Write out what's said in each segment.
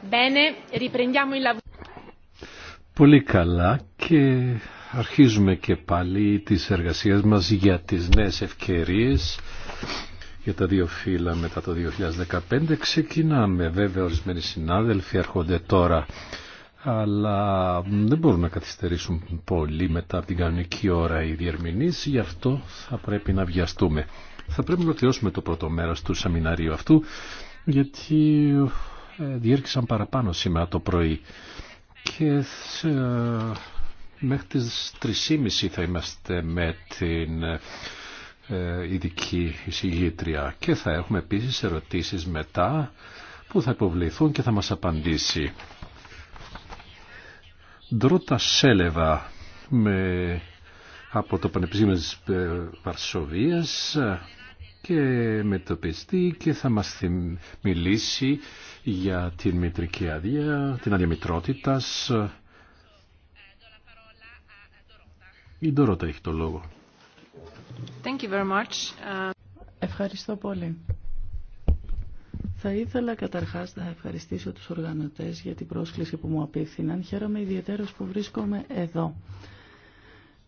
Bene, riprendiamo il lavoro. Πολύ καλά και αρχίζουμε και πάλι τις εργασίες μας για τις νέες ευκαιρίες για τα δύο φύλλα μετά το 2015. Ξεκινάμε βέβαια ορισμένοι συνάδελφοι έρχονται τώρα αλλά δεν μπορούν να καθυστερήσουν πολύ μετά από την κανονική ώρα οι διερμηνείς, γι' αυτό θα πρέπει να βιαστούμε. Θα πρέπει να ολοκληρώσουμε το πρώτο μέρος του σεμιναρίου αυτού, γιατί ε, διέρχησαν παραπάνω σήμερα το πρωί και ε, μέχρι τις 3.30 θα είμαστε με την ε, ειδική εισηγήτρια και θα έχουμε επίσης ερωτήσεις μετά που θα υποβληθούν και θα μας απαντήσει. Ντρότα Σέλεβα με, από το Πανεπιστήμιο της ε, Βαρσοβίας και με πιστή και θα μας μιλήσει για την μητρική άδεια, την άδεια Η Δροτά έχει το λόγο. Ευχαριστώ πολύ. Θα ήθελα καταρχάς να ευχαριστήσω τους οργανωτές για την πρόσκληση που μου απίθυναν. Χαίρομαι ιδιαίτερως που βρίσκομαι εδώ.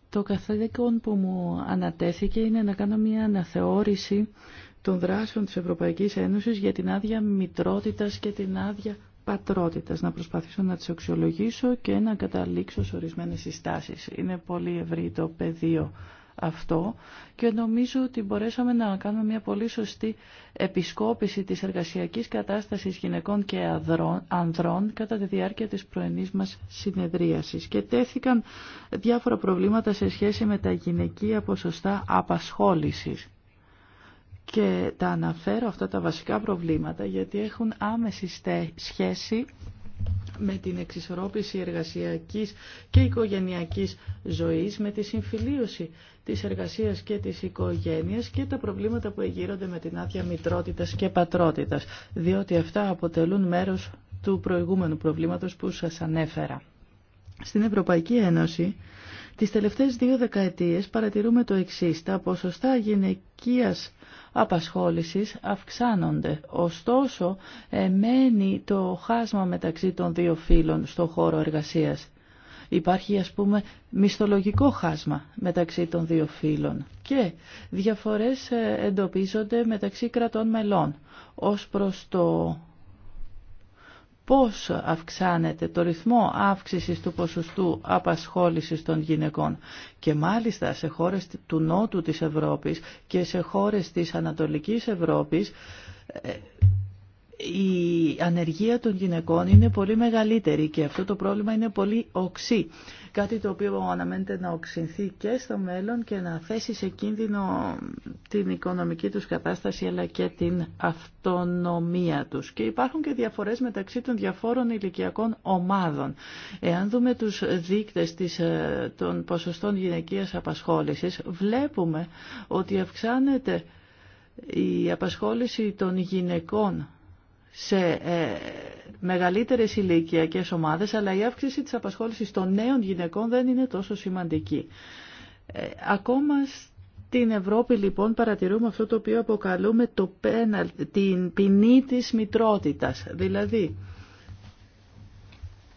Το καθήκον που μου ανατέθηκε είναι να κάνω μια αναθεώρηση των δράσεων της Ευρωπαϊκής Ένωσης για την άδεια μητρότητας και την άδεια πατρότητας. Να προσπαθήσω να τις αξιολογήσω και να καταλήξω σε ορισμένες συστάσεις. Είναι πολύ ευρύ το πεδίο αυτό και νομίζω ότι μπορέσαμε να κάνουμε μια πολύ σωστή επισκόπηση της εργασιακής κατάστασης γυναικών και ανδρών κατά τη διάρκεια της πρωινής μας συνεδρίασης και τέθηκαν διάφορα προβλήματα σε σχέση με τα γυναικεία ποσοστά απασχόλησης. Και τα αναφέρω αυτά τα βασικά προβλήματα γιατί έχουν άμεση σχέση με την εξισορρόπηση εργασιακής και οικογενειακής ζωής, με τη συμφιλίωση της εργασίας και της οικογένειας και τα προβλήματα που εγείρονται με την άδεια μητρότητας και πατρότητας, διότι αυτά αποτελούν μέρος του προηγούμενου προβλήματος που σας ανέφερα. Στην Ευρωπαϊκή Ένωση, τις τελευταίες δύο δεκαετίες παρατηρούμε το εξής, τα ποσοστά γυναικείας απασχόλησης αυξάνονται. Ωστόσο, μένει το χάσμα μεταξύ των δύο φύλων στο χώρο εργασίας. Υπάρχει ας πούμε μισθολογικό χάσμα μεταξύ των δύο φύλων και διαφορές ε, εντοπίζονται μεταξύ κρατών μελών ως προς το πώς αυξάνεται το ρυθμό αύξησης του ποσοστού απασχόλησης των γυναικών και μάλιστα σε χώρες του Νότου της Ευρώπης και σε χώρες της Ανατολικής Ευρώπης ε, η ανεργία των γυναικών είναι πολύ μεγαλύτερη και αυτό το πρόβλημα είναι πολύ οξύ. Κάτι το οποίο αναμένεται να οξυνθεί και στο μέλλον και να θέσει σε κίνδυνο την οικονομική τους κατάσταση αλλά και την αυτονομία τους. Και υπάρχουν και διαφορές μεταξύ των διαφόρων ηλικιακών ομάδων. Εάν δούμε τους δείκτες της, ε, των ποσοστών γυναικείας απασχόλησης βλέπουμε ότι αυξάνεται η απασχόληση των γυναικών σε ε, μεγαλύτερες ηλικιακές ομάδες, αλλά η αύξηση της απασχόλησης των νέων γυναικών δεν είναι τόσο σημαντική. Ε, ακόμα στην Ευρώπη λοιπόν παρατηρούμε αυτό το οποίο αποκαλούμε το την ποινή της μητρότητας. Δηλαδή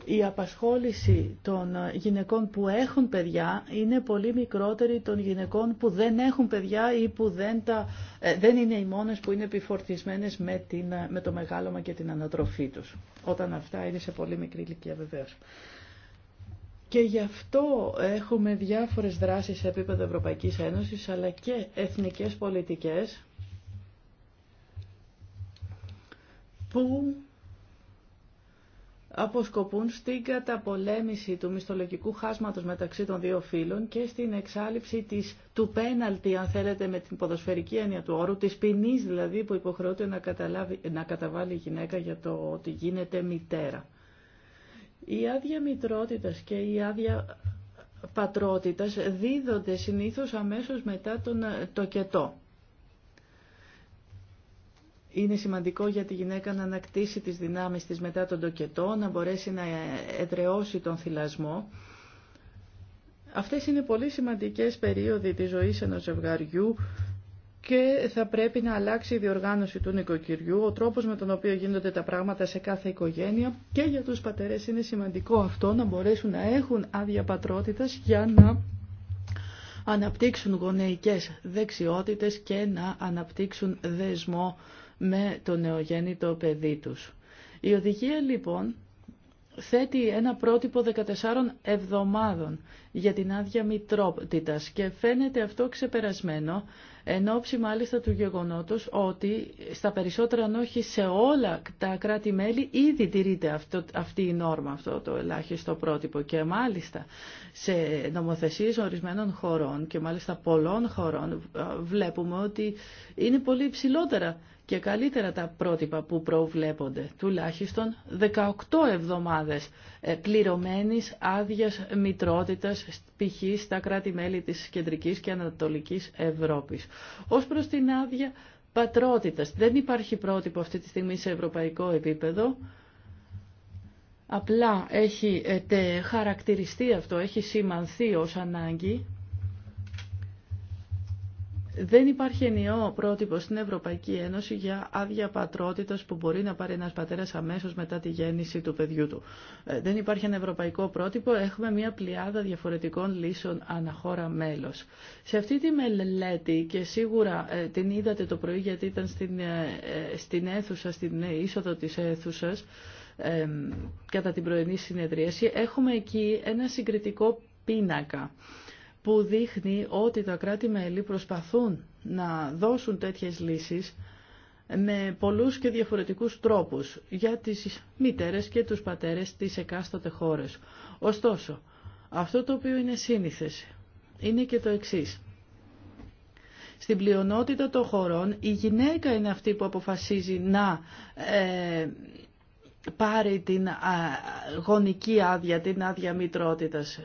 η απασχόληση των ε, γυναικών που έχουν παιδιά είναι πολύ μικρότερη των γυναικών που δεν έχουν παιδιά ή που δεν, τα, ε, δεν είναι οι μόνες που είναι επιφορτισμένες με, την, ε, με το μεγάλωμα και την ανατροφή τους. Όταν αυτά είναι σε πολύ μικρή ηλικία βεβαίως. Και γι' αυτό έχουμε διάφορες δράσεις σε επίπεδο Ευρωπαϊκής Ένωσης αλλά και εθνικές πολιτικές που αποσκοπούν στην καταπολέμηση του μισθολογικού χάσματος μεταξύ των δύο φύλων και στην εξάλληψη της, του πέναλτη, αν θέλετε, με την ποδοσφαιρική έννοια του όρου, της ποινή δηλαδή που υποχρεώται να, καταλάβει, να καταβάλει η γυναίκα για το ότι γίνεται μητέρα. Η άδεια μητρότητας και η άδεια πατρότητας δίδονται συνήθως αμέσως μετά το κετό. Είναι σημαντικό για τη γυναίκα να ανακτήσει τις δυνάμεις της μετά τον τοκετό, να μπορέσει να εδραιώσει τον θυλασμό. Αυτές είναι πολύ σημαντικές περίοδοι της ζωής ενός ζευγαριού και θα πρέπει να αλλάξει η διοργάνωση του νοικοκυριού, ο τρόπος με τον οποίο γίνονται τα πράγματα σε κάθε οικογένεια και για τους πατερές είναι σημαντικό αυτό να μπορέσουν να έχουν άδεια πατρότητας για να αναπτύξουν γονεϊκές δεξιότητες και να αναπτύξουν δεσμό με το νεογέννητο παιδί τους. Η οδηγία λοιπόν θέτει ένα πρότυπο 14 εβδομάδων για την άδεια μητρότητας και φαίνεται αυτό ξεπερασμένο εν ώψη μάλιστα του γεγονότος ότι στα περισσότερα αν όχι σε όλα τα κράτη-μέλη ήδη τηρείται αυτό, αυτή η νόρμα, αυτό το ελάχιστο πρότυπο και μάλιστα σε νομοθεσίες ορισμένων χωρών και μάλιστα πολλών χωρών βλέπουμε ότι είναι πολύ υψηλότερα και καλύτερα τα πρότυπα που προβλέπονται, τουλάχιστον 18 εβδομάδες ε, πληρωμένης άδεια μητρότητας π.χ. στα κράτη-μέλη της Κεντρικής και Ανατολικής Ευρώπης. Ως προς την άδεια πατρότητας, δεν υπάρχει πρότυπο αυτή τη στιγμή σε ευρωπαϊκό επίπεδο, απλά έχει ε, χαρακτηριστεί αυτό, έχει σημανθεί ως ανάγκη δεν υπάρχει ενιαίο πρότυπο στην Ευρωπαϊκή Ένωση για άδεια πατρότητας που μπορεί να πάρει ένας πατέρας αμέσως μετά τη γέννηση του παιδιού του. Ε, δεν υπάρχει ένα ευρωπαϊκό πρότυπο, έχουμε μια πλειάδα διαφορετικών λύσεων αναχώρα μέλος. Σε αυτή τη μελέτη και σίγουρα ε, την είδατε το πρωί γιατί ήταν στην, ε, στην αίθουσα, στην είσοδο της αίθουσα κατά την πρωινή συνεδρίαση, έχουμε εκεί ένα συγκριτικό πίνακα που δείχνει ότι τα κράτη-μέλη προσπαθούν να δώσουν τέτοιες λύσεις με πολλούς και διαφορετικούς τρόπους για τις μητέρες και τους πατέρες της εκάστοτε χώρες. Ωστόσο, αυτό το οποίο είναι σύνηθες είναι και το εξής. Στην πλειονότητα των χωρών η γυναίκα είναι αυτή που αποφασίζει να ε, πάρει την α, γονική άδεια, την άδεια μητρότητας.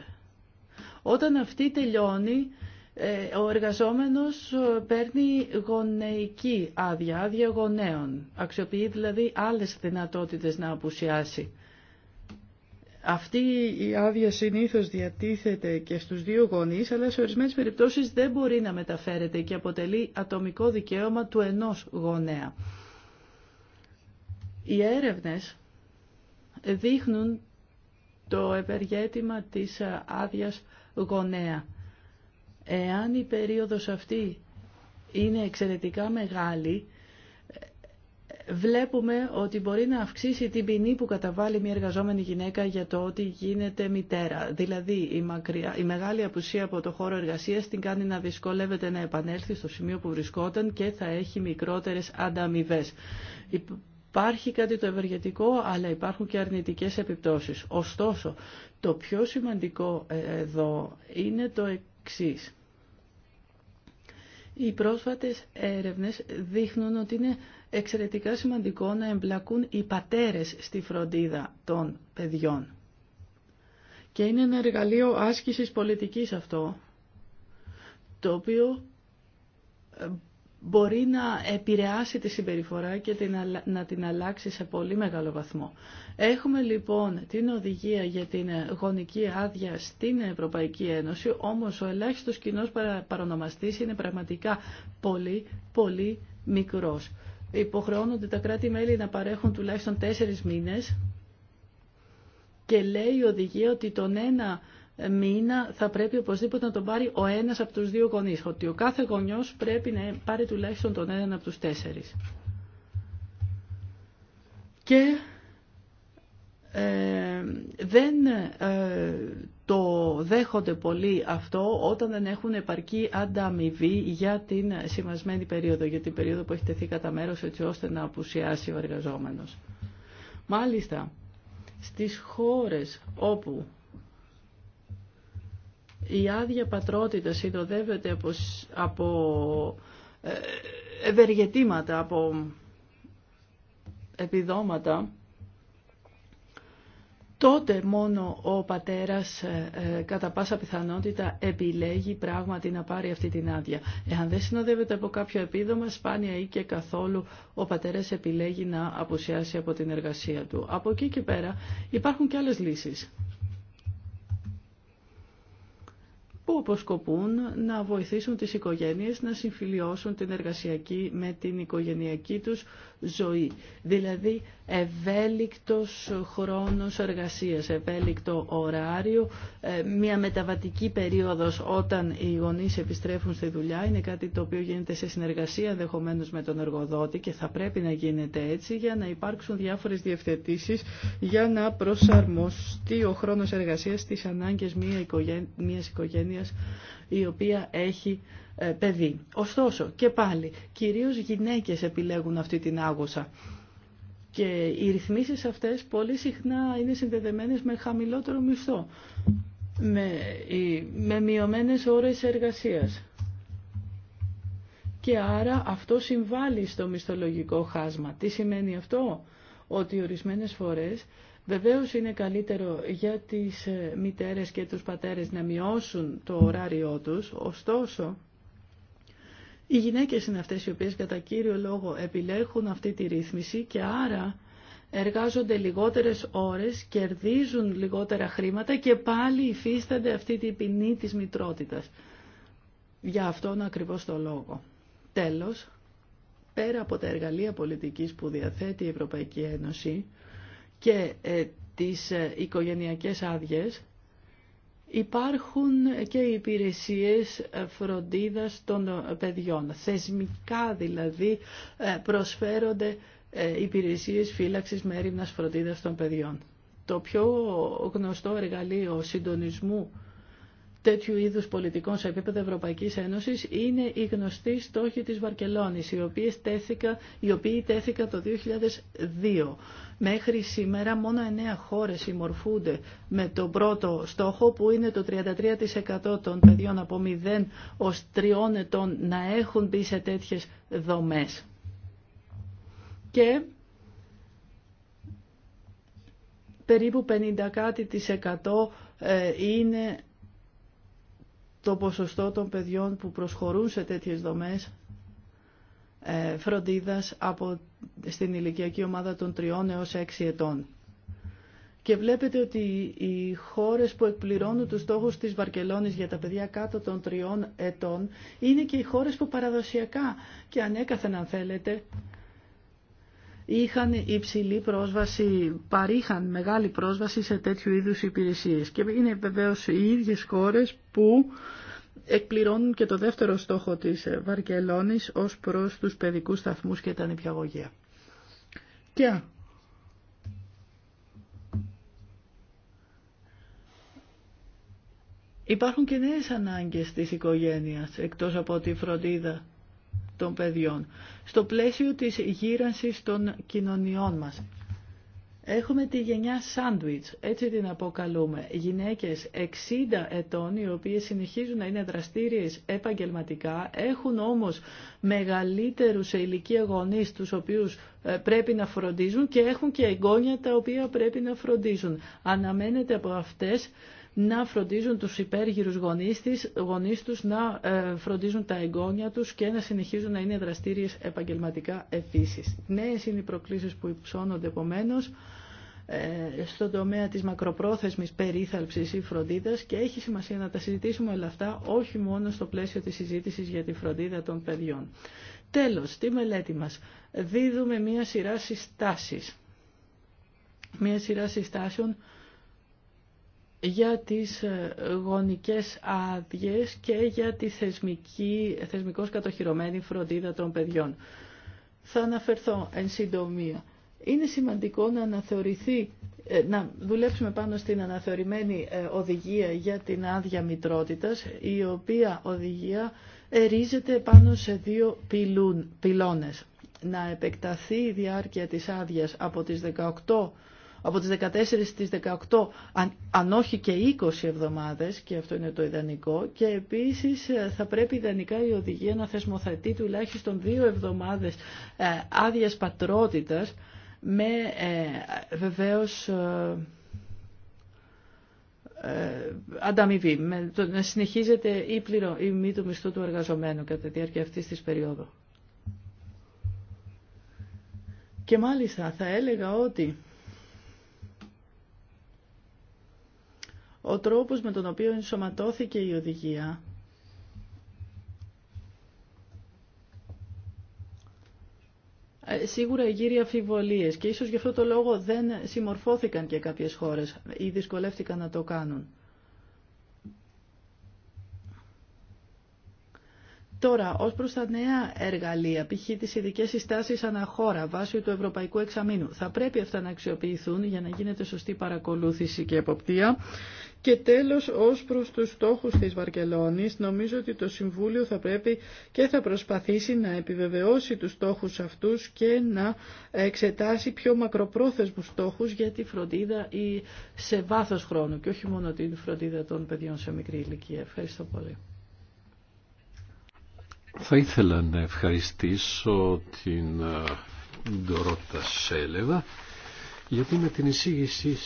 Όταν αυτή τελειώνει, ε, ο εργαζόμενος ε, παίρνει γονεϊκή άδεια, άδεια γονέων. Αξιοποιεί δηλαδή άλλες δυνατότητες να απουσιάσει. Αυτή η άδεια συνήθως διατίθεται και στους δύο γονείς, αλλά σε ορισμένες περιπτώσεις δεν μπορεί να μεταφέρεται και αποτελεί ατομικό δικαίωμα του ενός γονέα. Οι έρευνες δείχνουν το επεργέτημα της άδειας γονέα. Εάν η περίοδος αυτή είναι εξαιρετικά μεγάλη, βλέπουμε ότι μπορεί να αυξήσει την ποινή που καταβάλει μια εργαζόμενη γυναίκα για το ότι γίνεται μητέρα. Δηλαδή η, μακριά, η μεγάλη απουσία από το χώρο εργασίας την κάνει να δυσκολεύεται να επανέλθει στο σημείο που βρισκόταν και θα έχει μικρότερες ανταμοιβέ. Υπάρχει κάτι το ευεργετικό, αλλά υπάρχουν και αρνητικές επιπτώσεις. Ωστόσο, το πιο σημαντικό ε, εδώ είναι το εξής. Οι πρόσφατες έρευνες δείχνουν ότι είναι εξαιρετικά σημαντικό να εμπλακούν οι πατέρες στη φροντίδα των παιδιών. Και είναι ένα εργαλείο άσκησης πολιτικής αυτό, το οποίο ε, μπορεί να επηρεάσει τη συμπεριφορά και να την αλλάξει σε πολύ μεγάλο βαθμό. Έχουμε λοιπόν την οδηγία για την γονική άδεια στην Ευρωπαϊκή Ένωση, όμως ο ελάχιστος κοινό παρονομαστής είναι πραγματικά πολύ, πολύ μικρός. Υποχρεώνονται τα κράτη-μέλη να παρέχουν τουλάχιστον τέσσερις μήνες και λέει η οδηγία ότι τον ένα μήνα θα πρέπει οπωσδήποτε να τον πάρει ο ένας από τους δύο γονείς. Ότι ο κάθε γονιός πρέπει να πάρει τουλάχιστον τον έναν από τους τέσσερις. Και ε, δεν ε, το δέχονται πολύ αυτό όταν δεν έχουν επαρκή ανταμοιβή για την σημασμένη περίοδο, για την περίοδο που έχει τεθεί κατά μέρο έτσι ώστε να απουσιάσει ο εργαζόμενος. Μάλιστα, στις χώρες όπου η άδεια πατρότητα συνοδεύεται από, από ε, ευεργετήματα, από επιδόματα, τότε μόνο ο πατέρας ε, ε, κατά πάσα πιθανότητα επιλέγει πράγματι να πάρει αυτή την άδεια. Εάν δεν συνοδεύεται από κάποιο επίδομα, σπάνια ή και καθόλου ο πατέρας επιλέγει να απουσιάσει από την εργασία του. Από εκεί και πέρα υπάρχουν και άλλες λύσεις. που αποσκοπούν να βοηθήσουν τις οικογένειες να συμφιλιώσουν την εργασιακή με την οικογενειακή τους ζωή. Δηλαδή ευέλικτος χρόνος εργασίας, ευέλικτο ωράριο, ε, μια μεταβατική περίοδος όταν οι γονείς επιστρέφουν στη δουλειά είναι κάτι το οποίο γίνεται σε συνεργασία ενδεχομένω με τον εργοδότη και θα πρέπει να γίνεται έτσι για να υπάρξουν διάφορες διευθετήσεις για να προσαρμοστεί ο χρόνος εργασίας στις ανάγκες μιας οικογένειας η οποία έχει ε, παιδί. Ωστόσο, και πάλι, κυρίως γυναίκες επιλέγουν αυτή την άγωσα Και οι ρυθμίσεις αυτές πολύ συχνά είναι συνδεδεμένες με χαμηλότερο μισθό, με, με μειωμένες ώρες εργασίας. Και άρα αυτό συμβάλλει στο μισθολογικό χάσμα. Τι σημαίνει αυτό? Ότι ορισμένες φορές βεβαίως είναι καλύτερο για τις ε, μητέρες και τους πατέρες να μειώσουν το ωράριό τους, ωστόσο οι γυναίκες είναι αυτές οι οποίες κατά κύριο λόγο επιλέγουν αυτή τη ρύθμιση και άρα εργάζονται λιγότερες ώρες, κερδίζουν λιγότερα χρήματα και πάλι υφίστανται αυτή την ποινή της μητρότητας. Για αυτόν ακριβώς το λόγο. Τέλος, πέρα από τα εργαλεία πολιτικής που διαθέτει η Ευρωπαϊκή Ένωση και ε, τις ε, οικογενειακές άδειες, Υπάρχουν και οι υπηρεσίες φροντίδας των παιδιών. Θεσμικά δηλαδή ε, προσφέρονται ε, υπηρεσίες φύλαξης μέρημνας φροντίδας των παιδιών. Το πιο γνωστό εργαλείο συντονισμού τέτοιου είδους πολιτικών σε επίπεδο Ευρωπαϊκής Ένωσης είναι οι γνωστοί στόχοι της Βαρκελόνης, οι, οποίες τέθηκα, οι οποίοι τέθηκαν το 2002. Μέχρι σήμερα μόνο 9 χώρες συμμορφούνται με τον πρώτο στόχο που είναι το 33% των παιδιών από 0 ως 3 ετών να έχουν μπει σε τέτοιες δομές. Και περίπου 50 ε, είναι το ποσοστό των παιδιών που προσχωρούν σε τέτοιες δομές ε, φροντίδας από, στην ηλικιακή ομάδα των 3 έως 6 ετών. Και βλέπετε ότι οι χώρες που εκπληρώνουν τους στόχους της Βαρκελόνης για τα παιδιά κάτω των 3 ετών είναι και οι χώρες που παραδοσιακά και ανέκαθεν αν θέλετε είχαν υψηλή πρόσβαση, παρήχαν μεγάλη πρόσβαση σε τέτοιου είδους υπηρεσίες. Και είναι βεβαίως οι ίδιες χώρες που εκπληρώνουν και το δεύτερο στόχο της Βαρκελόνης ως προς τους παιδικούς σταθμούς και τα νηπιαγωγεία. Και Υπάρχουν και νέες ανάγκες της οικογένειας, εκτός από τη φροντίδα των παιδιών στο πλαίσιο της γύρανσης των κοινωνιών μας. Έχουμε τη γενιά σάντουιτς, έτσι την αποκαλούμε. Γυναίκες 60 ετών, οι οποίες συνεχίζουν να είναι δραστήριες επαγγελματικά, έχουν όμως μεγαλύτερους σε ηλικία γονείς, τους οποίους ε, πρέπει να φροντίζουν και έχουν και εγγόνια τα οποία πρέπει να φροντίζουν. Αναμένεται από αυτές να φροντίζουν τους υπέργυρους γονείς, της, γονείς τους, να ε, φροντίζουν τα εγγόνια τους και να συνεχίζουν να είναι δραστήριες επαγγελματικά επίσης. Νέες είναι οι προκλήσεις που υψώνονται επομένω ε, στον τομέα της μακροπρόθεσμης περίθαλψης ή φροντίδας και έχει σημασία να τα συζητήσουμε όλα αυτά όχι μόνο στο πλαίσιο της συζήτησης για τη φροντίδα των παιδιών. Τέλος, στη μελέτη μας δίδουμε μία σειρά συστάσεις. Μία σειρά συστάσεων για τις ε, γονικές άδειε και για τη θεσμική, θεσμικώς κατοχυρωμένη φροντίδα των παιδιών. Θα αναφερθώ εν συντομία. Είναι σημαντικό να αναθεωρηθεί, ε, να δουλέψουμε πάνω στην αναθεωρημένη ε, οδηγία για την άδεια μητρότητας, η οποία οδηγία ερίζεται πάνω σε δύο πυλούν, πυλώνες. Να επεκταθεί η διάρκεια της άδειας από τις 18 από τις 14 στις 18, αν, όχι και 20 εβδομάδες, και αυτό είναι το ιδανικό, και επίσης ε, θα πρέπει ιδανικά η οδηγία να θεσμοθετεί τουλάχιστον δύο εβδομάδες ε, άδειας πατρότητας, με ε, βεβαίως... Ε, ε, ανταμοιβή, με να συνεχίζεται ή, πληρω, ή μη το μισθό του εργαζομένου κατά τη διάρκεια αυτής της περίοδου. Και μάλιστα θα έλεγα ότι ο τρόπος με τον οποίο ενσωματώθηκε η οδηγία ε, σίγουρα γύρει αφιβολίες και ίσως γι' αυτό το λόγο δεν συμμορφώθηκαν και κάποιες χώρες ή δυσκολεύτηκαν να το κάνουν. Τώρα, ως προς τα νέα εργαλεία, π.χ. τις ειδικέ συστάσεις αναχώρα βάσει του Ευρωπαϊκού Εξαμήνου, θα πρέπει αυτά να αξιοποιηθούν για να γίνεται σωστή παρακολούθηση και εποπτεία και τέλος, ως προς τους στόχους της Βαρκελόνης, νομίζω ότι το Συμβούλιο θα πρέπει και θα προσπαθήσει να επιβεβαιώσει τους στόχους αυτούς και να εξετάσει πιο μακροπρόθεσμους στόχους για τη φροντίδα ή σε βάθος χρόνου και όχι μόνο την φροντίδα των παιδιών σε μικρή ηλικία. Ευχαριστώ πολύ. Θα ήθελα να ευχαριστήσω την ε, Ντορότα Σέλεβα γιατί με την εισήγησή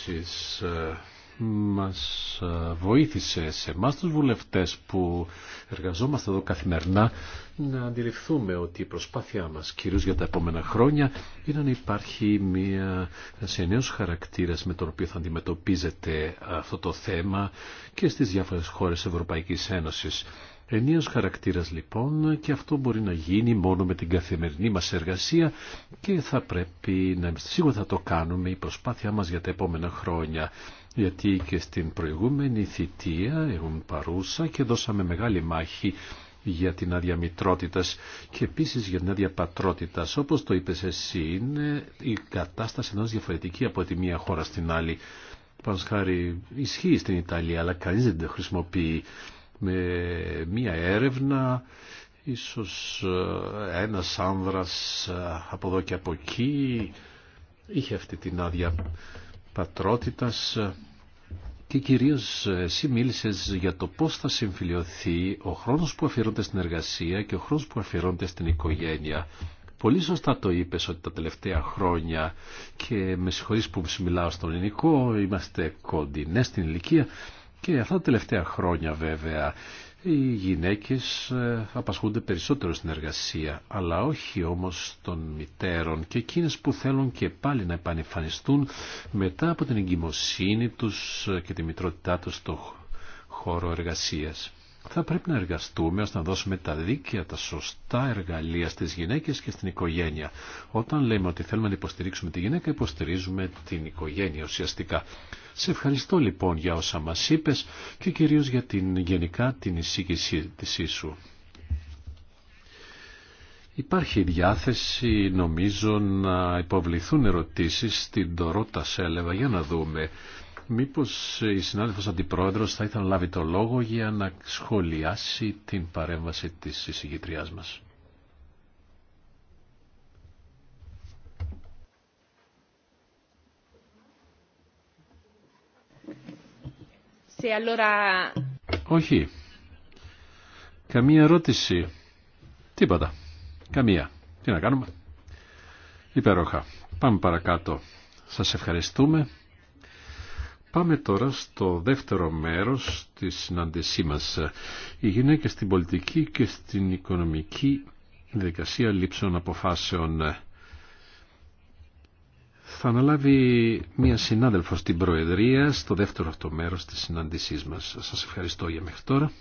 ε, μας ε, βοήθησε σε εμά τους βουλευτές που εργαζόμαστε εδώ καθημερινά να αντιληφθούμε ότι η προσπάθειά μας κυρίως για τα επόμενα χρόνια είναι να υπάρχει μια, σε νέους χαρακτήρας με τον οποίο θα αντιμετωπίζεται αυτό το θέμα και στις διάφορες χώρες Ευρωπαϊκής Ένωσης. Ενίος χαρακτήρας λοιπόν και αυτό μπορεί να γίνει μόνο με την καθημερινή μας εργασία και θα πρέπει να είμαστε σίγουρα θα το κάνουμε η προσπάθειά μας για τα επόμενα χρόνια γιατί και στην προηγούμενη θητεία ήμουν παρούσα και δώσαμε μεγάλη μάχη για την άδεια μητρότητας και επίσης για την άδεια πατρότητας. Όπως το είπε, εσύ, είναι η κατάσταση ενός διαφορετική από τη μία χώρα στην άλλη. Πάνω χάρη ισχύει στην Ιταλία, αλλά κανείς δεν το χρησιμοποιεί με μία έρευνα ίσως ε, ένας άνδρας ε, από εδώ και από εκεί είχε αυτή την άδεια πατρότητας και κυρίως εσύ μίλησες για το πώς θα συμφιλειωθεί ο χρόνος που αφιερώνεται στην εργασία και ο χρόνος που αφιερώνεται στην οικογένεια. Πολύ σωστά το είπες ότι τα τελευταία χρόνια και με συγχωρείς που μιλάω στον ελληνικό είμαστε κοντινές στην ηλικία και αυτά τα τελευταία χρόνια βέβαια οι γυναίκες ε, απασχούνται περισσότερο στην εργασία, αλλά όχι όμως των μητέρων και εκείνες που θέλουν και πάλι να επανεφανιστούν μετά από την εγκυμοσύνη τους ε, και τη μητρότητά τους στο χώρο εργασίας. Θα πρέπει να εργαστούμε ώστε να δώσουμε τα δίκαια, τα σωστά εργαλεία στις γυναίκες και στην οικογένεια. Όταν λέμε ότι θέλουμε να υποστηρίξουμε τη γυναίκα, υποστηρίζουμε την οικογένεια ουσιαστικά. Σε ευχαριστώ λοιπόν για όσα μας είπες και κυρίως για την γενικά την εισήγησή της σου. Υπάρχει διάθεση νομίζω να υποβληθούν ερωτήσεις στην Τωρότα Σέλεβα για να δούμε. Μήπως η συνάδελφος αντιπρόεδρος θα ήθελα να λάβει το λόγο για να σχολιάσει την παρέμβαση της εισηγητριάς μας. Όχι. Καμία ερώτηση. Τίποτα. Καμία. Τι να κάνουμε. Υπέροχα. Πάμε παρακάτω. Σας ευχαριστούμε. Πάμε τώρα στο δεύτερο μέρος της συνάντησή μας. Οι γυναίκες στην πολιτική και στην οικονομική διαδικασία λήψεων αποφάσεων θα αναλάβει μία συνάδελφος την Προεδρία στο δεύτερο αυτό μέρος της συναντησής μας. Σας ευχαριστώ για μέχρι τώρα.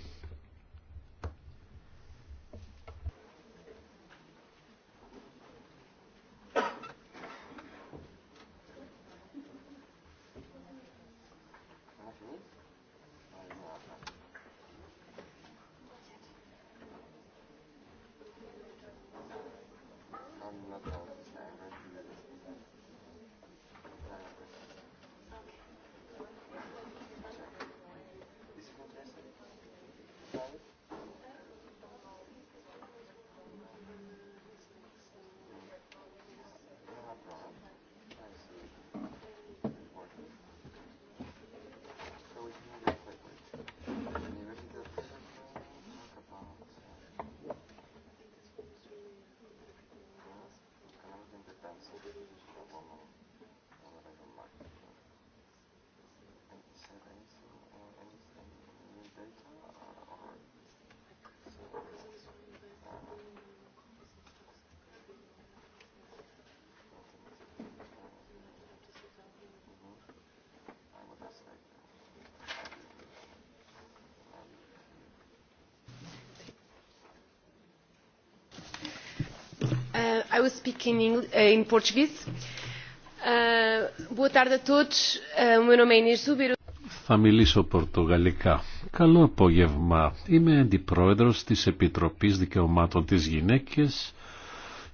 Θα μιλήσω πορτογαλικά. Καλό απόγευμα. Είμαι αντιπρόεδρος της Επιτροπής Δικαιωμάτων της Γυναίκε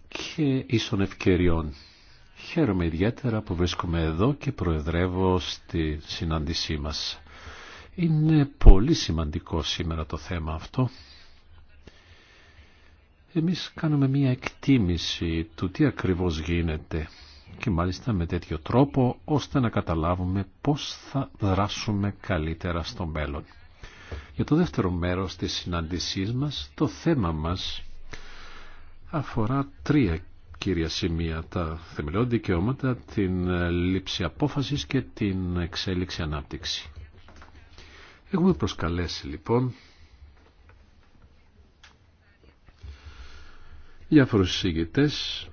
και Ίσων Ευκαιριών. Χαίρομαι ιδιαίτερα που βρίσκομαι εδώ και προεδρεύω στη συνάντησή μας. Είναι πολύ σημαντικό σήμερα το θέμα αυτό εμείς κάνουμε μία εκτίμηση του τι ακριβώς γίνεται και μάλιστα με τέτοιο τρόπο ώστε να καταλάβουμε πώς θα δράσουμε καλύτερα στο μέλλον. Για το δεύτερο μέρος της συνάντησής μας, το θέμα μας αφορά τρία κύρια σημεία, τα θεμελιώδη δικαιώματα, την λήψη απόφασης και την εξέλιξη ανάπτυξη. Έχουμε προσκαλέσει λοιπόν διάφορους συζητητές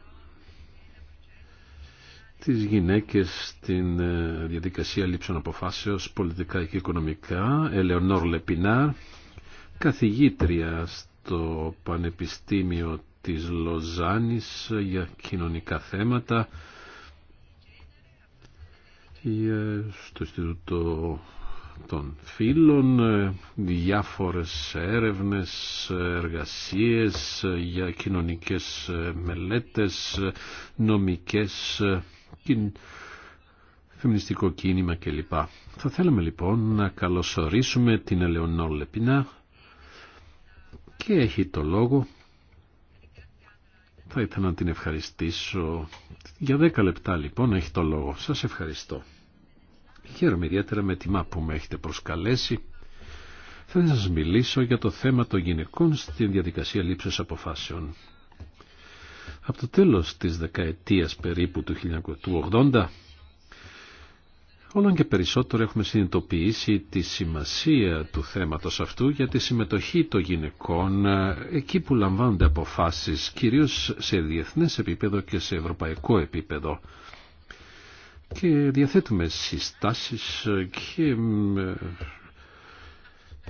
τις γυναίκες στην ε, διαδικασία λήψεων αποφάσεως πολιτικά και οικονομικά Ελεονόρ Λεπινάρ καθηγήτρια στο Πανεπιστήμιο της Λοζάνης για κοινωνικά θέματα ε, στο Ινστιτούτο των φίλων ε, διάφορες έρευνες, ε, εργασίες ε, για κοινωνικές μελέτες, νομικές, φεμινιστικό κίνημα κλπ. Θα θέλαμε λοιπόν να καλωσορίσουμε την Ελεονόρ Λεπινά και έχει το λόγο. Θα ήθελα να την ευχαριστήσω. Για 10 λεπτά λοιπόν έχει το λόγο. Σας ευχαριστώ. Χαίρομαι ιδιαίτερα με τιμά που με έχετε προσκαλέσει. Θα σας μιλήσω για το θέμα των γυναικών στην διαδικασία λήψης αποφάσεων. Από το τέλος της δεκαετίας περίπου του 1980, όλο και περισσότερο έχουμε συνειδητοποιήσει τη σημασία του θέματος αυτού για τη συμμετοχή των γυναικών ε, εκεί που λαμβάνονται αποφάσεις, κυρίως σε διεθνές επίπεδο και σε ευρωπαϊκό επίπεδο και διαθέτουμε συστάσεις και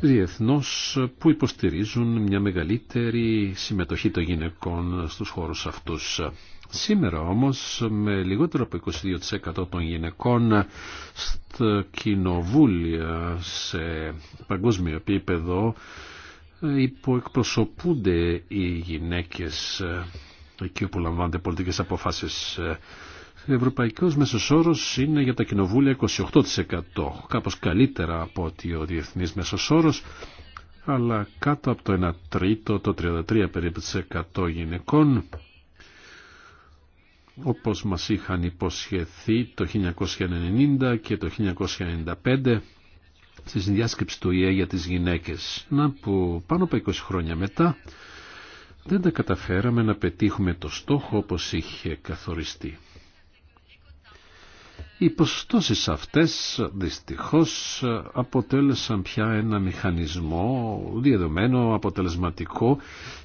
διεθνώς που υποστηρίζουν μια μεγαλύτερη συμμετοχή των γυναικών στους χώρους αυτούς. Σήμερα όμως με λιγότερο από 22% των γυναικών στα κοινοβούλια σε παγκόσμιο επίπεδο υποεκπροσωπούνται οι γυναίκες εκεί όπου λαμβάνονται πολιτικές αποφάσεις ευρωπαϊκός μέσος όρος είναι για τα κοινοβούλια 28%, κάπως καλύτερα από ότι ο διεθνής μέσος όρος, αλλά κάτω από το 1 τρίτο, το 33 γυναικών, όπως μας είχαν υποσχεθεί το 1990 και το 1995 στη συνδιάσκεψη του ΙΕ για τις γυναίκες. Να που πάνω από 20 χρόνια μετά δεν τα καταφέραμε να πετύχουμε το στόχο όπως είχε καθοριστεί. Οι ποσοστώσεις αυτές δυστυχώς αποτέλεσαν πια ένα μηχανισμό διαδομένο, αποτελεσματικό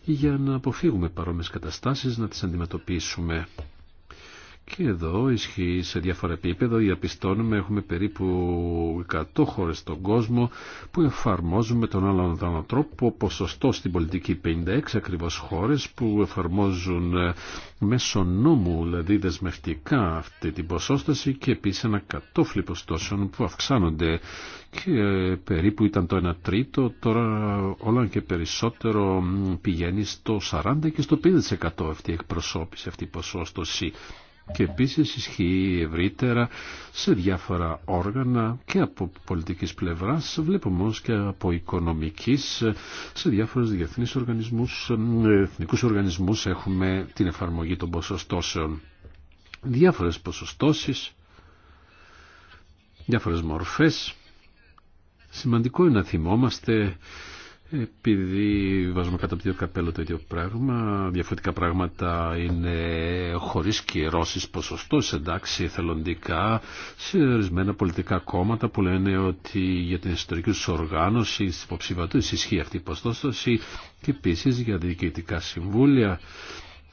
για να αποφύγουμε παρόμοιες καταστάσεις, να τις αντιμετωπίσουμε. Και εδώ ισχύει σε διάφορα επίπεδα, διαπιστώνουμε, έχουμε περίπου 100 χώρε στον κόσμο που εφαρμόζουν με τον άλλον τρόπο ποσοστό στην πολιτική 56 ακριβώ χώρε που εφαρμόζουν ε, μέσω νόμου, δηλαδή δεσμευτικά αυτή την ποσόσταση και επίση ένα κατόφλι ποσοστώσεων που αυξάνονται και ε, περίπου ήταν το 1 τρίτο, τώρα όλο και περισσότερο πηγαίνει στο 40 και στο 50% αυτή η εκπροσώπηση, αυτή η ποσόστοση και επίσης ισχύει ευρύτερα σε διάφορα όργανα και από πολιτικής πλευράς βλέπουμε όμως και από οικονομικής σε διάφορες διεθνείς οργανισμούς εθνικούς οργανισμούς έχουμε την εφαρμογή των ποσοστώσεων διάφορες ποσοστώσεις διάφορες μορφές σημαντικό είναι να θυμόμαστε επειδή βάζουμε κατά το καπέλο το ίδιο πράγμα, διαφορετικά πράγματα είναι χωρίς κυρώσεις ποσοστό, εντάξει, εθελοντικά, σε ορισμένα πολιτικά κόμματα που λένε ότι για την ιστορική τους οργάνωση, της υποψηφιότητας ισχύει αυτή η ποσόστοση και επίση για διοικητικά συμβούλια.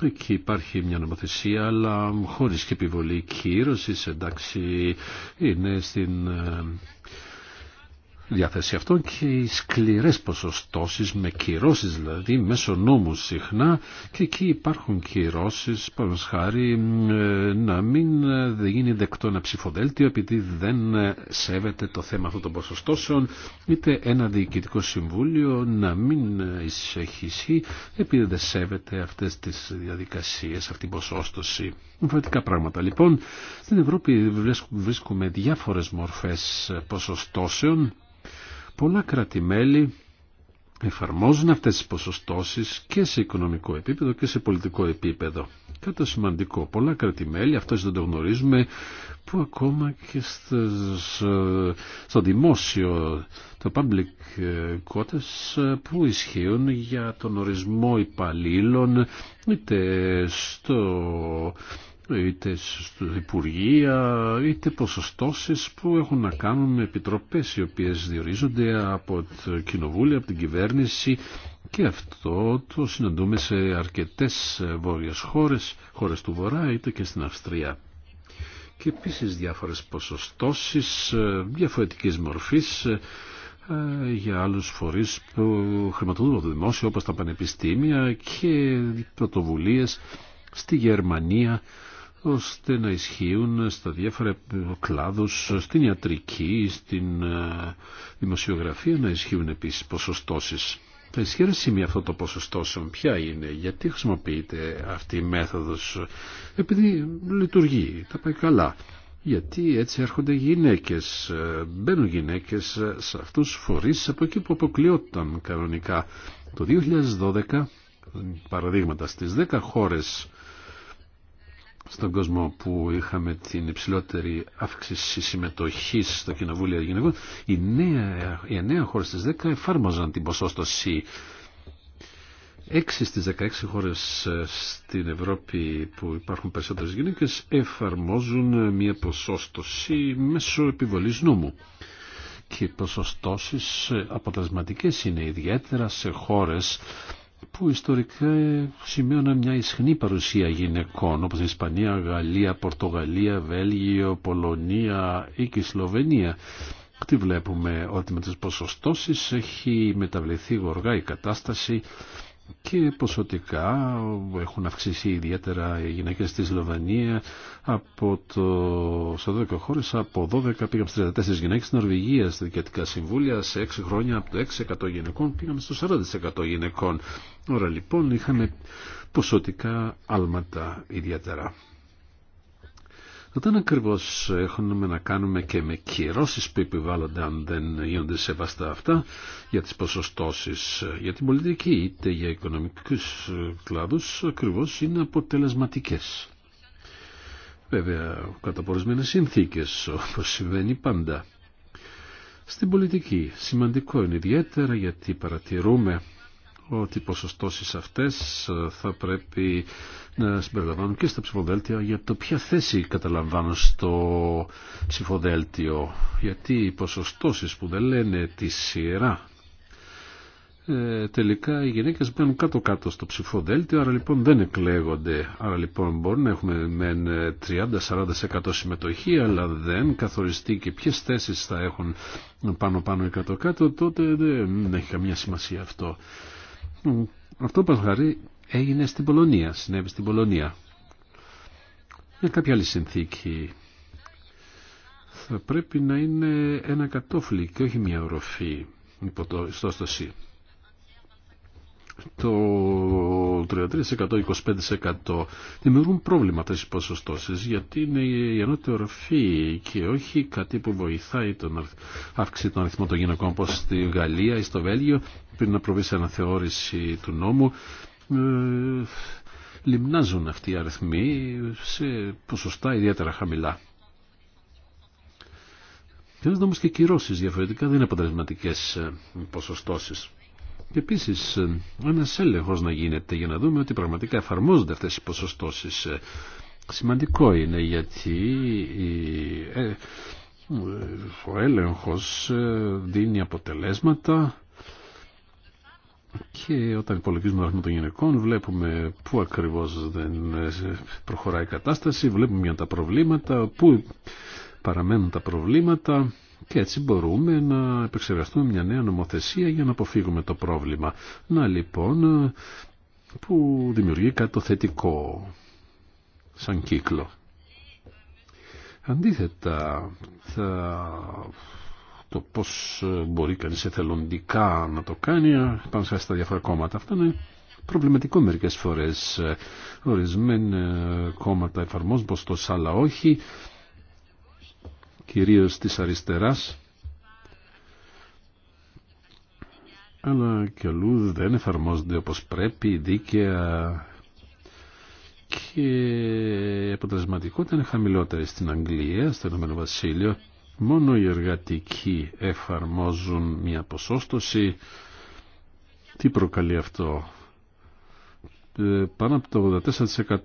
Εκεί υπάρχει μια νομοθεσία, αλλά χωρίς και επιβολή κύρωσης, εντάξει, είναι στην ε, διάθεση αυτών και οι σκληρές ποσοστώσεις με κυρώσεις δηλαδή μέσω νόμου συχνά και εκεί υπάρχουν κυρώσεις πάνω χάρη ε, να μην ε, γίνει δεκτό ένα ψηφοδέλτιο επειδή δεν ε, σέβεται το θέμα αυτών των ποσοστώσεων είτε ένα διοικητικό συμβούλιο να μην εισέχει επειδή δεν σέβεται αυτές τις διαδικασίες αυτή την ποσόστοση. πράγματα λοιπόν στην Ευρώπη βρίσκουμε διάφορες μορφές ποσοστώσεων Πολλά κρατημέλη εφαρμόζουν αυτές τις ποσοστώσεις και σε οικονομικό επίπεδο και σε πολιτικό επίπεδο. Κάτι σημαντικό, πολλά κρατημέλη, αυτό δεν το γνωρίζουμε, που ακόμα και στο δημόσιο, το public ε, quotas ε, που ισχύουν για τον ορισμό υπαλλήλων, είτε στο είτε στην Υπουργεία, είτε ποσοστώσεις που έχουν να κάνουν με επιτροπές οι οποίες διορίζονται από το Κοινοβούλιο, από την κυβέρνηση και αυτό το συναντούμε σε αρκετές βόρειες χώρες, χώρες του Βορρά είτε και στην Αυστρία. Και επίσης διάφορες ποσοστώσεις ε, διαφορετικής μορφής ε, για άλλους φορείς που χρηματοδοτούν το δημόσιο όπως τα πανεπιστήμια και πρωτοβουλίες στη Γερμανία ώστε να ισχύουν στα διάφορα κλάδους, στην ιατρική, στην ε, δημοσιογραφία, να ισχύουν επίσης ποσοστώσεις. Τα ισχυρά σημεία αυτών των ποσοστώσεων ποια είναι, γιατί χρησιμοποιείται αυτή η μέθοδος, επειδή λειτουργεί, τα πάει καλά. Γιατί έτσι έρχονται γυναίκες, ε, μπαίνουν γυναίκες σε αυτούς φορείς από εκεί που αποκλειόταν κανονικά. Το 2012, παραδείγματα, στις 10 χώρες στον κόσμο που είχαμε την υψηλότερη αύξηση συμμετοχής στο Κοινοβούλιο Γυναικών, οι, νέα, χώρε 9 χώρες στις 10 εφάρμοζαν την ποσόστοση. 6 στι 16 χώρες ε, στην Ευρώπη που υπάρχουν περισσότερες γυναίκες εφαρμόζουν ε, μια ποσόστοση μέσω επιβολής νόμου. Και οι ποσοστώσει ε, αποτελεσματικέ είναι ιδιαίτερα σε χώρε που ιστορικά σημείωνα μια ισχνή παρουσία γυναικών όπως η Ισπανία, Γαλλία, Πορτογαλία, Βέλγιο, Πολωνία ή και Σλοβενία. Τι βλέπουμε ότι με τις ποσοστώσεις έχει μεταβληθεί γοργά η κατάσταση και ποσοτικά έχουν αυξήσει ιδιαίτερα οι γυναίκες στη Σλοβανία από το, σε 12 χώρες από 12 πήγαμε στις 34 γυναίκες στην Νορβηγία στα δικαιωτικά συμβούλια σε 6 χρόνια από το 6% γυναικών πήγαμε στο 40% γυναικών Ωραία λοιπόν είχαμε ποσοτικά άλματα ιδιαίτερα όταν ακριβώ έχουμε να κάνουμε και με κυρώσει που επιβάλλονται αν δεν γίνονται σεβαστά αυτά για τις ποσοστώσεις, για την πολιτική είτε για οικονομικού κλάδου, ακριβώ είναι αποτελεσματικέ. Βέβαια, κατά πορεσμένε συνθήκες, όπως συμβαίνει πάντα. Στην πολιτική σημαντικό είναι ιδιαίτερα γιατί παρατηρούμε ότι οι ποσοστώσεις αυτές ε, θα πρέπει να συμπεριλαμβάνουν και στα ψηφοδέλτια για το ποια θέση καταλαμβάνουν στο ψηφοδέλτιο. Γιατί οι ποσοστώσεις που δεν λένε τη σειρά ε, τελικά οι γυναίκες μπαίνουν κάτω-κάτω στο ψηφοδέλτιο, άρα λοιπόν δεν εκλέγονται. Άρα λοιπόν μπορεί να έχουμε με 30-40% ε, συμμετοχή, αλλά δεν καθοριστεί και ποιες θέσεις θα έχουν πάνω-πάνω ή κάτω-κάτω, τότε δεν έχει καμία σημασία αυτό. Αυτό πασγαρί έγινε στην Πολωνία, συνέβη στην Πολωνία. Με κάποια άλλη συνθήκη θα πρέπει να είναι ένα κατόφλι και όχι μια οροφή υπό το ιστόστοση το 33%-25% δημιουργούν πρόβλημα αυτές οι ποσοστώσεις γιατί είναι η ενότητα ορφή και όχι κάτι που βοηθάει τον αύξηση των αριθμών των γυναικών όπως στη Γαλλία ή στο Βέλγιο πριν να προβεί σε αναθεώρηση του νόμου ε, λιμνάζουν αυτοί οι αριθμοί σε ποσοστά ιδιαίτερα χαμηλά. και όμως και κυρώσεις διαφορετικά δεν είναι αποτελεσματικές ε, ποσοστώσεις επίση, ένα έλεγχο να γίνεται για να δούμε ότι πραγματικά εφαρμόζονται αυτέ οι ποσοστώσεις. Σημαντικό είναι γιατί ε, ο έλεγχο ε, δίνει αποτελέσματα και όταν υπολογίζουμε τον αριθμό των γυναικών βλέπουμε πού ακριβώς δεν ε, προχωράει η κατάσταση, βλέπουμε για τα προβλήματα, πού παραμένουν τα προβλήματα και έτσι μπορούμε να επεξεργαστούμε μια νέα νομοθεσία για να αποφύγουμε το πρόβλημα. Να λοιπόν που δημιουργεί κάτι το θετικό σαν κύκλο. Αντίθετα, το πώς μπορεί κανείς εθελοντικά να το κάνει πάνω στα διάφορα κόμματα. Αυτό είναι προβληματικό μερικές φορές. Ορισμένα κόμματα εφαρμόζουν, πως τόσο άλλα όχι κυρίως της αριστεράς αλλά και αλλού δεν εφαρμόζονται όπως πρέπει δίκαια και η αποτελεσματικότητα είναι χαμηλότερη στην Αγγλία, στο Ηνωμένο Βασίλειο. Μόνο οι εργατικοί εφαρμόζουν μια ποσόστοση. Τι προκαλεί αυτό. Ε, πάνω από το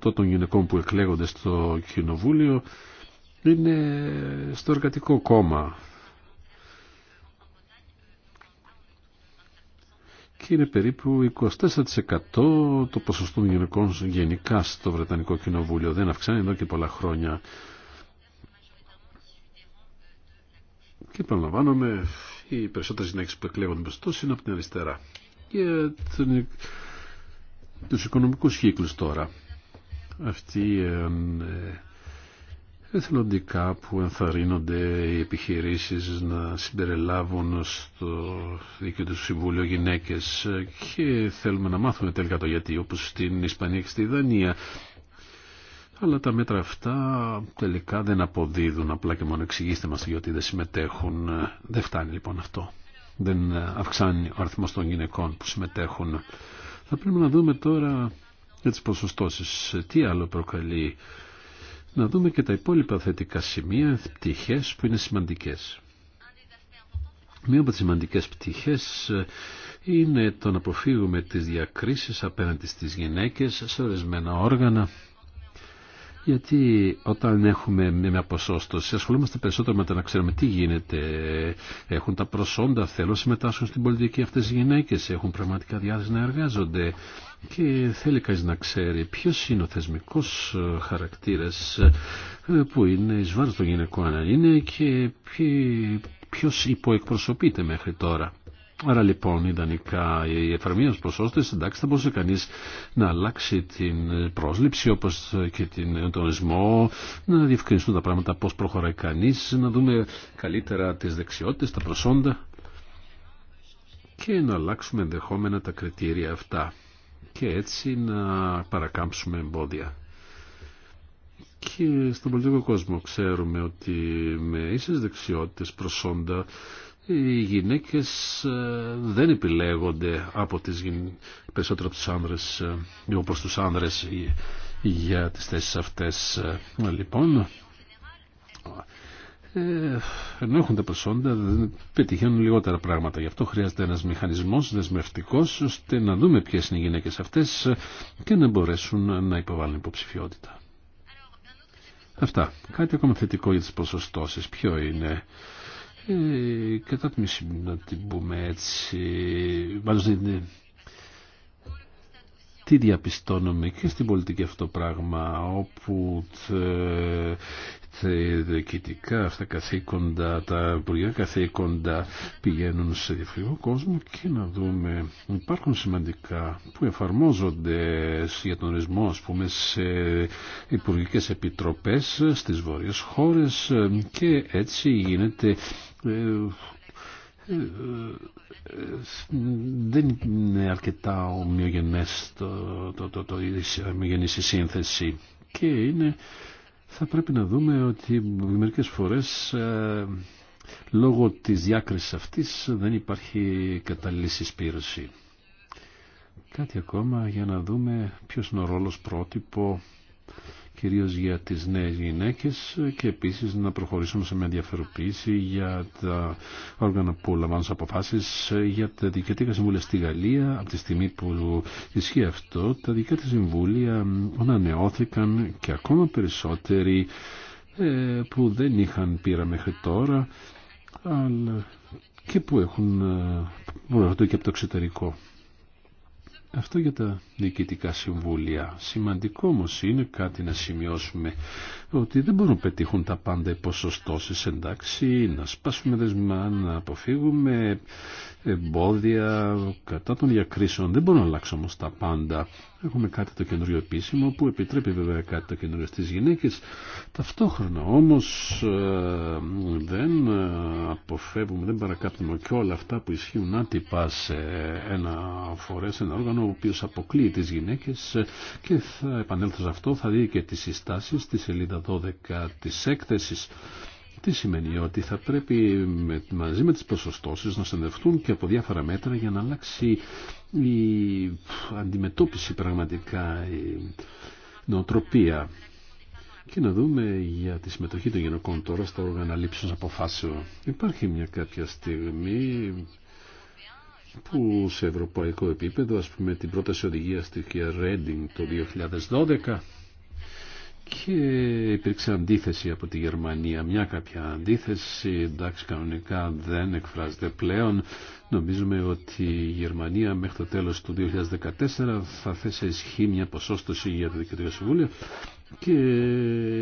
84% των γυναικών που εκλέγονται στο κοινοβούλιο είναι στο εργατικό κόμμα και είναι περίπου 24% το ποσοστό γυναικών γενικά στο Βρετανικό Κοινοβούλιο. Δεν αυξάνει εδώ και πολλά χρόνια. Και παραλαμβάνομαι, οι περισσότερες γυναίκε που εκλέγονται μπροστά είναι από την αριστερά. Για τους του οικονομικού τώρα. Αυτή ε, εθελοντικά που ενθαρρύνονται οι επιχειρήσεις να συμπεριλάβουν στο δίκαιο του Συμβούλιο γυναίκες και θέλουμε να μάθουμε τελικά το γιατί όπως στην Ισπανία και στη Δανία αλλά τα μέτρα αυτά τελικά δεν αποδίδουν απλά και μόνο εξηγήστε μας γιατί δεν συμμετέχουν δεν φτάνει λοιπόν αυτό δεν αυξάνει ο αριθμός των γυναικών που συμμετέχουν θα πρέπει να δούμε τώρα για τις ποσοστώσεις τι άλλο προκαλεί να δούμε και τα υπόλοιπα θετικά σημεία, πτυχές που είναι σημαντικές. Μία από τις σημαντικές πτυχές ε, είναι το να αποφύγουμε τις διακρίσεις απέναντι στις γυναίκες σε ορισμένα όργανα γιατί όταν έχουμε μια ποσόστοση ασχολούμαστε περισσότερο με το να ξέρουμε τι γίνεται. Έχουν τα προσόντα, θέλουν να συμμετάσχουν στην πολιτική αυτές οι γυναίκες, έχουν πραγματικά διάθεση να εργάζονται και θέλει κανείς να ξέρει ποιος είναι ο θεσμικός ε, χαρακτήρας ε, που είναι εις βάρος των γυναικών είναι και ποιος υποεκπροσωπείται μέχρι τώρα. Άρα λοιπόν ιδανικά η εφαρμογή προς εντάξει θα μπορούσε κανεί να αλλάξει την πρόσληψη όπω και την, εντονισμό να διευκρινιστούν τα πράγματα πώ προχωράει κανεί, να δούμε καλύτερα τι δεξιότητε, τα προσόντα και να αλλάξουμε ενδεχόμενα τα κριτήρια αυτά και έτσι να παρακάμψουμε εμπόδια. Και στον πολιτικό κόσμο ξέρουμε ότι με ίσες δεξιότητες προσόντα οι γυναίκες ε, δεν επιλέγονται από τις περισσότερο από τους άνδρες ε, ή όπως τους άνδρες ε, για τις θέσεις αυτές λοιπόν ενώ έχουν τα προσόντα πετυχαίνουν λιγότερα πράγματα γι' αυτό χρειάζεται ένας μηχανισμός δεσμευτικός ώστε να δούμε ποιες είναι οι γυναίκες αυτές και να μπορέσουν να υποβάλουν υποψηφιότητα Αυτά. Κάτι ακόμα θετικό για τις ποσοστώσεις. Ποιο είναι τη κατάπνιση να την πούμε έτσι, μάλλον δεν τι διαπιστώνουμε και στην πολιτική αυτό πράγμα όπου τε διοικητικά αυτά καθήκοντα, τα υπουργεία καθήκοντα πηγαίνουν σε διαφορετικό κόσμο και να δούμε υπάρχουν σημαντικά που εφαρμόζονται για τον ορισμό ας πούμε σε υπουργικές επιτροπές στις βόρειες χώρες και έτσι γίνεται δεν είναι αρκετά ομοιογενές το, το, το, το, η σύνθεση και είναι θα πρέπει να δούμε ότι μερικές φορές ε, λόγω της διάκρισης αυτής δεν υπάρχει κατάλληλη συσπήρωση. Κάτι ακόμα για να δούμε ποιος είναι ο ρόλος πρότυπο κυρίως για τις νέες γυναίκες και επίσης να προχωρήσουμε σε μια διαφοροποίηση για τα όργανα που λαμβάνουν αποφάσεις για τα δικαιωτικά συμβούλια στη Γαλλία από τη στιγμή που ισχύει αυτό τα δικαιωτικά συμβούλια ανανεώθηκαν και ακόμα περισσότεροι ε, που δεν είχαν πείρα μέχρι τώρα αλλά και που έχουν ε, προερχονται και από το εξωτερικό. Αυτό για τα διοικητικά συμβούλια. Σημαντικό όμω είναι κάτι να σημειώσουμε ότι δεν μπορούν να πετύχουν τα πάντα οι ποσοστώσει εντάξει, να σπάσουμε δεσμά, να αποφύγουμε εμπόδια κατά των διακρίσεων. Δεν μπορούν να αλλάξουν όμω τα πάντα. Έχουμε κάτι το καινούριο επίσημο που επιτρέπει βέβαια κάτι το καινούριο στις γυναίκες. Ταυτόχρονα όμως ε, δεν ε, αποφεύγουμε, δεν παρακάπτουμε και όλα αυτά που ισχύουν άτυπα σε ένα σε ένα όργανο ο οποίος αποκλείει τις γυναίκες ε, και θα επανέλθω σε αυτό, θα δει και τις συστάσεις στη σελίδα 12 της έκθεσης. Τι σημαίνει ότι θα πρέπει μαζί με τις ποσοστώσεις να συνδευτούν και από διάφορα μέτρα για να αλλάξει η αντιμετώπιση πραγματικά, η νοοτροπία και να δούμε για τη συμμετοχή των γυναικών τώρα στα όργανα λήψης αποφάσεων. Υπάρχει μια κάποια στιγμή που σε ευρωπαϊκό επίπεδο, ας πούμε την πρόταση οδηγίας του κ. Ρέντινγκ το 2012, και υπήρξε αντίθεση από τη Γερμανία, μια κάποια αντίθεση, εντάξει κανονικά δεν εκφράζεται πλέον. Νομίζουμε ότι η Γερμανία μέχρι το τέλος του 2014 θα θέσει ισχύ μια ποσόστοση για το Δικαιωτικό και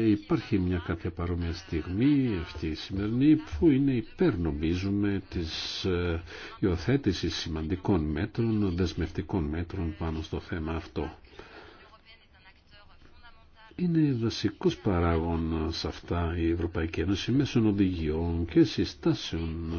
υπάρχει μια κάποια παρόμοια στιγμή αυτή η σημερινή που είναι υπέρ νομίζουμε της ε, υιοθέτηση σημαντικών μέτρων, δεσμευτικών μέτρων πάνω στο θέμα αυτό είναι βασικός παράγων αυτά η Ευρωπαϊκή Ένωση μέσω οδηγιών και συστάσεων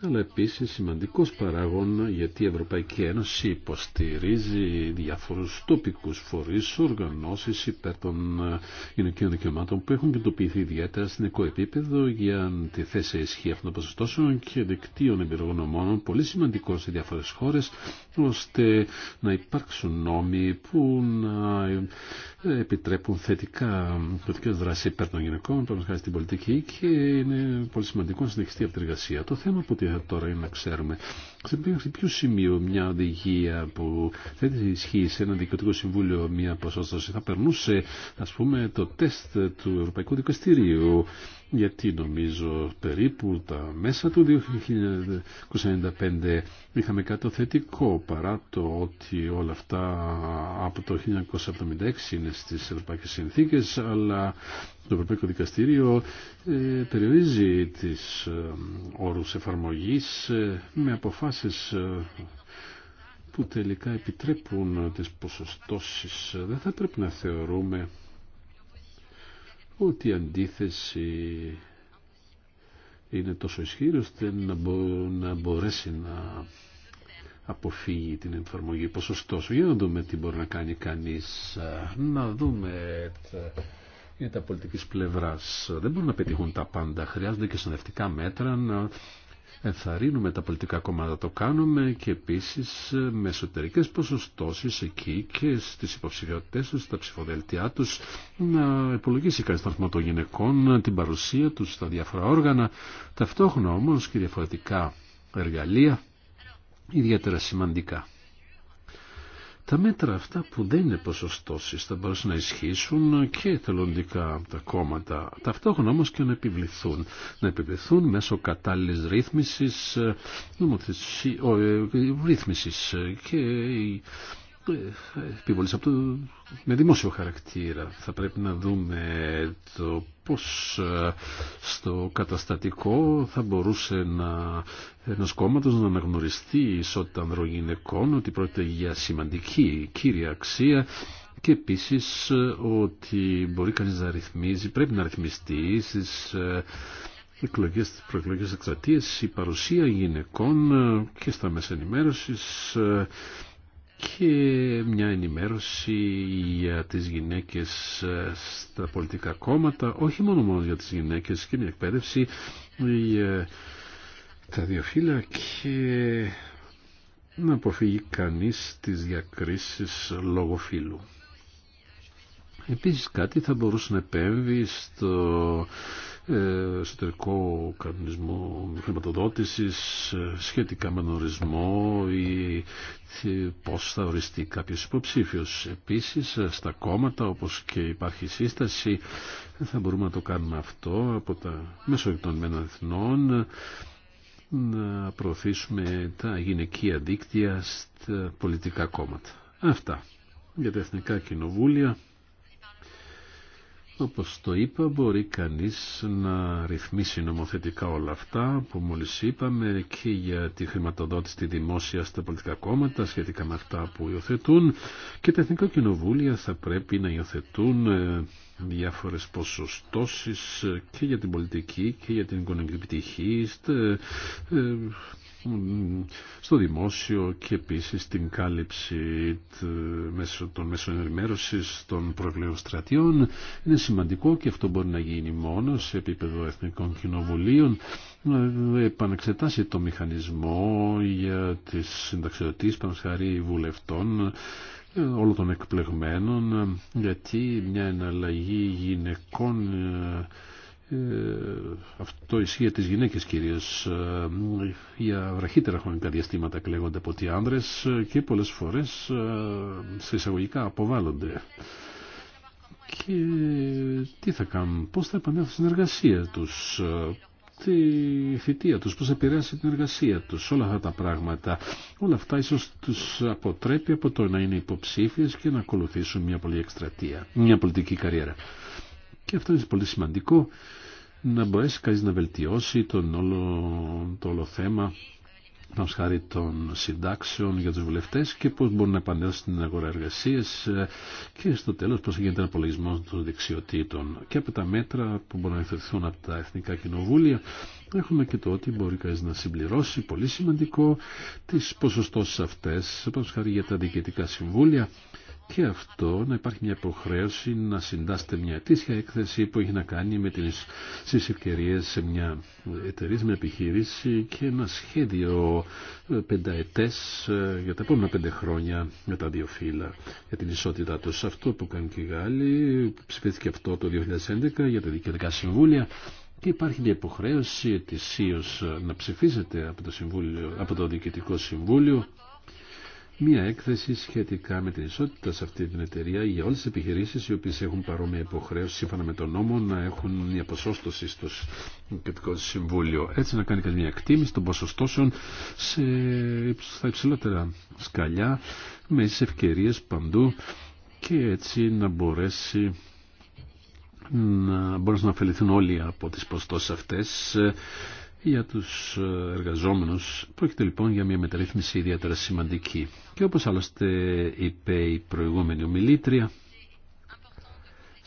αλλά επίσης σημαντικός παράγων γιατί η Ευρωπαϊκή Ένωση υποστηρίζει διάφορους τοπικούς φορείς, οργανώσεις υπέρ των ε, γυναικείων δικαιωμάτων που έχουν κινητοποιηθεί ιδιαίτερα στην οικοεπίπεδο επίπεδο για τη θέση ισχύ αυτών των ποσοστώσεων και δικτύων εμπειρογνωμών, πολύ σημαντικό σε διάφορες χώρες ώστε να υπάρξουν νόμοι που να επιτρέπουν θετικά πολιτικέ δράσει υπέρ των γυναικών, να χάρη στην πολιτική και είναι πολύ σημαντικό να συνεχιστεί από την εργασία. Το θέμα που τώρα είναι να ξέρουμε σε ποιο σημείο μια οδηγία που θέτει ισχύ σε ένα δικαιωτικό συμβούλιο μια ποσόστοση θα περνούσε ας πούμε το τεστ του Ευρωπαϊκού Δικαστηρίου γιατί νομίζω περίπου τα μέσα του 1995 είχαμε κάτι το θετικό παρά το ότι όλα αυτά από το 1976 είναι στις ευρωπαϊκές συνθήκες αλλά το Ευρωπαϊκό Δικαστήριο ε, περιορίζει τις ε, όρους εφαρμογής ε, με αποφάσεις που τελικά επιτρέπουν τις ποσοστώσεις. Δεν θα πρέπει να θεωρούμε ότι η αντίθεση είναι τόσο ισχύρη ώστε να, μπορέσει να αποφύγει την εφαρμογή ποσοστός. Για να δούμε τι μπορεί να κάνει κανείς. Να δούμε είναι τα πολιτικής πλευράς. Δεν μπορούν να πετύχουν τα πάντα. Χρειάζονται και συνδευτικά μέτρα να ενθαρρύνουμε τα πολιτικά κόμματα το κάνουμε και επίσης με εσωτερικές ποσοστώσεις εκεί και στις υποψηφιότητες τους, στα ψηφοδελτιά τους να υπολογίσει κανείς τον αριθμό των γυναικών, την παρουσία τους στα διάφορα όργανα ταυτόχρονα όμως και διαφορετικά εργαλεία ιδιαίτερα σημαντικά. Τα μέτρα αυτά που δεν είναι ποσοστώσεις θα μπορούσαν να ισχύσουν και εθελοντικά από τα κόμματα. Ταυτόχρονα όμως και να επιβληθούν. Να επιβληθούν μέσω κατάλληλης ρύθμισης, ε, ε, ρύθμισης και επιβολής με δημόσιο χαρακτήρα. Θα πρέπει να δούμε το πώς ε, στο καταστατικό θα μπορούσε να ενό να αναγνωριστεί η ισότητα ανδρογυναικών ότι πρόκειται για σημαντική κύρια αξία και επίσης ε, ότι μπορεί κανείς να ρυθμίζει, πρέπει να ρυθμιστεί στις ε, εκλογές, στις προεκλογές η παρουσία γυναικών και στα μέσα και μια ενημέρωση για τις γυναίκες στα πολιτικά κόμματα, όχι μόνο μόνο για τις γυναίκες και μια εκπαίδευση για τα δύο φύλλα και να αποφύγει κανείς τις διακρίσεις λόγω φύλου. Επίσης κάτι θα μπορούσε να επέμβει στο ε, εσωτερικό κανονισμό χρηματοδότησης ε, σχετικά με τον ορισμό ή πώς θα οριστεί κάποιος υποψήφιος. Επίσης ε, στα κόμματα όπως και υπάρχει σύσταση θα μπορούμε να το κάνουμε αυτό από τα μέσω των εθνών να προωθήσουμε τα γυναικεία δίκτυα στα πολιτικά κόμματα. Αυτά για τα εθνικά κοινοβούλια όπως το είπα, μπορεί κανείς να ρυθμίσει νομοθετικά όλα αυτά που μόλις είπαμε και για τη χρηματοδότηση τη δημόσια στα πολιτικά κόμματα σχετικά με αυτά που υιοθετούν και τα Εθνικά Κοινοβούλια θα πρέπει να υιοθετούν ε, διάφορες ποσοστώσεις και για την πολιτική και για την οικονομική επιτυχία στο δημόσιο και επίσης την κάλυψη των μέσων ενημέρωσης των προεκλογικών στρατιών. Είναι σημαντικό και αυτό μπορεί να γίνει μόνο σε επίπεδο εθνικών κοινοβουλίων να ε, επαναξετάσει το μηχανισμό για τις συνταξιδοτήσεις πανσχαρή βουλευτών ε, όλων των εκπλεγμένων ε, γιατί μια εναλλαγή γυναικών ε, αυτό ισχύει για τις γυναίκες κυρίως ε, για βραχύτερα χρονικά διαστήματα κλαίγονται από ότι άνδρες ε, και πολλές φορές σε εισαγωγικά αποβάλλονται και τι θα κάνουν, πώς θα επανέλθουν στην εργασία τους τη θητεία τους, πώς επηρέασε την εργασία τους, όλα αυτά τα πράγματα. Όλα αυτά ίσως τους αποτρέπει από το να είναι υποψήφιες και να ακολουθήσουν μια πολιτική καριέρα. Και αυτό είναι πολύ σημαντικό να μπορέσει κανεί να βελτιώσει τον όλο, το όλο θέμα πάνω χάρη των συντάξεων για τους βουλευτές και πώς μπορούν να επανέλθουν στην αγορά εργασίας ε, και στο τέλος πώς γίνεται ένα απολογισμό των δεξιοτήτων και από τα μέτρα που μπορούν να εφευθούν από τα Εθνικά Κοινοβούλια έχουμε και το ότι μπορεί κανείς να συμπληρώσει πολύ σημαντικό τις ποσοστώσεις αυτές πάνω χάρη για τα διοικητικά συμβούλια και αυτό να υπάρχει μια υποχρέωση να συντάσσεται μια αιτήσια έκθεση που έχει να κάνει με τις ευκαιρίε σε μια εταιρεία, μια επιχείρηση και ένα σχέδιο ε, πενταετές ε, για τα επόμενα πέντε χρόνια με τα δύο φύλλα για την ισότητά τους. Αυτό που κάνουν και οι Γάλλοι ψηφίστηκε αυτό το 2011 για τα δικαιωτικά συμβούλια και υπάρχει μια υποχρέωση ετησίως να ψηφίζεται από το, συμβούλιο, από το Διοικητικό Συμβούλιο μία έκθεση σχετικά με την ισότητα σε αυτή την εταιρεία για όλες τις επιχειρήσεις οι οποίες έχουν παρόμοια υποχρέωση σύμφωνα με τον νόμο να έχουν μια ποσόστοση στο Κεντρικό Συμβούλιο. Έτσι να κάνει μια εκτίμηση των ποσοστώσεων σε, στα υψηλότερα σκαλιά με τις ευκαιρίες παντού και έτσι να μπορέσει να μπορέσουν να ωφεληθούν όλοι από τις ποστώσεις αυτές ε, για τους ε, εργαζόμενους. Πρόκειται λοιπόν για μια μεταρρύθμιση ιδιαίτερα σημαντική. Και όπως άλλωστε είπε η προηγούμενη ομιλήτρια,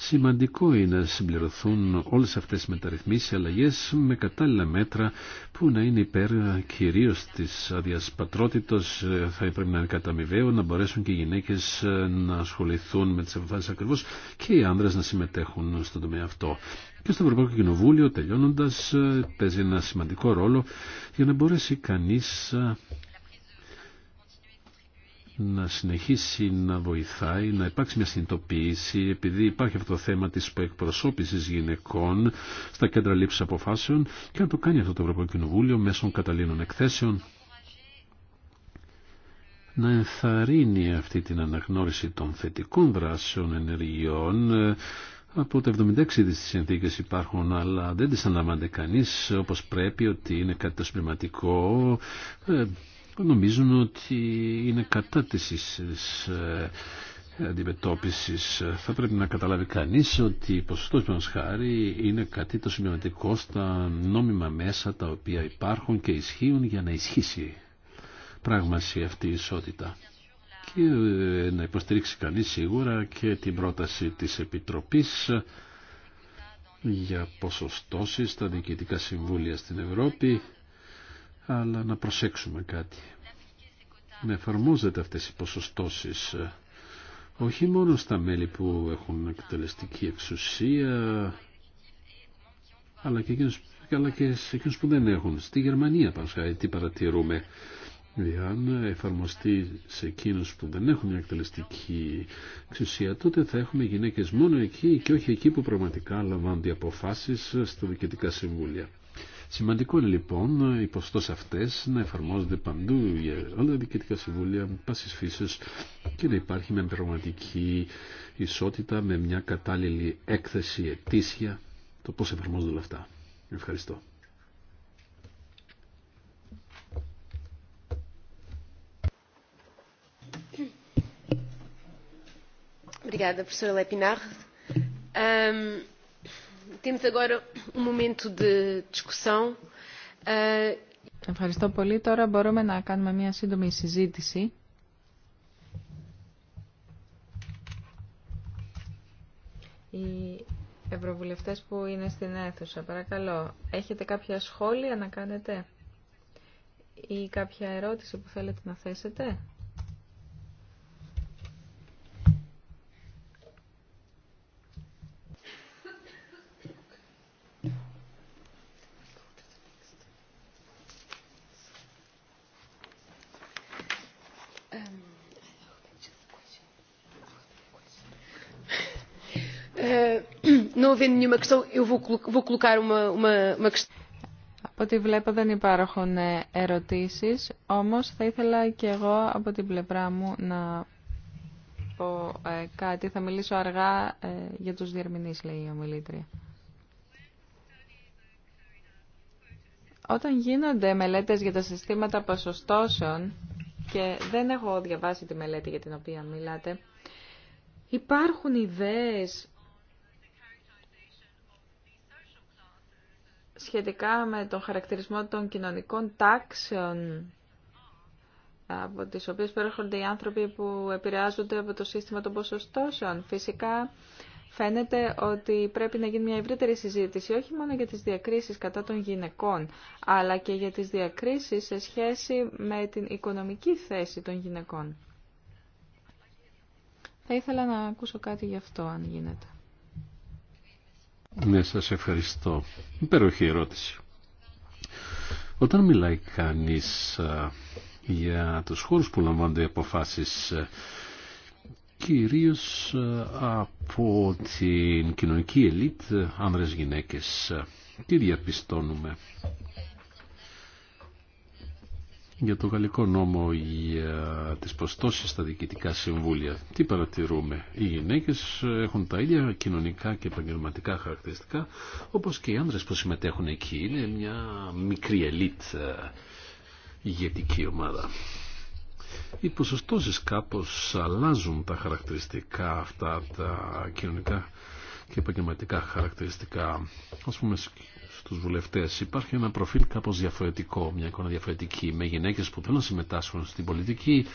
Σημαντικό είναι να συμπληρωθούν όλες αυτές οι μεταρρυθμίσεις αλλαγές με κατάλληλα μέτρα που να είναι υπέρ κυρίως της αδιασπατρότητος, ε, θα πρέπει να είναι να μπορέσουν και οι γυναίκες ε, να ασχοληθούν με τις αποφάσεις ακριβώς και οι άνδρες να συμμετέχουν στον τομέα αυτό. Και στο Ευρωπαϊκό Κοινοβούλιο, τελειώνοντας, ε, παίζει ένα σημαντικό ρόλο για να μπορέσει κανείς ε, να συνεχίσει να βοηθάει, να υπάρξει μια συνειδητοποίηση, επειδή υπάρχει αυτό το θέμα της εκπροσώπησης γυναικών στα κέντρα λήψης αποφάσεων και να το κάνει αυτό το Ευρωπαϊκό Κοινοβούλιο μέσω καταλήνων εκθέσεων να ενθαρρύνει αυτή την αναγνώριση των θετικών δράσεων ενεργειών ε, από το 76 ήδη στις συνθήκες υπάρχουν, αλλά δεν τις αναλαμβάνεται κανείς όπως πρέπει ότι είναι κάτι το συμπληρωματικό. Ε, νομίζουν ότι είναι κατά της ε, ε, αντιμετώπισης. Θα πρέπει να καταλάβει κανείς ότι η ποσοστός μας χάρη είναι κάτι το συμπληρωματικό στα νόμιμα μέσα τα οποία υπάρχουν και ισχύουν για να ισχύσει πράγμαση αυτή η ισότητα και να υποστηρίξει κανείς σίγουρα και την πρόταση της Επιτροπής για ποσοστώσεις στα διοικητικά συμβούλια στην Ευρώπη, αλλά να προσέξουμε κάτι. Να εφαρμόζεται αυτές οι ποσοστώσεις όχι μόνο στα μέλη που έχουν εκτελεστική εξουσία, αλλά και, εκείνους, αλλά και σε εκείνους που δεν έχουν. Στη Γερμανία, τι παρατηρούμε. Εάν εφαρμοστεί σε εκείνου που δεν έχουν μια εκτελεστική εξουσία, τότε θα έχουμε γυναίκες μόνο εκεί και όχι εκεί που πραγματικά λαμβάνονται αποφάσει στα διοικητικά συμβούλια. Σημαντικό είναι λοιπόν οι ποσοστό αυτέ να εφαρμόζονται παντού για όλα τα διοικητικά συμβούλια πάση φύσεως και να υπάρχει μια πραγματική ισότητα με μια κατάλληλη έκθεση ετήσια το πώ εφαρμόζονται όλα αυτά. Ευχαριστώ. Ευχαριστώ πολύ. Τώρα μπορούμε να κάνουμε μια σύντομη συζήτηση. Οι ευρωβουλευτές που είναι στην αίθουσα, παρακαλώ, έχετε κάποια σχόλια να κάνετε ή κάποια ερώτηση που θέλετε να θέσετε. não havendo nenhuma questão, eu vou colocar uma questão. Από ό,τι βλέπω δεν υπάρχουν ε, ερωτήσεις, όμως θα ήθελα και εγώ από την πλευρά μου να πω ε, κάτι. Θα μιλήσω αργά ε, για τους διερμηνείς, λέει η ομιλήτρια. Όταν γίνονται μελέτες για τα συστήματα ποσοστώσεων, και δεν έχω διαβάσει τη μελέτη για την οποία μιλάτε, υπάρχουν ιδέες σχετικά με τον χαρακτηρισμό των κοινωνικών τάξεων από τις οποίες προέρχονται οι άνθρωποι που επηρεάζονται από το σύστημα των ποσοστώσεων. Φυσικά φαίνεται ότι πρέπει να γίνει μια ευρύτερη συζήτηση όχι μόνο για τις διακρίσεις κατά των γυναικών, αλλά και για τις διακρίσεις σε σχέση με την οικονομική θέση των γυναικών. Θα ήθελα να ακούσω κάτι γι' αυτό, αν γίνεται. Ναι, σας ευχαριστώ. Υπέροχη ερώτηση. Όταν μιλάει κανείς για τους χώρους που λαμβάνονται οι αποφάσεις ε, κυρίως ε, από την κοινωνική ελίτ ε, άνδρες γυναίκες τι διαπιστώνουμε για το γαλλικό νόμο για τις προστώσεις στα διοικητικά συμβούλια. Τι παρατηρούμε. Οι γυναίκες έχουν τα ίδια κοινωνικά και επαγγελματικά χαρακτηριστικά όπως και οι άνδρες που συμμετέχουν εκεί. Είναι μια μικρή ελίτ ε, ηγετική ομάδα. Οι ποσοστώσεις κάπως αλλάζουν τα χαρακτηριστικά αυτά, τα κοινωνικά και επαγγελματικά χαρακτηριστικά. Ας πούμε τους βουλευτές. Υπάρχει ένα προφίλ κάπως διαφορετικό, μια εικόνα διαφορετική, με γυναίκες που θέλουν να συμμετάσχουν στην πολιτική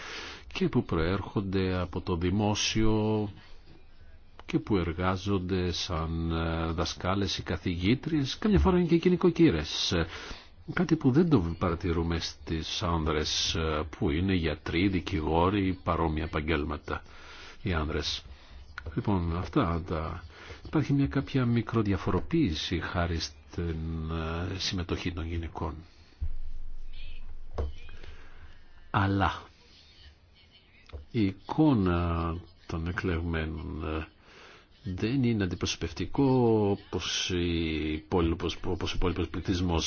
και που προέρχονται από το δημόσιο και που εργάζονται σαν ε, δασκάλες ή καθηγήτριες, καμιά φορά είναι και κοινικοκύρες. Κάτι που δεν το παρατηρούμε στις άνδρες ε, που είναι γιατροί, δικηγόροι, παρόμοια επαγγέλματα οι άνδρες. Λοιπόν, αυτά τα... Υπάρχει μια κάποια μικροδιαφοροποίηση χάρη την ε, συμμετοχή των γυναικών. Αλλά η εικόνα των εκλεγμένων ε, δεν είναι αντιπροσωπευτικό όπως, ο υπόλοιπος πληθυσμό.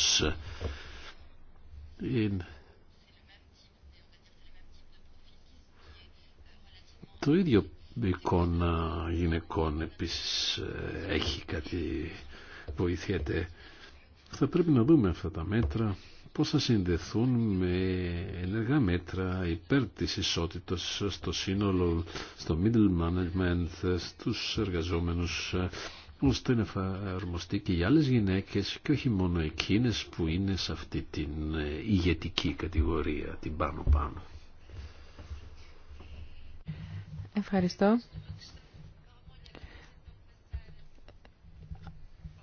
Το ίδιο εικόνα γυναικών επίσης ε, έχει κάτι βοηθιέται. Θα πρέπει να δούμε αυτά τα μέτρα πώς θα συνδεθούν με ενεργά μέτρα υπέρ της ισότητας στο σύνολο, στο middle management, στους εργαζόμενους, ώστε να εφαρμοστεί και οι άλλες γυναίκες και όχι μόνο εκείνες που είναι σε αυτή την ε, ηγετική κατηγορία, την πάνω-πάνω. Ευχαριστώ.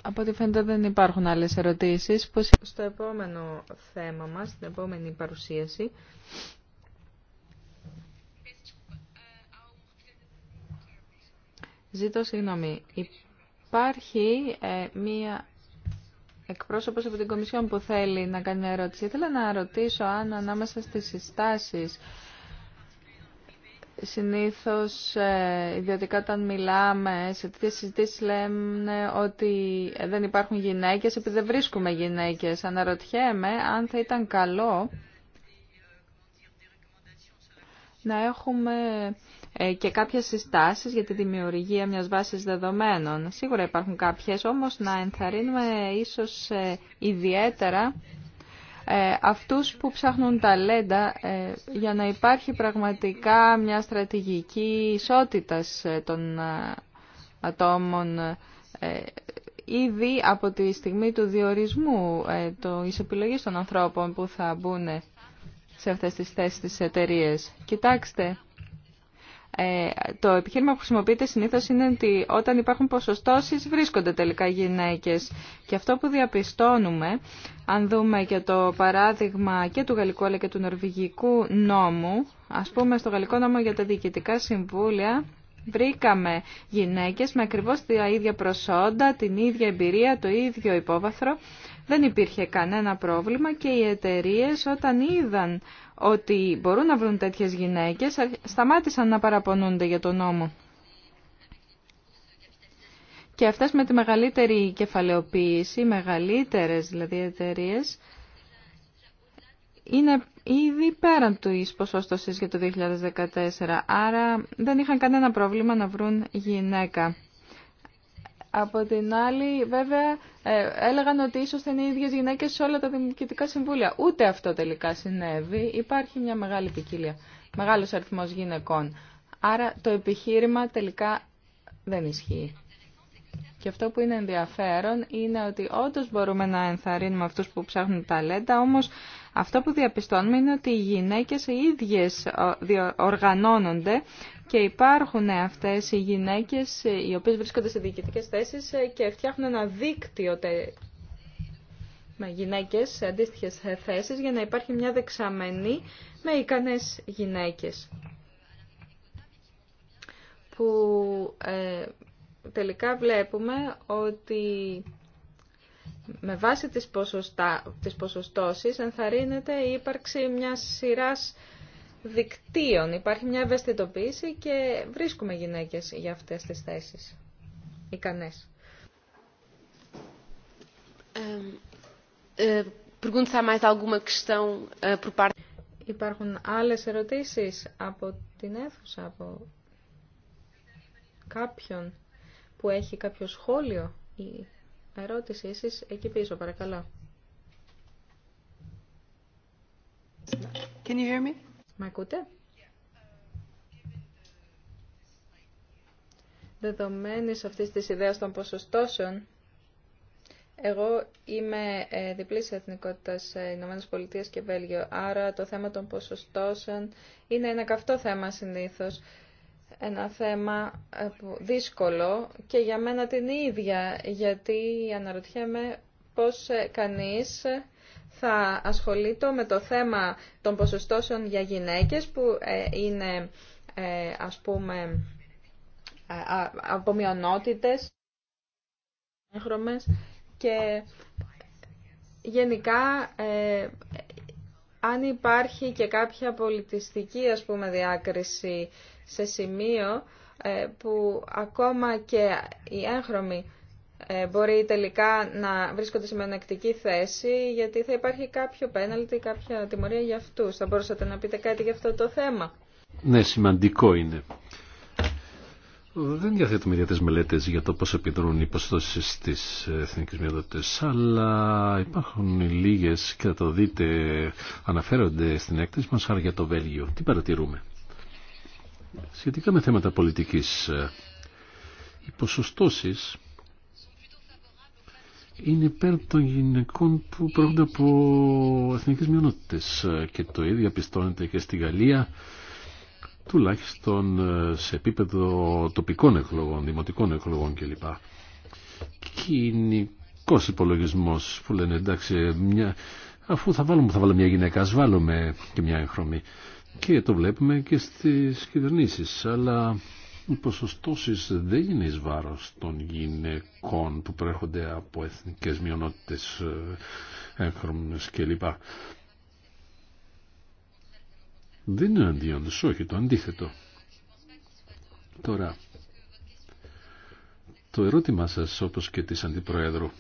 Από ό,τι φαίνεται δεν υπάρχουν άλλες ερωτήσεις. Πώς... Στο επόμενο θέμα μας, στην επόμενη παρουσίαση, Ζήτω συγγνώμη. Υπάρχει μια ερώτηση. Ήθελα να ρωτήσω αν ανάμεσα στις συστάσεις Συνήθως, ε, ιδιωτικά όταν μιλάμε σε τέτοιες συζητήσεις λέμε ότι ε, δεν υπάρχουν γυναίκες επειδή δεν βρίσκουμε γυναίκες. Αναρωτιέμαι αν θα ήταν καλό να έχουμε ε, και κάποιες συστάσεις για τη δημιουργία μιας βάσης δεδομένων. Σίγουρα υπάρχουν κάποιες, όμως να ενθαρρύνουμε ίσως ιδιαίτερα ε, αυτούς που ψάχνουν ταλέντα ε, για να υπάρχει πραγματικά μια στρατηγική ισότητας ε, των ατόμων ήδη από τη στιγμή του διορισμού το, επιλογής των ανθρώπων που θα μπουν σε αυτές τις θέσεις της εταιρείας. Κοιτάξτε, ε, το επιχείρημα που χρησιμοποιείται συνήθως είναι ότι όταν υπάρχουν ποσοστώσεις βρίσκονται τελικά γυναίκες. Και αυτό που διαπιστώνουμε, αν δούμε και το παράδειγμα και του γαλλικού αλλά και του νορβηγικού νόμου, ας πούμε στο γαλλικό νόμο για τα διοικητικά συμβούλια, βρήκαμε γυναίκες με ακριβώς τα ίδια προσόντα, την ίδια εμπειρία, το ίδιο υπόβαθρο. Δεν υπήρχε κανένα πρόβλημα και οι εταιρείε όταν είδαν ότι μπορούν να βρουν τέτοιες γυναίκες σταμάτησαν να παραπονούνται για τον νόμο. Και αυτές με τη μεγαλύτερη κεφαλαιοποίηση, μεγαλύτερες δηλαδή εταιρείε είναι ήδη πέραν του ποσόστοσης για το 2014, άρα δεν είχαν κανένα πρόβλημα να βρουν γυναίκα. Από την άλλη, βέβαια, ε, έλεγαν ότι ίσως θα είναι οι ίδιες γυναίκες σε όλα τα δημοκρατικά συμβούλια. Ούτε αυτό τελικά συνέβη. Υπάρχει μια μεγάλη ποικίλια, μεγάλος αριθμός γυναικών. Άρα το επιχείρημα τελικά δεν ισχύει. Και αυτό που είναι ενδιαφέρον είναι ότι όντω μπορούμε να ενθαρρύνουμε αυτούς που ψάχνουν ταλέντα, όμως αυτό που διαπιστώνουμε είναι ότι οι γυναίκες οι ίδιες ε, οργανώνονται και υπάρχουν αυτές οι γυναίκες οι οποίες βρίσκονται σε διοικητικές θέσεις και φτιάχνουν ένα δίκτυο με γυναίκες σε αντίστοιχες θέσεις για να υπάρχει μια δεξαμενή με ικανές γυναίκες που ε, τελικά βλέπουμε ότι με βάση τις, ποσοστά, τις ποσοστώσεις ενθαρρύνεται η ύπαρξη μιας σειράς δικτύων. Υπάρχει μια ευαισθητοποίηση και βρίσκουμε γυναίκες για αυτές τις θέσεις. Ικανές. Ε, ε, eh, Υπάρχουν άλλες ερωτήσεις από την αίθουσα, από κάποιον που έχει κάποιο σχόλιο ή ερώτηση. Εσείς εκεί πίσω, παρακαλώ. Can you hear me? Με ακούτε? Δεδομένης αυτής της ιδέας των ποσοστώσεων, εγώ είμαι ε, διπλής εθνικότητας ε, και Βέλγιο, άρα το θέμα των ποσοστώσεων είναι ένα καυτό θέμα συνήθως. Ένα θέμα ε, δύσκολο και για μένα την ίδια, γιατί αναρωτιέμαι πώς ε, κανείς θα ασχολείται με το θέμα των ποσοστώσεων για γυναίκες που ε, είναι ε, ας πούμε ε, από και γενικά αν υπάρχει και κάποια πολιτιστική ας πούμε διάκριση σε σημείο που ακόμα και οι έγχρωμοι ε, μπορεί τελικά να βρίσκονται σε μενεκτική θέση γιατί θα υπάρχει κάποιο πέναλτι, κάποια τιμωρία για αυτού. Θα μπορούσατε να πείτε κάτι για αυτό το θέμα. Ναι, σημαντικό είναι. Δεν διαθέτουμε ιδιαίτερε μελέτε για το πώ επιδρούν οι ποσοστώσει στι εθνικέ μειονότητα, αλλά υπάρχουν λίγε και θα το δείτε, αναφέρονται στην έκθεση μα, άρα για το Βέλγιο. Τι παρατηρούμε. Σχετικά με θέματα πολιτική, οι ποσοστώσει είναι υπέρ των γυναικών που πρόκειται από εθνικές μειονότητες και το ίδιο πιστώνεται και στη Γαλλία τουλάχιστον ε, σε επίπεδο τοπικών εκλογών, δημοτικών εκλογών κλπ. Κοινικός υπολογισμός που λένε εντάξει μια, αφού θα βάλουμε, θα βάλουμε μια γυναίκα ας βάλουμε και μια εγχρωμή και το βλέπουμε και στις κυβερνήσεις αλλά ποσοστώσεις δεν είναι εις βάρος των γυναικών που προέρχονται από εθνικές μειονότητες ε, έγχρωμες κλπ. Δεν είναι αντίον όχι, το αντίθετο. Τώρα, το ερώτημά σας, όπως και της Αντιπροέδρου,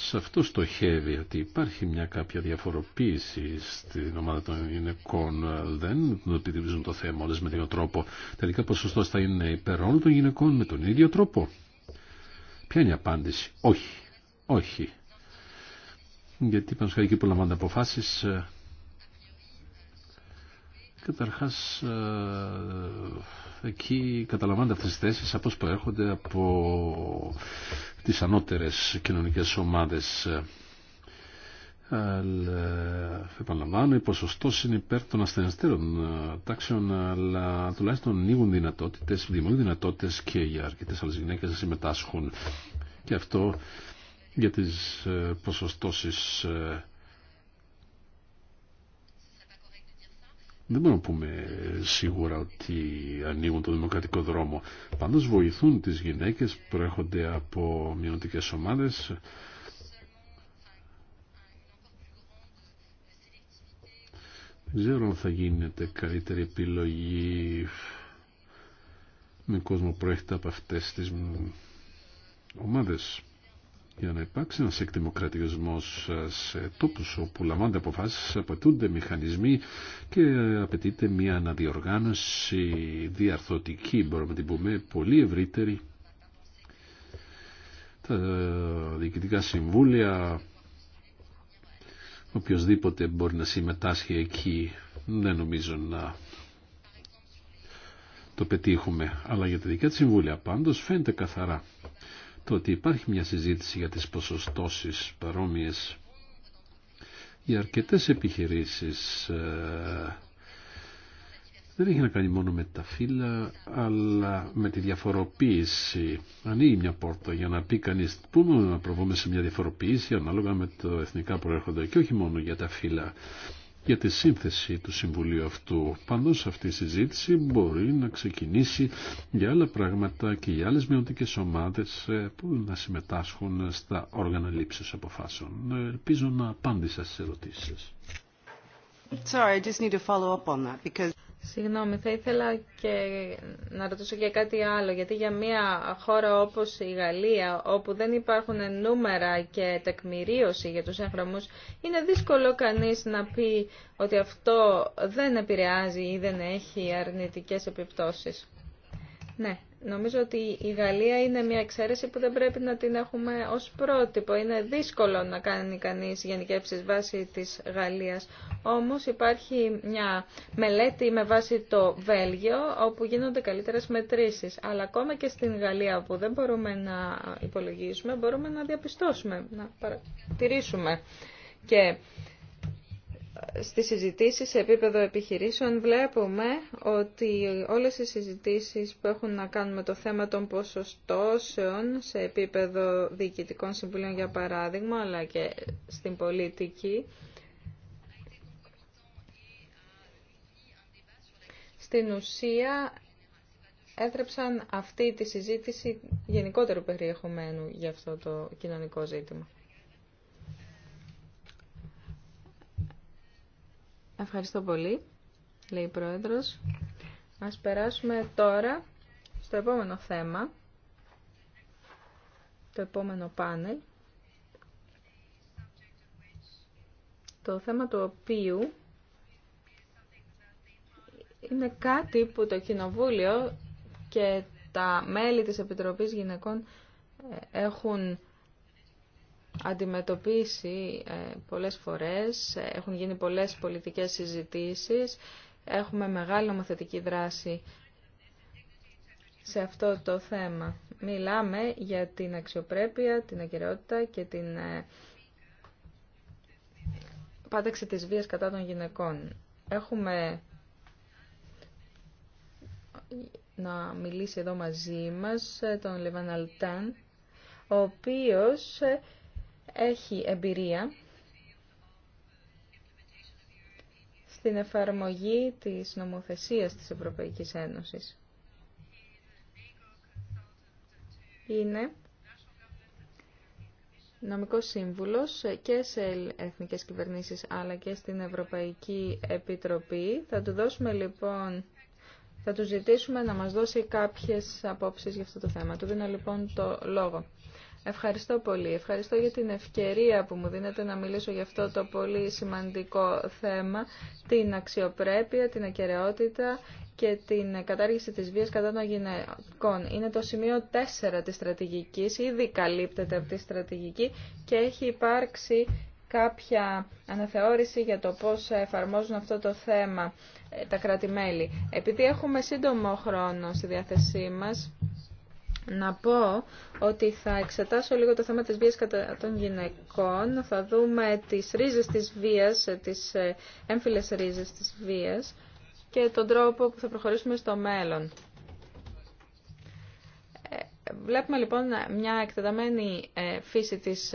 σε αυτό στοχεύει ότι υπάρχει μια κάποια διαφοροποίηση στην ομάδα των γυναικών. Δεν αντιμετωπίζουν το θέμα όλες με τον ίδιο τρόπο. Τελικά ποσοστό θα είναι υπέρ όλων των γυναικών με τον ίδιο τρόπο. Ποια είναι η απάντηση. Όχι. Όχι. Γιατί πάνω σχετικά που λαμβάνονται αποφάσεις Καταρχά, ε, εκεί καταλαμβάνονται αυτές τι θέσεις από προέρχονται από τις ανώτερες κοινωνικές ομάδες. Ε, αλλά επαναλαμβάνω, η ποσοστό είναι υπέρ των ασθενεστέρων ε, τάξεων, αλλά τουλάχιστον ανοίγουν δυνατότητε, δημιουργούν δυνατότητε και για αρκετέ άλλε γυναίκε να συμμετάσχουν. Και αυτό για τι ποσοστώσει δεν μπορούμε να πούμε σίγουρα ότι ανοίγουν το δημοκρατικό δρόμο. Πάντως βοηθούν τις γυναίκες που προέρχονται από μειωτικές ομάδες Δεν ξέρω αν θα γίνεται καλύτερη επιλογή με κόσμο που προέρχεται από αυτές τις ομάδες για να υπάρξει ένας εκδημοκρατισμός ε, σε τόπους όπου λαμβάνονται αποφάσεις, απαιτούνται μηχανισμοί και απαιτείται μια αναδιοργάνωση διαρθωτική, μπορούμε να την πούμε, πολύ ευρύτερη. Τα διοικητικά συμβούλια, οποιοδήποτε μπορεί να συμμετάσχει εκεί, δεν νομίζω να το πετύχουμε. Αλλά για τα δικά της συμβούλια πάντως φαίνεται καθαρά το ότι υπάρχει μια συζήτηση για τις ποσοστώσεις παρόμοιες για αρκετές επιχειρήσεις ε, δεν έχει να κάνει μόνο με τα φύλλα, αλλά με τη διαφοροποίηση. Ανοίγει μια πόρτα για να πει κανεί πού να προβούμε σε μια διαφοροποίηση ανάλογα με το εθνικά προέρχοντα και όχι μόνο για τα φύλλα για τη σύνθεση του Συμβουλίου αυτού. Πάντως αυτή η συζήτηση μπορεί να ξεκινήσει για άλλα πράγματα και για άλλες μειωτικές ομάδες ε, που να συμμετάσχουν στα όργανα λήψης αποφάσεων. Ε, ελπίζω να απάντησα στις ερωτήσεις σας. Sorry, I just need follow up on that because... Συγγνώμη, θα ήθελα και να ρωτήσω για κάτι άλλο, γιατί για μια χώρα όπως η Γαλλία, όπου δεν υπάρχουν νούμερα και τεκμηρίωση για τους έγχρωμους, είναι δύσκολο κανείς να πει ότι αυτό δεν επηρεάζει ή δεν έχει αρνητικές επιπτώσεις. Ναι, Νομίζω ότι η Γαλλία είναι μια εξαίρεση που δεν πρέπει να την έχουμε ως πρότυπο. Είναι δύσκολο να κάνει κανείς γενικεύσεις βάσει της Γαλλίας. Όμως υπάρχει μια μελέτη με βάση το Βέλγιο όπου γίνονται καλύτερες μετρήσεις. Αλλά ακόμα και στην Γαλλία που δεν μπορούμε να υπολογίσουμε, μπορούμε να διαπιστώσουμε, να παρατηρήσουμε. Και στις συζητήσεις σε επίπεδο επιχειρήσεων βλέπουμε ότι όλες οι συζητήσεις που έχουν να κάνουν με το θέμα των ποσοστώσεων σε επίπεδο διοικητικών συμβουλίων για παράδειγμα αλλά και στην πολιτική στην ουσία έτρεψαν αυτή τη συζήτηση γενικότερου περιεχομένου για αυτό το κοινωνικό ζήτημα. Ευχαριστώ πολύ, λέει η Πρόεδρος. Ας περάσουμε τώρα στο επόμενο θέμα, το επόμενο πάνελ. Το θέμα του οποίου είναι κάτι που το Κοινοβούλιο και τα μέλη της Επιτροπής Γυναικών ε, έχουν αντιμετωπίσει ε, πολλές φορές, ε, έχουν γίνει πολλές πολιτικές συζητήσεις, έχουμε μεγάλη νομοθετική δράση σε αυτό το θέμα. Μιλάμε για την αξιοπρέπεια, την αγκαιρεότητα και την ε, πάταξη της βίας κατά των γυναικών. Έχουμε να μιλήσει εδώ μαζί μας τον Λεβαν Αλτάν, ο οποίος έχει εμπειρία στην εφαρμογή της νομοθεσίας της Ευρωπαϊκής Ένωσης. Είναι νομικός σύμβουλος και σε εθνικές κυβερνήσεις αλλά και στην Ευρωπαϊκή Επιτροπή. Θα του δώσουμε λοιπόν... Θα του ζητήσουμε να μας δώσει κάποιες απόψεις για αυτό το θέμα. Του δίνω λοιπόν το λόγο. Ευχαριστώ πολύ. Ευχαριστώ για την ευκαιρία που μου δίνετε να μιλήσω για αυτό το πολύ σημαντικό θέμα, την αξιοπρέπεια, την ακεραιότητα και την κατάργηση της βίας κατά των γυναικών. Είναι το σημείο 4 της στρατηγικής, ήδη καλύπτεται από τη στρατηγική και έχει υπάρξει κάποια αναθεώρηση για το πώς εφαρμόζουν αυτό το θέμα ε, τα κράτη-μέλη. Επειδή έχουμε σύντομο χρόνο στη διάθεσή μας, να πω ότι θα εξετάσω λίγο το θέμα της βίας κατά των γυναικών. Θα δούμε τις ρίζες της βίας, τις ε, έμφυλες ρίζες της βίας και τον τρόπο που θα προχωρήσουμε στο μέλλον. Ε, βλέπουμε λοιπόν μια εκτεταμένη ε, φύση της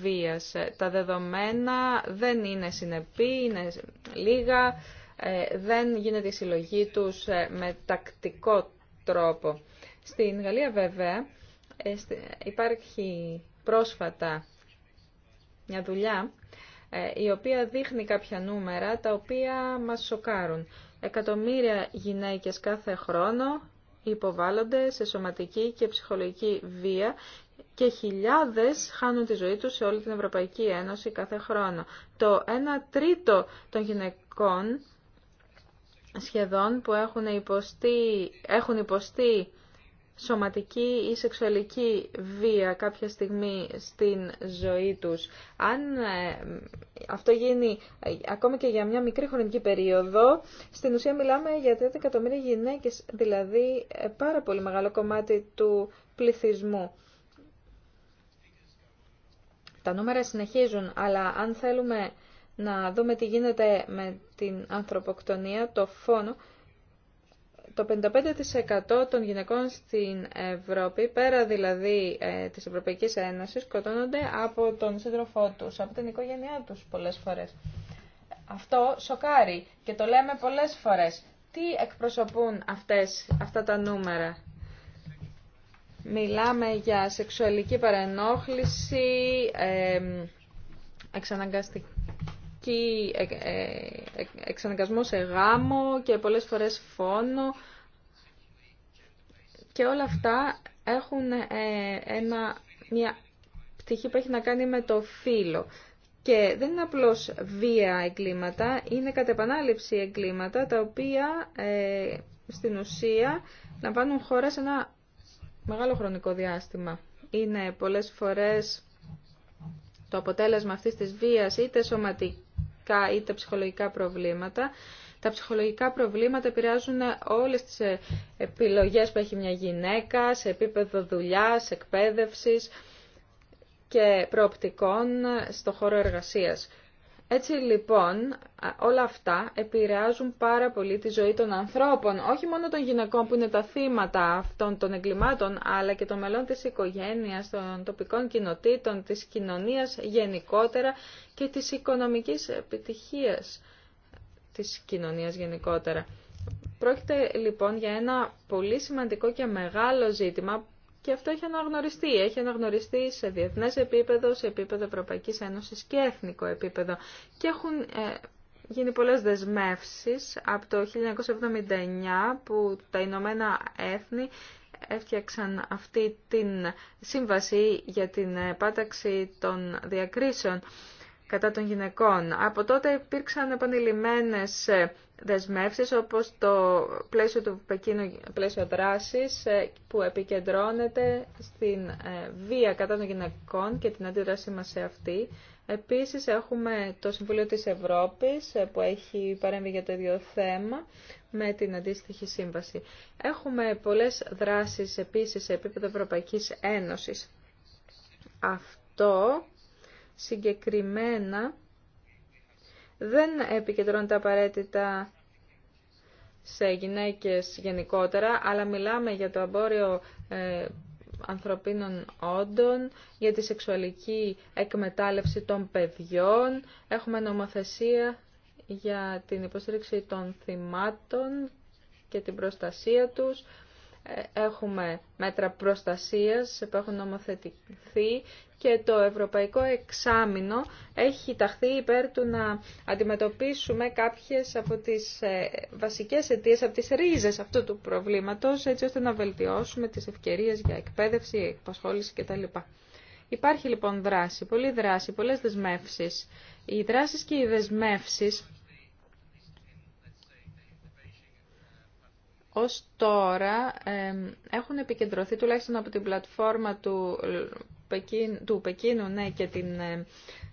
βίας. Τα δεδομένα δεν είναι συνεπή, είναι λίγα, δεν γίνεται η συλλογή τους με τακτικό τρόπο. Στην Γαλλία βέβαια ε, υπάρχει πρόσφατα μια δουλειά ε, η οποία δείχνει κάποια νούμερα τα οποία μας σοκάρουν. Εκατομμύρια γυναίκες κάθε χρόνο υποβάλλονται σε σωματική και ψυχολογική βία και χιλιάδες χάνουν τη ζωή τους σε όλη την Ευρωπαϊκή Ένωση κάθε χρόνο. Το 1 τρίτο των γυναικών σχεδόν που έχουν υποστεί, έχουν υποστεί σωματική ή σεξουαλική βία κάποια στιγμή στην ζωή τους. Αν ε, αυτό γίνει ε, ακόμη και για μια μικρή χρονική περίοδο, στην ουσία μιλάμε για 30 εκατομμύρια γυναίκες, δηλαδή ε, πάρα πολύ μεγάλο κομμάτι του πληθυσμού. Τα νούμερα συνεχίζουν, αλλά αν θέλουμε να δούμε τι γίνεται με την ανθρωποκτονία, το φόνο, το 55% των γυναικών στην Ευρώπη, πέρα δηλαδή ε, της Ευρωπαϊκής Ένωσης, σκοτώνονται από τον σύντροφό τους, από την οικογένειά τους πολλές φορές. Αυτό σοκάρει και το λέμε πολλές φορές. Τι εκπροσωπούν αυτές, αυτά τα νούμερα. Μιλάμε για σεξουαλική παρενόχληση, ε, εξαναγκαστική υπάρχει ε, ε, εξαναγκασμό σε γάμο και πολλές φορές φόνο και όλα αυτά έχουν ε, ένα, μια πτυχή που έχει να κάνει με το φύλλο. Και δεν είναι απλώς βία εγκλήματα, είναι κατ' επανάληψη εγκλήματα τα οποία ε, στην ουσία πάνουν χώρα σε ένα μεγάλο χρονικό διάστημα. Είναι πολλές φορές το αποτέλεσμα αυτής της βίας είτε σωματική σωματικά ψυχολογικά προβλήματα. Τα ψυχολογικά προβλήματα επηρεάζουν όλες τις ε, επιλογές που έχει μια γυναίκα σε επίπεδο δουλειάς, εκπαίδευσης και προοπτικών στο χώρο εργασίας. Έτσι λοιπόν όλα αυτά επηρεάζουν πάρα πολύ τη ζωή των ανθρώπων, όχι μόνο των γυναικών που είναι τα θύματα αυτών των εγκλημάτων, αλλά και των μελών της οικογένειας, των τοπικών κοινοτήτων, της κοινωνίας γενικότερα και της οικονομικής επιτυχίας της κοινωνίας γενικότερα. Πρόκειται λοιπόν για ένα πολύ σημαντικό και μεγάλο ζήτημα και αυτό έχει αναγνωριστεί. Έχει αναγνωριστεί σε διεθνές επίπεδο, σε επίπεδο Ευρωπαϊκής Ένωσης και εθνικό επίπεδο. Και έχουν ε, γίνει πολλές δεσμεύσεις από το 1979 που τα Ηνωμένα Έθνη έφτιαξαν αυτή την σύμβαση για την πάταξη των διακρίσεων κατά των γυναικών. Από τότε υπήρξαν επανειλημμένες ε, δεσμεύσεις όπως το πλαίσιο του Πεκίνου πλαίσιο δράσης ε, που επικεντρώνεται στην ε, βία κατά των γυναικών και την αντίδρασή μας σε αυτή. Επίσης έχουμε το Συμβουλίο της Ευρώπης που έχει παρέμβει για το ίδιο θέμα με την αντίστοιχη σύμβαση. Έχουμε πολλές δράσεις επίσης σε επίπεδο Ευρωπαϊκής Ένωσης. Αυτό συγκεκριμένα δεν επικεντρώνεται απαραίτητα σε γυναίκες γενικότερα, αλλά μιλάμε για το εμπόριο ε, ανθρωπίνων όντων, για τη σεξουαλική εκμετάλλευση των παιδιών. Έχουμε νομοθεσία για την υποστήριξη των θυμάτων και την προστασία τους. Ε, έχουμε μέτρα προστασίας που έχουν νομοθετηθεί και το Ευρωπαϊκό Εξάμεινο έχει ταχθεί υπέρ του να αντιμετωπίσουμε κάποιες από τις ε, βασικές αιτίες, από τις ρίζες αυτού του προβλήματος, έτσι ώστε να βελτιώσουμε τις ευκαιρίες για εκπαίδευση, εκπασχόληση κτλ. Υπάρχει λοιπόν δράση, πολλή δράση, πολλές δεσμεύσεις. Οι δράσεις και οι δεσμεύσεις ως τώρα έχουν επικεντρωθεί τουλάχιστον από την πλατφόρμα του Πεκίνου, του Πεκίνου ναι, και την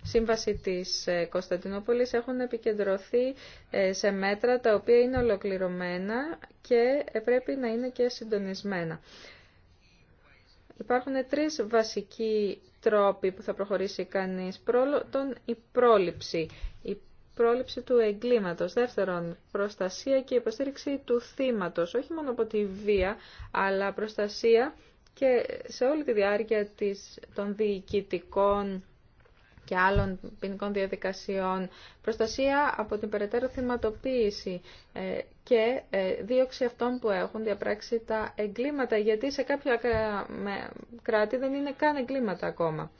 σύμβαση της ε, Κωνσταντινούπολης έχουν επικεντρωθεί ε, σε μέτρα τα οποία είναι ολοκληρωμένα και πρέπει να είναι και συντονισμένα. Υπάρχουν τρεις βασικοί τρόποι που θα προχωρήσει κανείς. Πρώτον, η πρόληψη. Η πρόληψη του εγκλήματος. Δεύτερον, προστασία και υποστήριξη του θύματος, όχι μόνο από τη βία, αλλά προστασία και σε όλη τη διάρκεια της, των διοικητικών και άλλων ποινικών διαδικασιών, προστασία από την περαιτέρω θυματοποίηση ε, και ε, δίωξη αυτών που έχουν διαπράξει τα εγκλήματα, γιατί σε κάποια κράτη δεν είναι καν εγκλήματα ακόμα.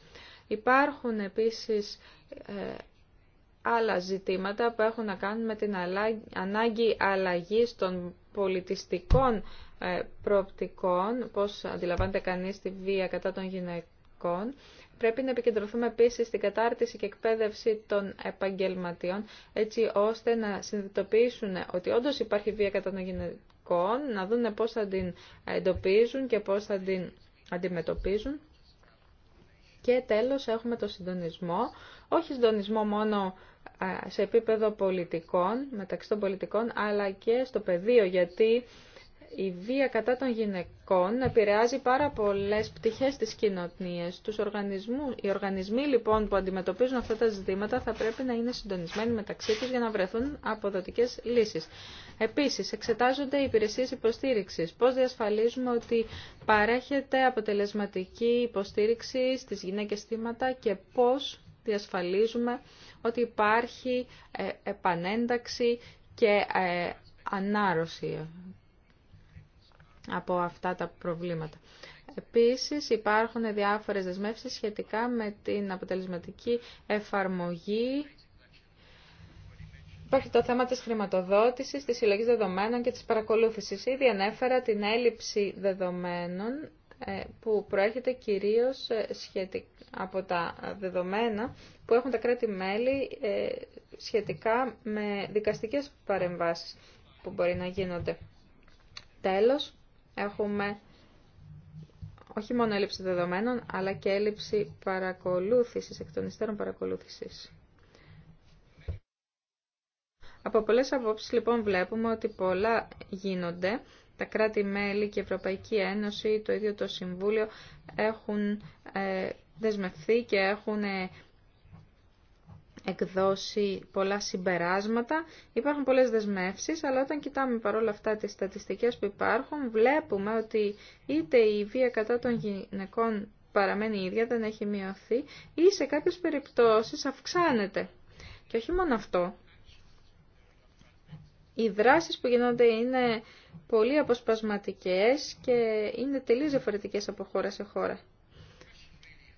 Υπάρχουν επίσης ε, άλλα ζητήματα που έχουν να κάνουν με την ανάγκη αλλαγής των πολιτιστικών ε, προοπτικών, πώς αντιλαμβάνεται κανείς τη βία κατά των γυναικών. Πρέπει να επικεντρωθούμε επίσης στην κατάρτιση και εκπαίδευση των επαγγελματιών, έτσι ώστε να συνειδητοποιήσουν ότι όντως υπάρχει βία κατά των γυναικών, να δούνε πώς θα την εντοπίζουν και πώς θα την αντιμετωπίζουν. Και τέλος έχουμε το συντονισμό, όχι συντονισμό μόνο σε επίπεδο πολιτικών, μεταξύ των πολιτικών, αλλά και στο πεδίο, γιατί η βία κατά των γυναικών επηρεάζει πάρα πολλές πτυχές της κοινωνίας. Τους οργανισμούς. Οι οργανισμοί λοιπόν που αντιμετωπίζουν αυτά τα ζητήματα θα πρέπει να είναι συντονισμένοι μεταξύ τους για να βρεθούν αποδοτικές λύσεις. Επίσης, εξετάζονται οι υπηρεσίες υποστήριξης. Πώς διασφαλίζουμε ότι παρέχεται αποτελεσματική υποστήριξη στις γυναίκες θύματα και πώς διασφαλίζουμε ότι υπάρχει ε, επανένταξη και ε, ανάρρωση από αυτά τα προβλήματα. Επίσης υπάρχουν διάφορες δεσμεύσεις σχετικά με την αποτελεσματική εφαρμογή. Υπάρχει το θέμα της χρηματοδότησης, της συλλογής δεδομένων και της παρακολούθησης. Ήδη ανέφερα την έλλειψη δεδομένων ε, που προέρχεται κυρίως ε, σχετικά από τα δεδομένα που έχουν τα κράτη-μέλη ε, σχετικά με δικαστικές παρεμβάσεις που μπορεί να γίνονται. Τέλος, έχουμε όχι μόνο έλλειψη δεδομένων, αλλά και έλλειψη παρακολούθησης, εκ των υστέρων παρακολούθησης. Από πολλές απόψεις λοιπόν βλέπουμε ότι πολλά γίνονται τα κράτη-μέλη και η Ευρωπαϊκή Ένωση, το ίδιο το Συμβούλιο, έχουν ε, δεσμευθεί και έχουν ε, εκδώσει πολλά συμπεράσματα. Υπάρχουν πολλές δεσμεύσεις, αλλά όταν κοιτάμε παρόλα αυτά τις στατιστικές που υπάρχουν, βλέπουμε ότι είτε η βία κατά των γυναικών παραμένει ίδια, δεν έχει μειωθεί, ή σε κάποιες περιπτώσεις αυξάνεται. Και όχι μόνο αυτό, οι δράσεις που γίνονται είναι πολύ αποσπασματικές και είναι τελείως διαφορετικές από χώρα σε χώρα.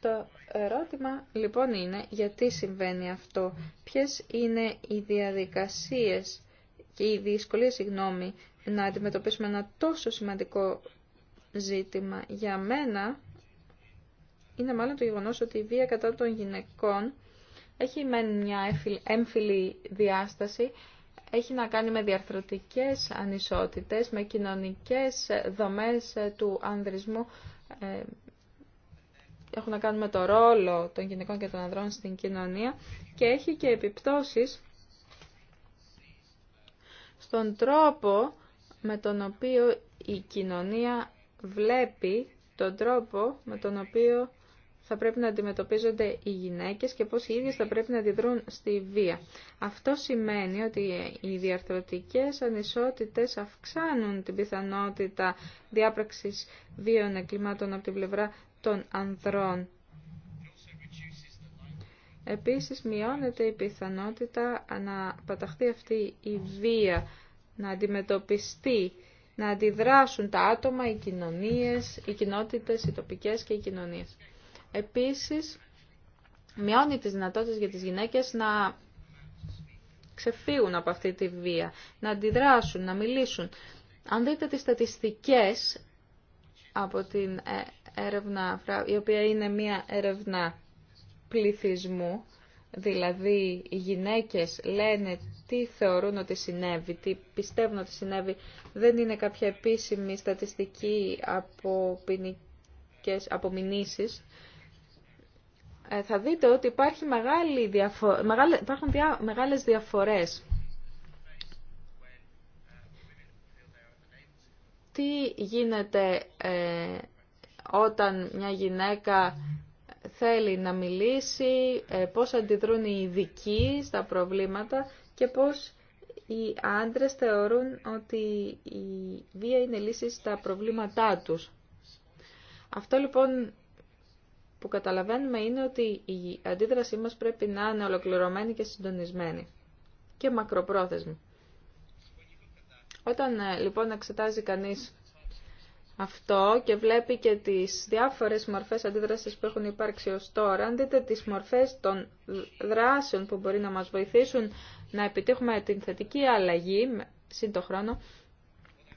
Το ερώτημα λοιπόν είναι γιατί συμβαίνει αυτό, ποιες είναι οι διαδικασίες και οι δυσκολίες, συγγνώμη, να αντιμετωπίσουμε ένα τόσο σημαντικό ζήτημα. Για μένα είναι μάλλον το γεγονός ότι η βία κατά των γυναικών έχει μεν μια έμφυλη διάσταση, έχει να κάνει με διαρθρωτικές ανισότητες, με κοινωνικές δομές ε, του ανδρισμού. Ε, έχουν να κάνουν με το ρόλο των γυναικών και των ανδρών στην κοινωνία και έχει και επιπτώσεις στον τρόπο με τον οποίο η κοινωνία βλέπει τον τρόπο με τον οποίο θα πρέπει να αντιμετωπίζονται οι γυναίκες και πώς οι ίδιες θα πρέπει να αντιδρούν στη βία. Αυτό σημαίνει ότι οι διαρθρωτικές ανισότητες αυξάνουν την πιθανότητα διάπραξης βίων εγκλημάτων από την πλευρά των ανδρών. Επίσης μειώνεται η πιθανότητα να παταχθεί αυτή η βία, να αντιμετωπιστεί, να αντιδράσουν τα άτομα, οι κοινωνίες, οι κοινότητες, οι τοπικές και οι κοινωνίες επίσης μειώνει τις δυνατότητες για τις γυναίκες να ξεφύγουν από αυτή τη βία, να αντιδράσουν, να μιλήσουν. Αν δείτε τις στατιστικές από την ε, έρευνα, η οποία είναι μία έρευνα πληθυσμού, δηλαδή οι γυναίκες λένε τι θεωρούν ότι συνέβη, τι πιστεύουν ότι συνέβη, δεν είναι κάποια επίσημη στατιστική από, ποινικές, από ε, θα δείτε ότι υπάρχει μεγάλη υπάρχουν μεγάλες διαφορές. Τι γίνεται ε, όταν μια γυναίκα θέλει να μιλήσει, ε, πώς αντιδρούν οι ειδικοί στα προβλήματα και πώς οι άντρες θεωρούν ότι η βία είναι λύση στα προβλήματά τους. Αυτό λοιπόν που καταλαβαίνουμε είναι ότι η αντίδρασή μας πρέπει να είναι ολοκληρωμένη και συντονισμένη και μακροπρόθεσμη. Όταν ε, λοιπόν εξετάζει κανείς αυτό και βλέπει και τις διάφορες μορφές αντίδρασης που έχουν υπάρξει ως τώρα, αν δείτε τις μορφές των δράσεων που μπορεί να μας βοηθήσουν να επιτύχουμε την θετική αλλαγή, σύντο χρόνο,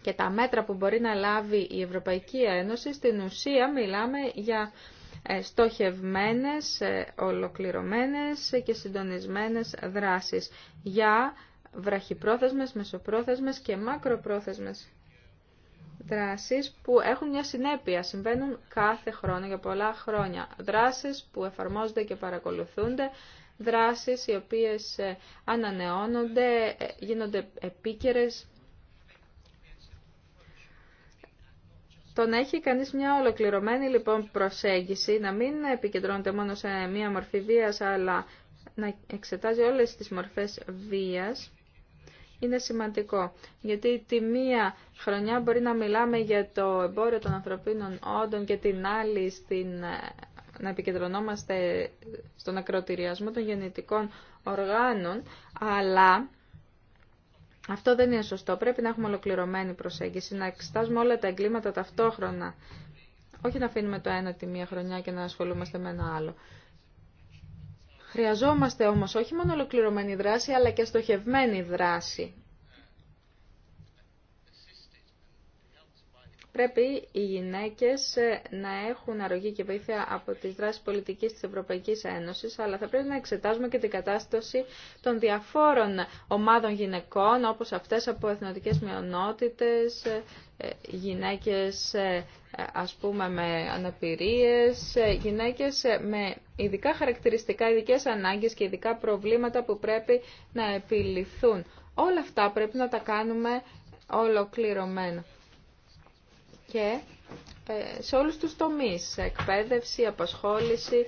και τα μέτρα που μπορεί να λάβει η Ευρωπαϊκή Ένωση, στην ουσία μιλάμε για ε, στοχευμένες, ε, ολοκληρωμένες και συντονισμένες δράσεις για βραχυπρόθεσμες, μεσοπρόθεσμες και μακροπρόθεσμες δράσεις που έχουν μια συνέπεια, συμβαίνουν κάθε χρόνο για πολλά χρόνια. Δράσεις που εφαρμόζονται και παρακολουθούνται, δράσεις οι οποίες ε, ανανεώνονται, γίνονται επίκαιρες το να έχει κάνει μια ολοκληρωμένη λοιπόν προσέγγιση, να μην επικεντρώνεται μόνο σε μια μορφή βία, αλλά να εξετάζει όλες τι μορφές βία, είναι σημαντικό. Γιατί τη μία χρονιά μπορεί να μιλάμε για το εμπόριο των ανθρωπίνων όντων και την άλλη στην, ε, να επικεντρωνόμαστε στον ακροτηριασμό των γεννητικών οργάνων, αλλά αυτό δεν είναι σωστό. Πρέπει να έχουμε ολοκληρωμένη προσέγγιση, να εξετάζουμε όλα τα εγκλήματα ταυτόχρονα. Όχι να αφήνουμε το ένα τη μία χρονιά και να ασχολούμαστε με ένα άλλο. Χρειαζόμαστε όμως όχι μόνο ολοκληρωμένη δράση, αλλά και στοχευμένη δράση. πρέπει οι γυναίκες ε, να έχουν αρρωγή και βοήθεια από τις δράσεις πολιτικής της Ευρωπαϊκής Ένωσης, αλλά θα πρέπει να εξετάζουμε και την κατάσταση των διαφόρων ομάδων γυναικών, όπως αυτές από εθνοτικές μειονότητες, ε, ε, γυναίκες ας πούμε με αναπηρίες, γυναίκες με ειδικά χαρακτηριστικά, ειδικές ανάγκες και ειδικά προβλήματα που πρέπει να επιληθούν. Όλα αυτά πρέπει να τα κάνουμε ολοκληρωμένα και ε, σε όλους τους τομείς, εκπαίδευση, απασχόληση,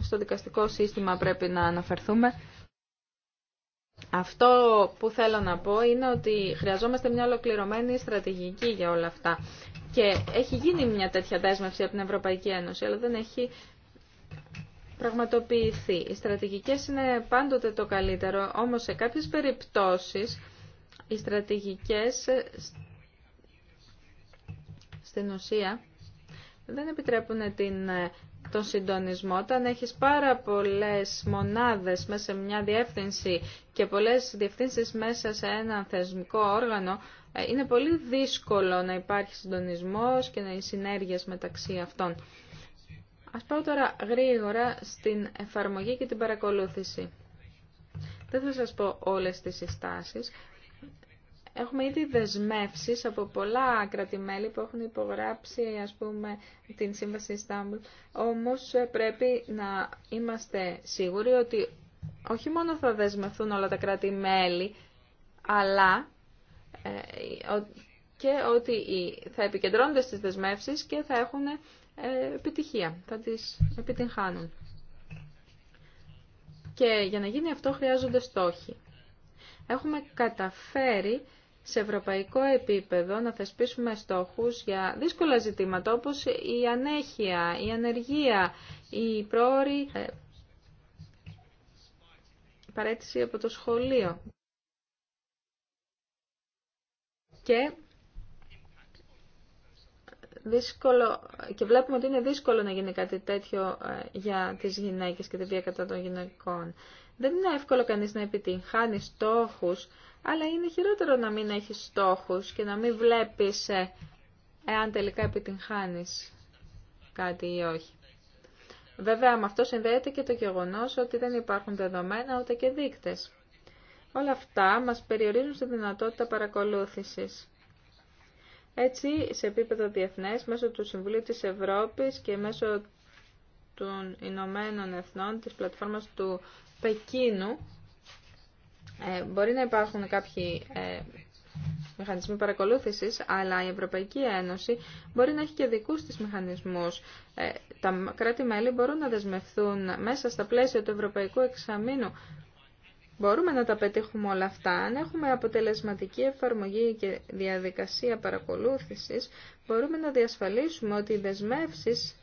στο δικαστικό σύστημα πρέπει να αναφερθούμε. Αυτό που θέλω να πω είναι ότι χρειαζόμαστε μια ολοκληρωμένη στρατηγική για όλα αυτά. Και έχει γίνει μια τέτοια δέσμευση από την Ευρωπαϊκή Ένωση, αλλά δεν έχει πραγματοποιηθεί. Οι στρατηγικές είναι πάντοτε το καλύτερο, όμως σε κάποιες περιπτώσεις οι στρατηγικές στην ουσία δεν επιτρέπουν την, ε, τον συντονισμό. Όταν έχεις πάρα πολλές μονάδες μέσα σε μια διεύθυνση και πολλές διευθύνσεις μέσα σε ένα θεσμικό όργανο, ε, είναι πολύ δύσκολο να υπάρχει συντονισμός και να είναι συνέργειες μεταξύ αυτών. Ας πάω τώρα γρήγορα στην εφαρμογή και την παρακολούθηση. Δεν θα σας πω όλες τις συστάσεις, Έχουμε ήδη δεσμεύσει από πολλά κράτη-μέλη που έχουν υπογράψει ας πούμε, την Σύμβαση Ιστάμπουλ. Όμως ε, πρέπει να είμαστε σίγουροι ότι όχι μόνο θα δεσμευθούν όλα τα κράτη-μέλη, αλλά ε, και ότι θα επικεντρώνονται στις δεσμεύσεις και θα έχουν ε, επιτυχία, θα τις επιτυγχάνουν. Και για να γίνει αυτό χρειάζονται στόχοι. Έχουμε καταφέρει σε ευρωπαϊκό επίπεδο να θεσπίσουμε στόχους για δύσκολα ζητήματα όπως η ανέχεια, η ανεργία, η πρόορη ε, παρέτηση από το σχολείο. Και δύσκολο, και βλέπουμε ότι είναι δύσκολο να γίνει κάτι τέτοιο ε, για τις γυναίκες και τη βία κατά των γυναικών. Δεν είναι εύκολο κανείς να επιτυγχάνει στόχους αλλά είναι χειρότερο να μην έχεις στόχους και να μην βλέπεις ε, εάν τελικά επιτυγχάνεις κάτι ή όχι. Βέβαια, με αυτό συνδέεται και το γεγονός ότι δεν υπάρχουν δεδομένα ούτε και δείκτες. Όλα αυτά μας περιορίζουν στη δυνατότητα παρακολούθησης. Έτσι, σε επίπεδο διεθνές, μέσω του Συμβουλίου της Ευρώπης και μέσω των Ηνωμένων Εθνών, της πλατφόρμας του Πεκίνου, ε, μπορεί να υπάρχουν κάποιοι ε, μηχανισμοί παρακολούθησης, αλλά η Ευρωπαϊκή Ένωση μπορεί να έχει και δικούς της μηχανισμούς. Ε, τα κράτη-μέλη μπορούν να δεσμευθούν μέσα στα πλαίσια του Ευρωπαϊκού Εξαμήνου. Μπορούμε να τα πετύχουμε όλα αυτά. Αν έχουμε αποτελεσματική εφαρμογή και διαδικασία παρακολούθησης, μπορούμε να διασφαλίσουμε ότι οι δεσμεύσεις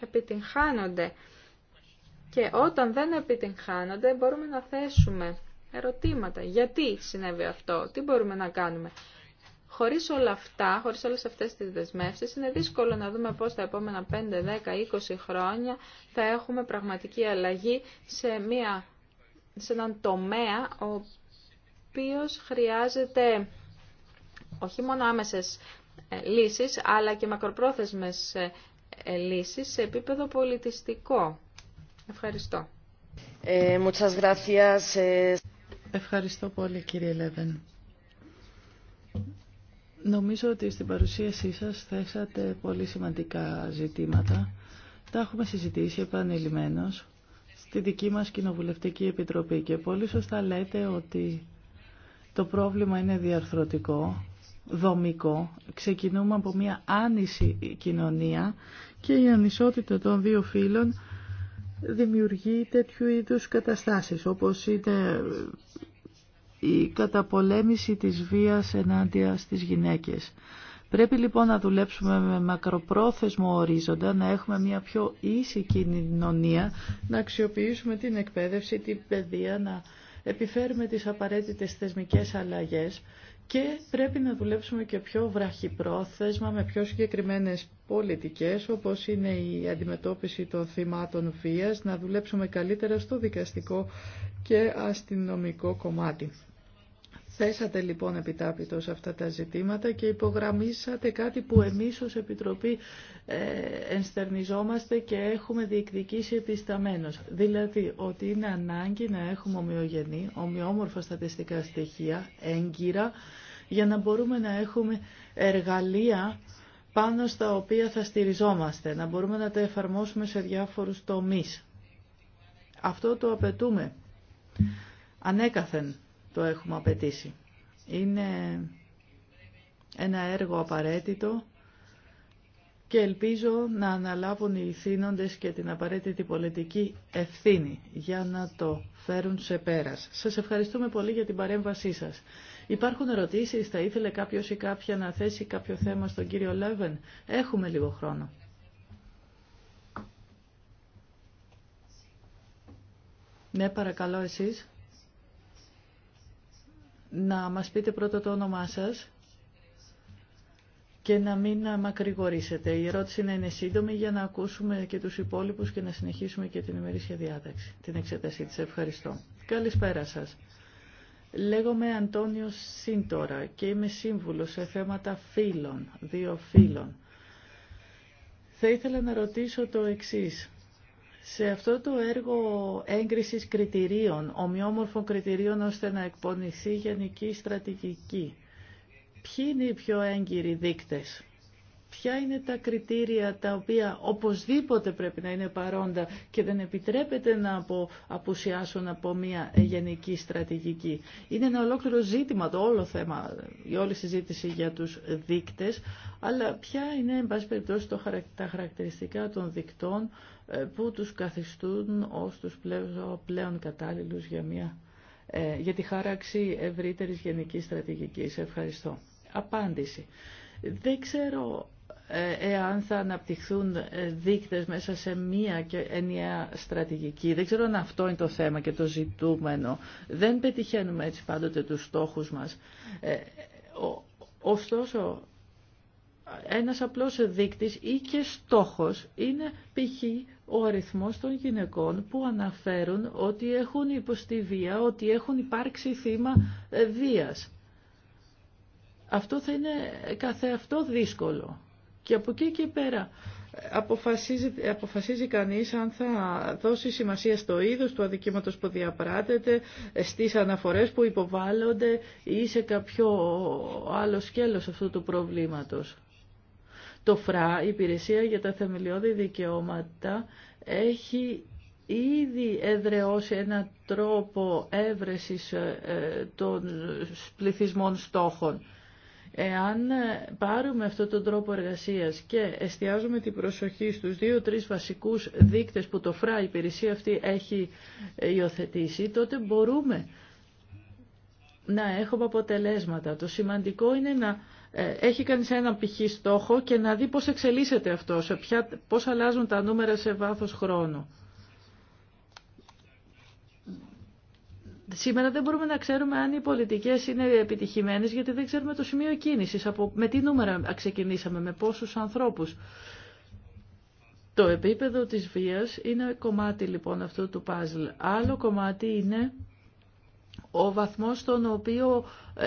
επιτυγχάνονται. Και όταν δεν επιτυγχάνονται, μπορούμε να θέσουμε ερωτήματα. Γιατί συνέβη αυτό, τι μπορούμε να κάνουμε. Χωρίς όλα αυτά, χωρίς όλες αυτές τις δεσμεύσεις, είναι δύσκολο να δούμε πώς τα επόμενα 5, 10, 20 χρόνια θα έχουμε πραγματική αλλαγή σε, μια, σε έναν τομέα ο οποίος χρειάζεται όχι μόνο άμεσες ε, λύσεις, αλλά και μακροπρόθεσμες ε, ε, λύσεις σε επίπεδο πολιτιστικό. Ευχαριστώ. Ευχαριστώ πολύ κύριε Λέβεν. Νομίζω ότι στην παρουσίασή σας θέσατε πολύ σημαντικά ζητήματα. Τα έχουμε συζητήσει επανειλημμένως στη δική μας Κοινοβουλευτική Επιτροπή και πολύ σωστά λέτε ότι το πρόβλημα είναι διαρθρωτικό, δομικό. Ξεκινούμε από μια άνηση κοινωνία και η ανισότητα των δύο φύλων δημιουργεί τέτοιου είδους καταστάσεις, όπως είναι η καταπολέμηση της βίας ενάντια στις γυναίκες. Πρέπει λοιπόν να δουλέψουμε με μακροπρόθεσμο ορίζοντα, να έχουμε μια πιο ίση κοινωνία, να αξιοποιήσουμε την εκπαίδευση, την παιδεία, να επιφέρουμε τις απαραίτητες θεσμικές αλλαγές και πρέπει να δουλέψουμε και πιο βραχυπρόθεσμα με πιο συγκεκριμένες πολιτικές όπως είναι η αντιμετώπιση των θυμάτων βίας, να δουλέψουμε καλύτερα στο δικαστικό και αστυνομικό κομμάτι. Θέσατε λοιπόν επιτάπητος αυτά τα ζητήματα και υπογραμμίσατε κάτι που εμείς ως Επιτροπή ε, ενστερνιζόμαστε και έχουμε διεκδικήσει επισταμένως. Δηλαδή ότι είναι ανάγκη να έχουμε ομοιογενή, ομοιόμορφα στατιστικά στοιχεία, έγκυρα, για να μπορούμε να έχουμε εργαλεία πάνω στα οποία θα στηριζόμαστε, να μπορούμε να τα εφαρμόσουμε σε διάφορους τομείς. Αυτό το απαιτούμε. Ανέκαθεν το έχουμε απαιτήσει. Είναι ένα έργο απαραίτητο και ελπίζω να αναλάβουν οι θύνοντες και την απαραίτητη πολιτική ευθύνη για να το φέρουν σε πέρας. Σας ευχαριστούμε πολύ για την παρέμβασή σας. Υπάρχουν ερωτήσεις, θα ήθελε κάποιος ή κάποια να θέσει κάποιο θέμα στον κύριο Λέβεν. Έχουμε λίγο χρόνο. Ναι, παρακαλώ εσείς να μας πείτε πρώτα το όνομά σας και να μην μακρηγορήσετε. Η ερώτηση είναι σύντομη για να ακούσουμε και τους υπόλοιπους και να συνεχίσουμε και την ημερήσια διάταξη, την εξέτασή της. Ευχαριστώ. Καλησπέρα σας. Λέγομαι Αντώνιο Σύντορα και είμαι σύμβουλο σε θέματα φίλων, δύο φίλων. Θα ήθελα να ρωτήσω το εξής. Σε αυτό το έργο έγκρισης κριτηρίων, ομοιόμορφων κριτηρίων ώστε να εκπονηθεί γενική στρατηγική, ποιοι είναι οι πιο έγκυροι δείκτες ποια είναι τα κριτήρια τα οποία οπωσδήποτε πρέπει να είναι παρόντα και δεν επιτρέπεται να απουσιάσουν από μια γενική στρατηγική. Είναι ένα ολόκληρο ζήτημα το όλο θέμα, η όλη συζήτηση για τους δείκτες, αλλά ποια είναι, εν πάση περιπτώσει, τα χαρακτηριστικά των δικτών ε, που τους καθιστούν ως τους πλέον, πλέον κατάλληλους για, ε, για τη χάραξη ευρύτερης γενικής στρατηγικής. Ευχαριστώ. Απάντηση. Δεν ξέρω ε, εάν θα αναπτυχθούν ε, δείκτες μέσα σε μία και ενιαία στρατηγική. Δεν ξέρω αν αυτό είναι το θέμα και το ζητούμενο. Δεν πετυχαίνουμε έτσι πάντοτε τους στόχους μας. Ε, ωστόσο, ένας απλός δείκτης ή και στόχος είναι π.χ. ο αριθμός των γυναικών που αναφέρουν ότι έχουν υποστηβία, ότι έχουν υπάρξει θύμα βίας αυτό θα είναι καθεαυτό δύσκολο. Και από εκεί και πέρα αποφασίζει, αποφασίζει κανείς αν θα δώσει σημασία στο είδος του αδικήματος που διαπράτεται, στις αναφορές που υποβάλλονται ή σε κάποιο άλλο σκέλος αυτού του προβλήματος. Το ΦΡΑ, η Υπηρεσία για τα Θεμελιώδη Δικαιώματα, έχει ήδη εδρεώσει ένα τρόπο έβρεσης ε, των πληθυσμών στόχων. Εάν ε, πάρουμε αυτό τον τρόπο εργασίας και εστιάζουμε την προσοχή στους δύο-τρεις βασικούς δείκτες που το ΦΡΑ, η υπηρεσία αυτή, έχει ε, υιοθετήσει, τότε μπορούμε να έχουμε αποτελέσματα. Το σημαντικό είναι να ε, έχει κανείς έναν π.χ. στόχο και να δει πώς εξελίσσεται αυτό, σε ποια, πώς αλλάζουν τα νούμερα σε βάθος χρόνου. Σήμερα δεν μπορούμε να ξέρουμε αν οι πολιτικές είναι επιτυχημένες γιατί δεν ξέρουμε το σημείο κίνηση με τι νούμερα ξεκινήσαμε, με πόσους ανθρώπους. Το επίπεδο της βίας είναι κομμάτι λοιπόν αυτού του παζλ. Άλλο κομμάτι είναι ο βαθμός στον οποίο ε,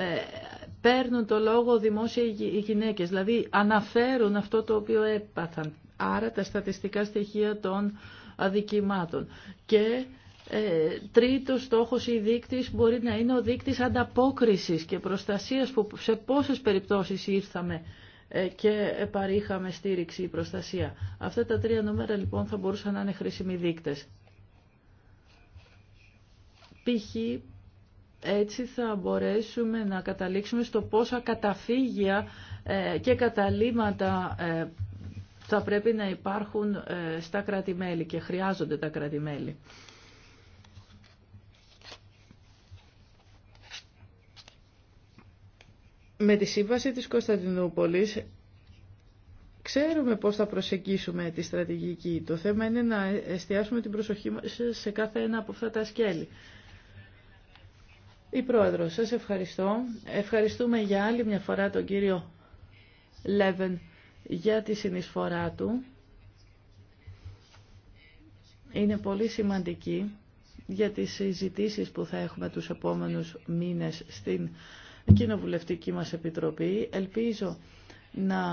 παίρνουν το λόγο δημόσια οι γυναίκες, δηλαδή αναφέρουν αυτό το οποίο έπαθαν, άρα τα στατιστικά στοιχεία των αδικημάτων. Και ε, τρίτος στόχος ή δείκτης μπορεί να είναι ο δείκτης ανταπόκρισης και προστασίας που σε πόσες περιπτώσεις ήρθαμε ε, και παρήχαμε στήριξη ή προστασία. Αυτά τα τρία νούμερα λοιπόν θα μπορούσαν να είναι χρήσιμοι δείκτες. Π.χ. έτσι θα μπορέσουμε να καταλήξουμε στο πόσα καταφύγια ε, και καταλήμματα θα πρέπει να υπάρχουν στα κρατη και χρειάζονται τα κρατη με τη σύμβαση της Κωνσταντινούπολης ξέρουμε πώς θα προσεγγίσουμε τη στρατηγική. Το θέμα είναι να εστιάσουμε την προσοχή μας σε κάθε ένα από αυτά τα σκέλη. Η Πρόεδρο, σας ευχαριστώ. Ευχαριστούμε για άλλη μια φορά τον κύριο Λέβεν για τη συνεισφορά του. Είναι πολύ σημαντική για τις συζητήσεις που θα έχουμε τους επόμενους μήνες στην κοινοβουλευτική μας επιτροπή. Ελπίζω να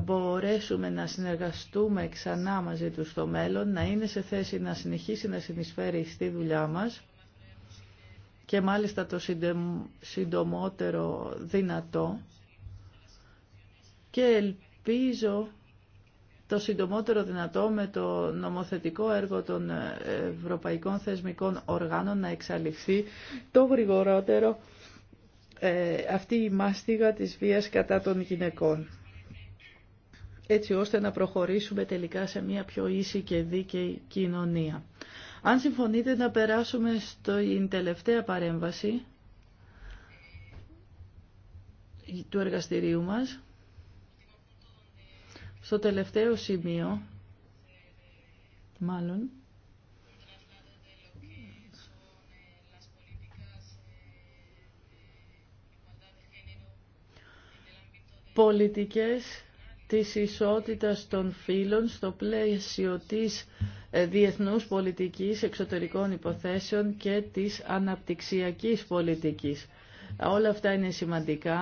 μπορέσουμε να συνεργαστούμε ξανά μαζί του στο μέλλον, να είναι σε θέση να συνεχίσει να συνεισφέρει στη δουλειά μας και μάλιστα το συντομότερο δυνατό και ελπίζω το συντομότερο δυνατό με το νομοθετικό έργο των ε, ευρωπαϊκών θεσμικών οργάνων να εξαλειφθεί το γρηγορότερο ε, αυτή η μάστιγα της βίας κατά των γυναικών έτσι ώστε να προχωρήσουμε τελικά σε μια πιο ίση και δίκαιη κοινωνία. Αν συμφωνείτε να περάσουμε στην τελευταία παρέμβαση του εργαστηρίου μας, στο τελευταίο σημείο, μάλλον, πολιτικές της ισότητας των φύλων στο πλαίσιο της ε, διεθνούς πολιτικής εξωτερικών υποθέσεων και της αναπτυξιακής πολιτικής. Όλα αυτά είναι σημαντικά.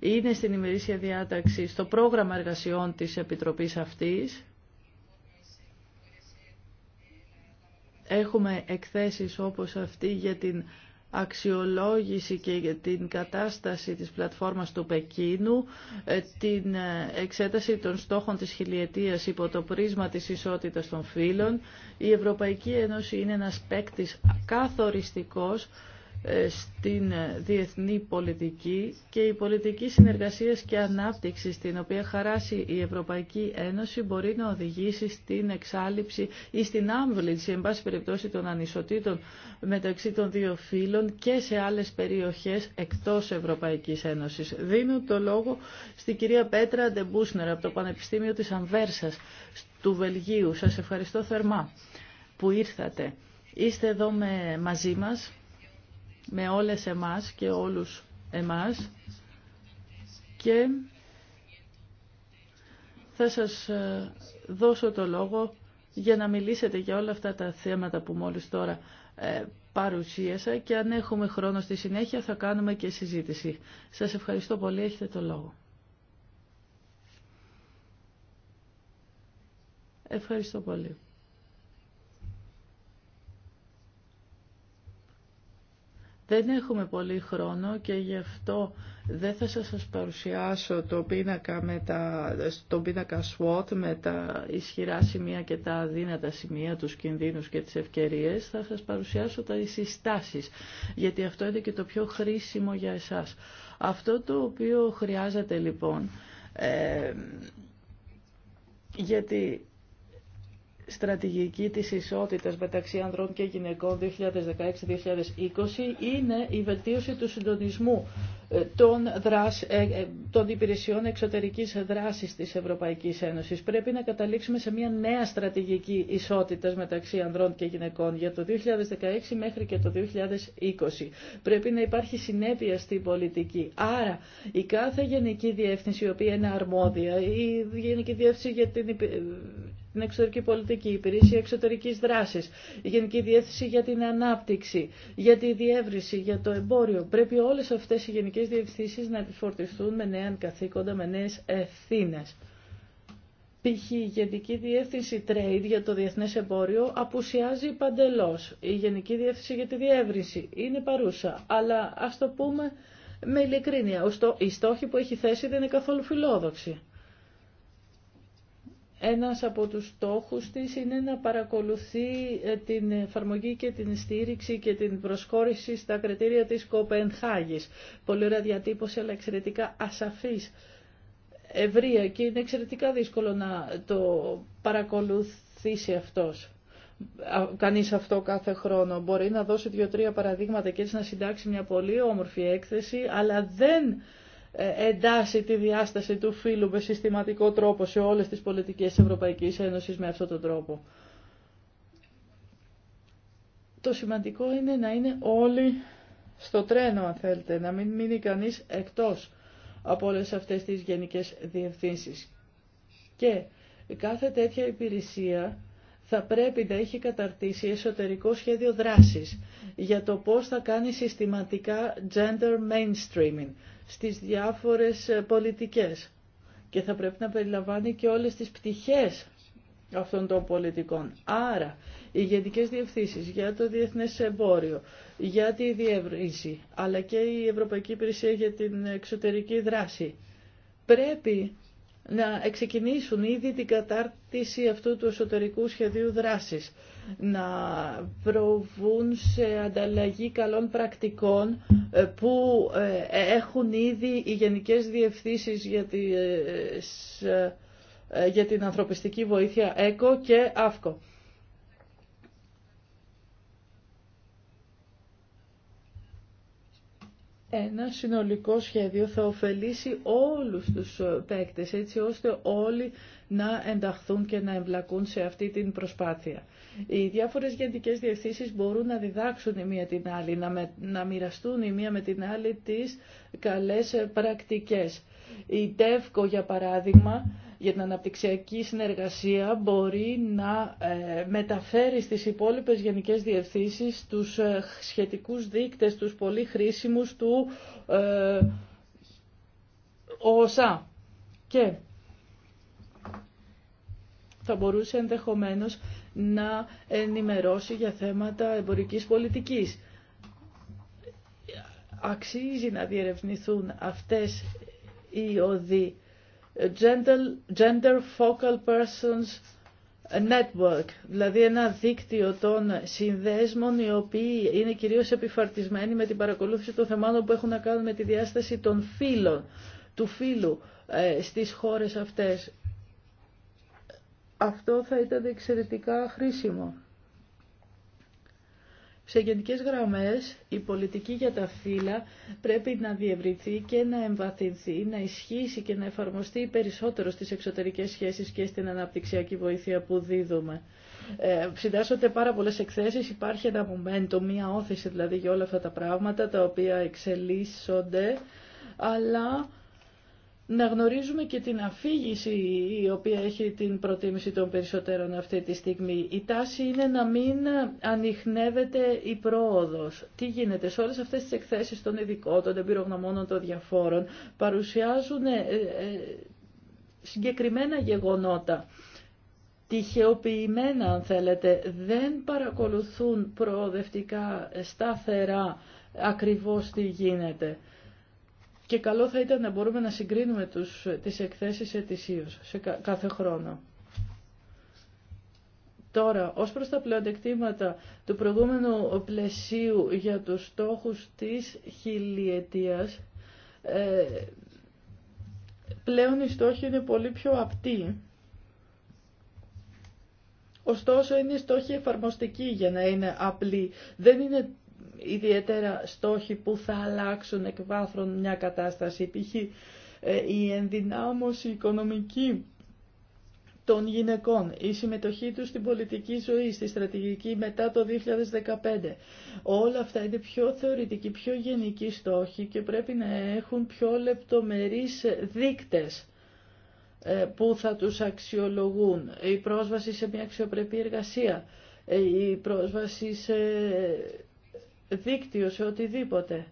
Είναι στην ημερήσια διάταξη, στο πρόγραμμα εργασιών της Επιτροπής αυτής. Έχουμε εκθέσεις όπως αυτή για την αξιολόγηση και για την κατάσταση της πλατφόρμας του Πεκίνου, ε, την ε, εξέταση των στόχων της χιλιετίας υπό το πρίσμα της ισότητας των φύλων. Η Ευρωπαϊκή Ένωση είναι ένας παίκτη καθοριστικός ε, στην ε, διεθνή πολιτική και η πολιτική συνεργασίας και ανάπτυξη στην οποία χαράσει η Ευρωπαϊκή Ένωση μπορεί να οδηγήσει στην εξάλληψη ή στην άμβληση, εν πάση περιπτώσει, των ανισοτήτων μεταξύ των δύο φύλων και σε άλλες περιοχές εκτός Ευρωπαϊκής Ένωσης. Δίνω το λόγο στην κυρία Πέτρα Ντεμπούσνερ από το Πανεπιστήμιο της Ανβέρσας του Βελγίου. Σας ευχαριστώ θερμά που ήρθατε. Είστε εδώ μαζί μας με όλες εμάς και όλους εμάς και θα σας ε, δώσω το λόγο για να μιλήσετε για όλα αυτά τα θέματα που μόλις τώρα ε, παρουσίασα και αν έχουμε χρόνο στη συνέχεια θα κάνουμε και συζήτηση. Σας ευχαριστώ πολύ, έχετε το λόγο. Ευχαριστώ πολύ. Δεν έχουμε πολύ χρόνο και γι' αυτό δεν θα σας παρουσιάσω το πίνακα με τα, το πίνακα SWOT με τα ισχυρά σημεία και τα αδύνατα σημεία, τους κινδύνους και τις ευκαιρίες. Θα σας παρουσιάσω τα συστάσεις, γιατί αυτό είναι και το πιο χρήσιμο για εσάς. Αυτό το οποίο χρειάζεται λοιπόν, ε, γιατί στρατηγική της ισότητας μεταξύ ανδρών και γυναικών 2016-2020 είναι η βελτίωση του συντονισμού ε, των, δράσ, ε, ε, των υπηρεσιών εξωτερικής δράσης της Ευρωπαϊκής Ένωσης. Πρέπει να καταλήξουμε σε μια νέα στρατηγική ισότητας μεταξύ ανδρών και γυναικών για το 2016 μέχρι και το 2020. Πρέπει να υπάρχει συνέπεια στην πολιτική. Άρα η κάθε γενική διεύθυνση η οποία είναι αρμόδια, η γενική διεύθυνση για την την εξωτερική πολιτική, η υπηρεσία εξωτερική δράση, η Γενική Διεύθυνση για την Ανάπτυξη, για τη διεύρυνση, για το εμπόριο. Πρέπει όλε αυτέ οι γενικέ διευθύνσει να επιφορτιστούν με νέα καθήκοντα, με νέε ευθύνε. Π.χ. η Γενική Διεύθυνση Trade για το διεθνέ Εμπόριο απουσιάζει παντελώ Η Γενική Διεύθυνση για τη Διεύρυνση είναι παρούσα, αλλά α το πούμε με ειλικρίνεια. Οι στόχοι που έχει θέσει δεν είναι καθόλου φιλόδοξοι. Ένας από τους στόχους της είναι να παρακολουθεί ε, την εφαρμογή και την στήριξη και την προσχώρηση στα κριτήρια της Κοπενχάγης. Πολύ ωραία διατύπωση, αλλά εξαιρετικά ασαφής, ευρεία και είναι εξαιρετικά δύσκολο να το παρακολουθήσει αυτός. Κανείς αυτό κάθε χρόνο μπορεί να δώσει δύο-τρία παραδείγματα και έτσι να συντάξει μια πολύ όμορφη έκθεση, αλλά δεν ε, εντάσει τη διάσταση του φύλου με συστηματικό τρόπο σε όλες τις πολιτικές Ευρωπαϊκής Ένωσης με αυτόν τον τρόπο. Το σημαντικό είναι να είναι όλοι στο τρένο, αν θέλετε, να μην μείνει κανείς εκτός από όλες αυτές τις γενικές διευθύνσεις. Και κάθε τέτοια υπηρεσία θα πρέπει να έχει καταρτήσει εσωτερικό σχέδιο δράσης για το πώς θα κάνει συστηματικά gender mainstreaming, στις διάφορες ε, πολιτικές και θα πρέπει να περιλαμβάνει και όλες τις πτυχές αυτών των πολιτικών. Άρα, οι γενικές διευθύνσεις για το διεθνές εμπόριο, για τη διεύρυνση, αλλά και η Ευρωπαϊκή Υπηρεσία για την εξωτερική δράση πρέπει να ξεκινήσουν ήδη την κατάρτιση αυτού του εσωτερικού σχεδίου δράσης, να προβούν σε ανταλλαγή καλών πρακτικών ε, που ε, έχουν ήδη οι γενικές διευθύνσεις για, ε, για την ανθρωπιστική βοήθεια ΕΚΟ και ΑΦΚΟ. ένα συνολικό σχέδιο θα ωφελήσει όλους τους ε, παίκτες έτσι ώστε όλοι να ενταχθούν και να εμπλακούν σε αυτή την προσπάθεια. Οι διάφορες γενικές διευθύνσεις μπορούν να διδάξουν η μία την άλλη, να, μοιραστούν η μία με την άλλη τις καλές ε, πρακτικές. Η τέφκο για παράδειγμα για την αναπτυξιακή συνεργασία μπορεί να ε, μεταφέρει στις υπόλοιπες γενικές διευθύνσεις τους ε, σχετικούς δείκτες, τους πολύ χρήσιμους του ε, ΟΣΑ. Και θα μπορούσε ενδεχομένως να ενημερώσει για θέματα εμπορικής πολιτικής. Αξίζει να διερευνηθούν αυτές οι οδοί Gender, Focal Persons Network, δηλαδή ένα δίκτυο των συνδέσμων οι οποίοι είναι κυρίως επιφαρτισμένοι με την παρακολούθηση των θεμάτων που έχουν να κάνουν με τη διάσταση των φύλων, του φύλου ε, στις χώρες αυτές. Αυτό θα ήταν εξαιρετικά χρήσιμο. Σε γενικές γραμμές, η πολιτική για τα φύλλα πρέπει να διευρυνθεί και να εμβαθυνθεί, να ισχύσει και να εφαρμοστεί περισσότερο στις εξωτερικές σχέσεις και στην αναπτυξιακή βοήθεια που δίδουμε. Ε, συντάσσονται πάρα πολλές εκθέσεις, υπάρχει ένα momentum, μια όθηση δηλαδή για όλα αυτά τα πράγματα, τα οποία εξελίσσονται, αλλά να γνωρίζουμε και την αφήγηση η οποία έχει την προτίμηση των περισσότερων αυτή τη στιγμή. Η τάση είναι να μην ανοιχνεύεται η πρόοδος. Τι γίνεται σε όλες αυτές τις εκθέσεις των ειδικών, των εμπειρογνωμόνων, των διαφόρων, παρουσιάζουν ε, ε, συγκεκριμένα γεγονότα τυχεοποιημένα αν θέλετε, δεν παρακολουθούν προοδευτικά σταθερά ακριβώς τι γίνεται και καλό θα ήταν να μπορούμε να συγκρίνουμε τους, τις εκθέσεις ετησίως σε κάθε χρόνο. Τώρα, ως προς τα πλεονεκτήματα του προηγούμενου πλαισίου για τους στόχους της χιλιετίας, ε, πλέον οι στόχοι είναι πολύ πιο απτοί. Ωστόσο, είναι στόχοι εφαρμοστικοί για να είναι απλοί. Δεν είναι ιδιαίτερα στόχοι που θα αλλάξουν εκ βάθρων μια κατάσταση. Π.χ. Ε, η ενδυνάμωση οικονομική των γυναικών, η συμμετοχή τους στην πολιτική ζωή, στη στρατηγική μετά το 2015. Όλα αυτά είναι πιο θεωρητικοί, πιο γενικοί στόχοι και πρέπει να έχουν πιο λεπτομερείς δείκτες ε, που θα τους αξιολογούν. Η πρόσβαση σε μια αξιοπρεπή εργασία, ε, η πρόσβαση σε δίκτυο, σε οτιδήποτε.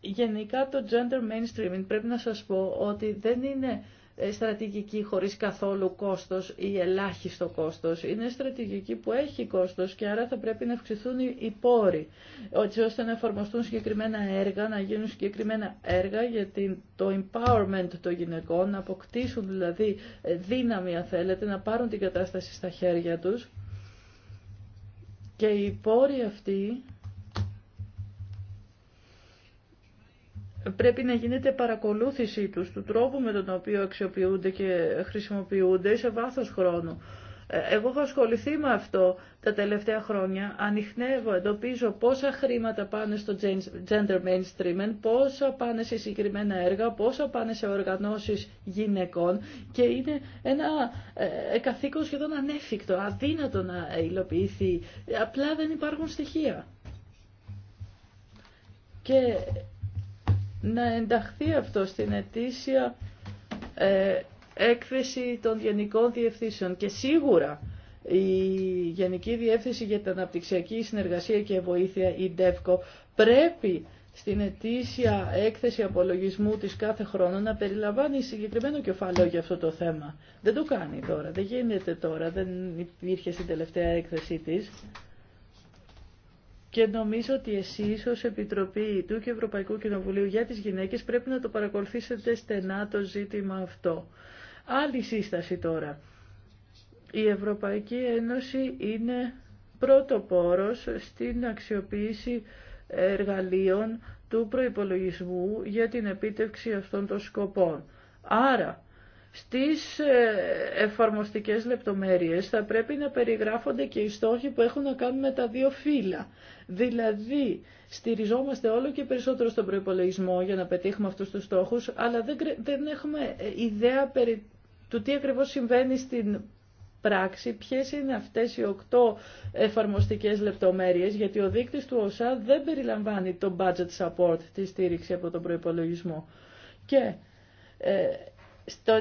Γενικά το gender mainstreaming πρέπει να σας πω ότι δεν είναι ε, στρατηγική χωρίς καθόλου κόστος ή ελάχιστο κόστος. Είναι στρατηγική που έχει κόστος και άρα θα πρέπει να αυξηθούν οι πόροι, ώστε να εφαρμοστούν συγκεκριμένα έργα, να γίνουν συγκεκριμένα έργα για το empowerment των γυναικών, να αποκτήσουν δηλαδή ε, δύναμη αν θέλετε, να πάρουν την κατάσταση στα χέρια τους. Και οι πόροι αυτοί πρέπει να γίνεται παρακολούθησή τους, του τρόπου με τον οποίο αξιοποιούνται και χρησιμοποιούνται σε βάθος χρόνου. Εγώ έχω ασχοληθεί με αυτό τα τελευταία χρόνια. Ανοιχνεύω, εντοπίζω πόσα χρήματα πάνε στο gender mainstreaming, πόσα πάνε σε συγκεκριμένα έργα, πόσα πάνε σε οργανώσεις γυναικών και είναι ένα ε, ε, καθήκον σχεδόν ανέφικτο, αδύνατο να υλοποιηθεί. Απλά δεν υπάρχουν στοιχεία. Και να ενταχθεί αυτό στην αιτήσια... Ε, έκθεση των γενικών διευθύνσεων και σίγουρα η Γενική Διεύθυνση για την Αναπτυξιακή Συνεργασία και Βοήθεια, η ΔΕΦΚΟ, πρέπει στην ετήσια έκθεση απολογισμού της κάθε χρόνο να περιλαμβάνει συγκεκριμένο κεφάλαιο για αυτό το θέμα. Δεν το κάνει τώρα, δεν γίνεται τώρα, δεν υπήρχε στην τελευταία έκθεσή της. Και νομίζω ότι εσείς ως Επιτροπή του και Ευρωπαϊκού Κοινοβουλίου για τις γυναίκες πρέπει να το παρακολουθήσετε στενά το ζήτημα αυτό. Άλλη σύσταση τώρα. Η Ευρωπαϊκή Ένωση είναι πρωτοπόρος στην αξιοποίηση εργαλείων του προϋπολογισμού για την επίτευξη αυτών των σκοπών. Άρα, στις ε, εφαρμοστικές λεπτομέρειες θα πρέπει να περιγράφονται και οι στόχοι που έχουν να κάνουν με τα δύο φύλλα. Δηλαδή, στηριζόμαστε όλο και περισσότερο στον προϋπολογισμό για να πετύχουμε αυτούς τους στόχους, αλλά δεν, δεν έχουμε ε, ιδέα περί του τι ακριβώς συμβαίνει στην πράξη, ποιες είναι αυτές οι οκτώ εφαρμοστικές λεπτομέρειες, γιατί ο δείκτης του ΩΣΑ δεν περιλαμβάνει το budget support, τη στήριξη από τον προϋπολογισμό. Και ε, στο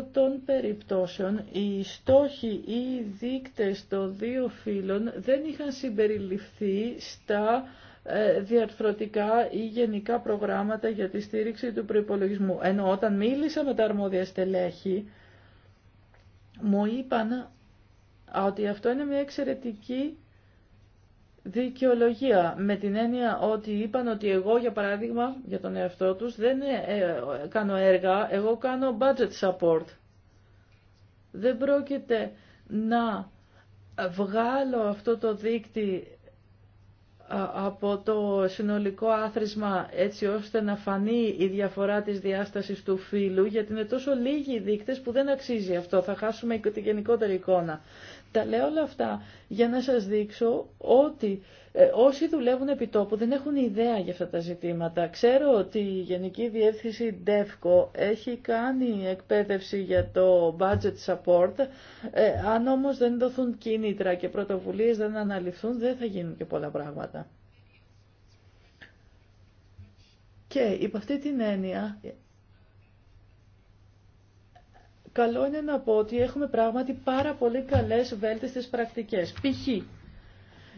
90% των περιπτώσεων οι στόχοι ή οι δείκτες των δύο φύλων δεν είχαν συμπεριληφθεί στα ε, διαρθρωτικά ή γενικά προγράμματα για τη στήριξη του προϋπολογισμού. Ενώ όταν μίλησα με τα αρμόδια στελέχη, μου είπαν ότι αυτό είναι μια εξαιρετική δικαιολογία με την έννοια ότι είπαν ότι εγώ για παράδειγμα για τον εαυτό τους δεν ε, ε, κάνω έργα, εγώ κάνω budget support. Δεν πρόκειται να βγάλω αυτό το δίκτυο από το συνολικό άθροισμα έτσι ώστε να φανεί η διαφορά της διάστασης του φύλου γιατί είναι τόσο λίγοι οι δείκτες που δεν αξίζει αυτό, θα χάσουμε και τη γενικότερη εικόνα. Τα λέω όλα αυτά για να σας δείξω ότι ε, όσοι δουλεύουν επί τόπου δεν έχουν ιδέα για αυτά τα ζητήματα. Ξέρω ότι η Γενική Διεύθυνση DEFCO έχει κάνει εκπαίδευση για το budget support. Ε, αν όμως δεν δοθούν κίνητρα και πρωτοβουλίες δεν αναλυθούν, δεν θα γίνουν και πολλά πράγματα. Και υπό αυτή την έννοια καλό είναι να πω ότι έχουμε πράγματι πάρα πολύ καλές βέλτιστες πρακτικές. Π.χ.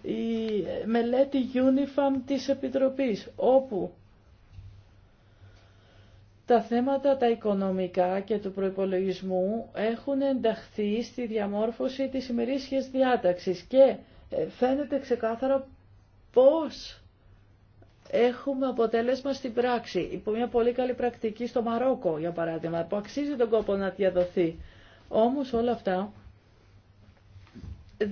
η μελέτη UNIFAM της Επιτροπής, όπου τα θέματα τα οικονομικά και του προϋπολογισμού έχουν ενταχθεί στη διαμόρφωση της ημερήσιας διάταξης και ε, φαίνεται ξεκάθαρο πώς έχουμε αποτέλεσμα στην πράξη. Υπό μια πολύ καλή πρακτική στο Μαρόκο, για παράδειγμα, που αξίζει τον κόπο να διαδοθεί. Όμως όλα αυτά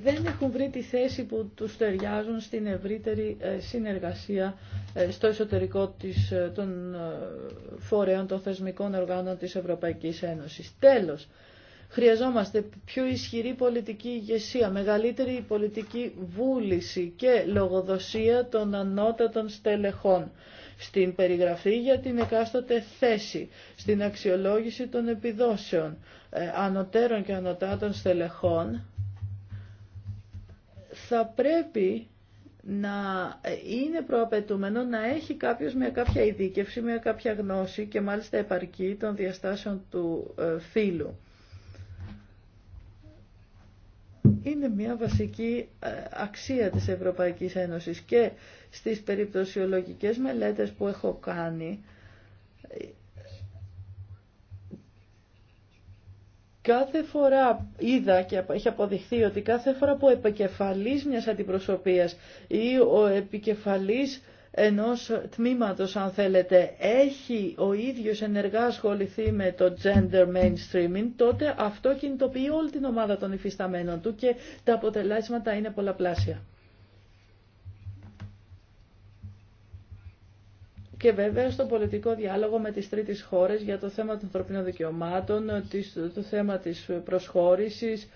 δεν έχουν βρει τη θέση που τους ταιριάζουν στην ευρύτερη ε, συνεργασία ε, στο εσωτερικό της, ε, των φορέων των θεσμικών οργάνων της Ευρωπαϊκής Ένωσης. Τέλος, Χρειαζόμαστε πιο ισχυρή πολιτική ηγεσία, μεγαλύτερη πολιτική βούληση και λογοδοσία των ανώτατων στελεχών στην περιγραφή για την εκάστοτε θέση, στην αξιολόγηση των επιδόσεων ε, ανωτέρων και ανωτάτων στελεχών, θα πρέπει να ε, είναι προαπαιτούμενο να έχει κάποιος μια κάποια ειδίκευση, μια κάποια γνώση και μάλιστα επαρκή των διαστάσεων του ε, φύλου. είναι μια βασική ε, αξία της Ευρωπαϊκής Ένωσης και στις περιπτωσιολογικές μελέτες που έχω κάνει κάθε φορά είδα και έχει αποδειχθεί ότι κάθε φορά που ο επικεφαλής μιας αντιπροσωπείας ή ο επικεφαλής ενός τμήματος αν θέλετε έχει ο ίδιος ενεργά ασχοληθεί με το gender mainstreaming τότε αυτό κινητοποιεί όλη την ομάδα των υφισταμένων του και τα αποτελέσματα είναι πολλαπλάσια. και βέβαια στο πολιτικό διάλογο με τις τρίτες χώρες για το θέμα των ανθρωπίνων δικαιωμάτων, το θέμα της προσχώρησης,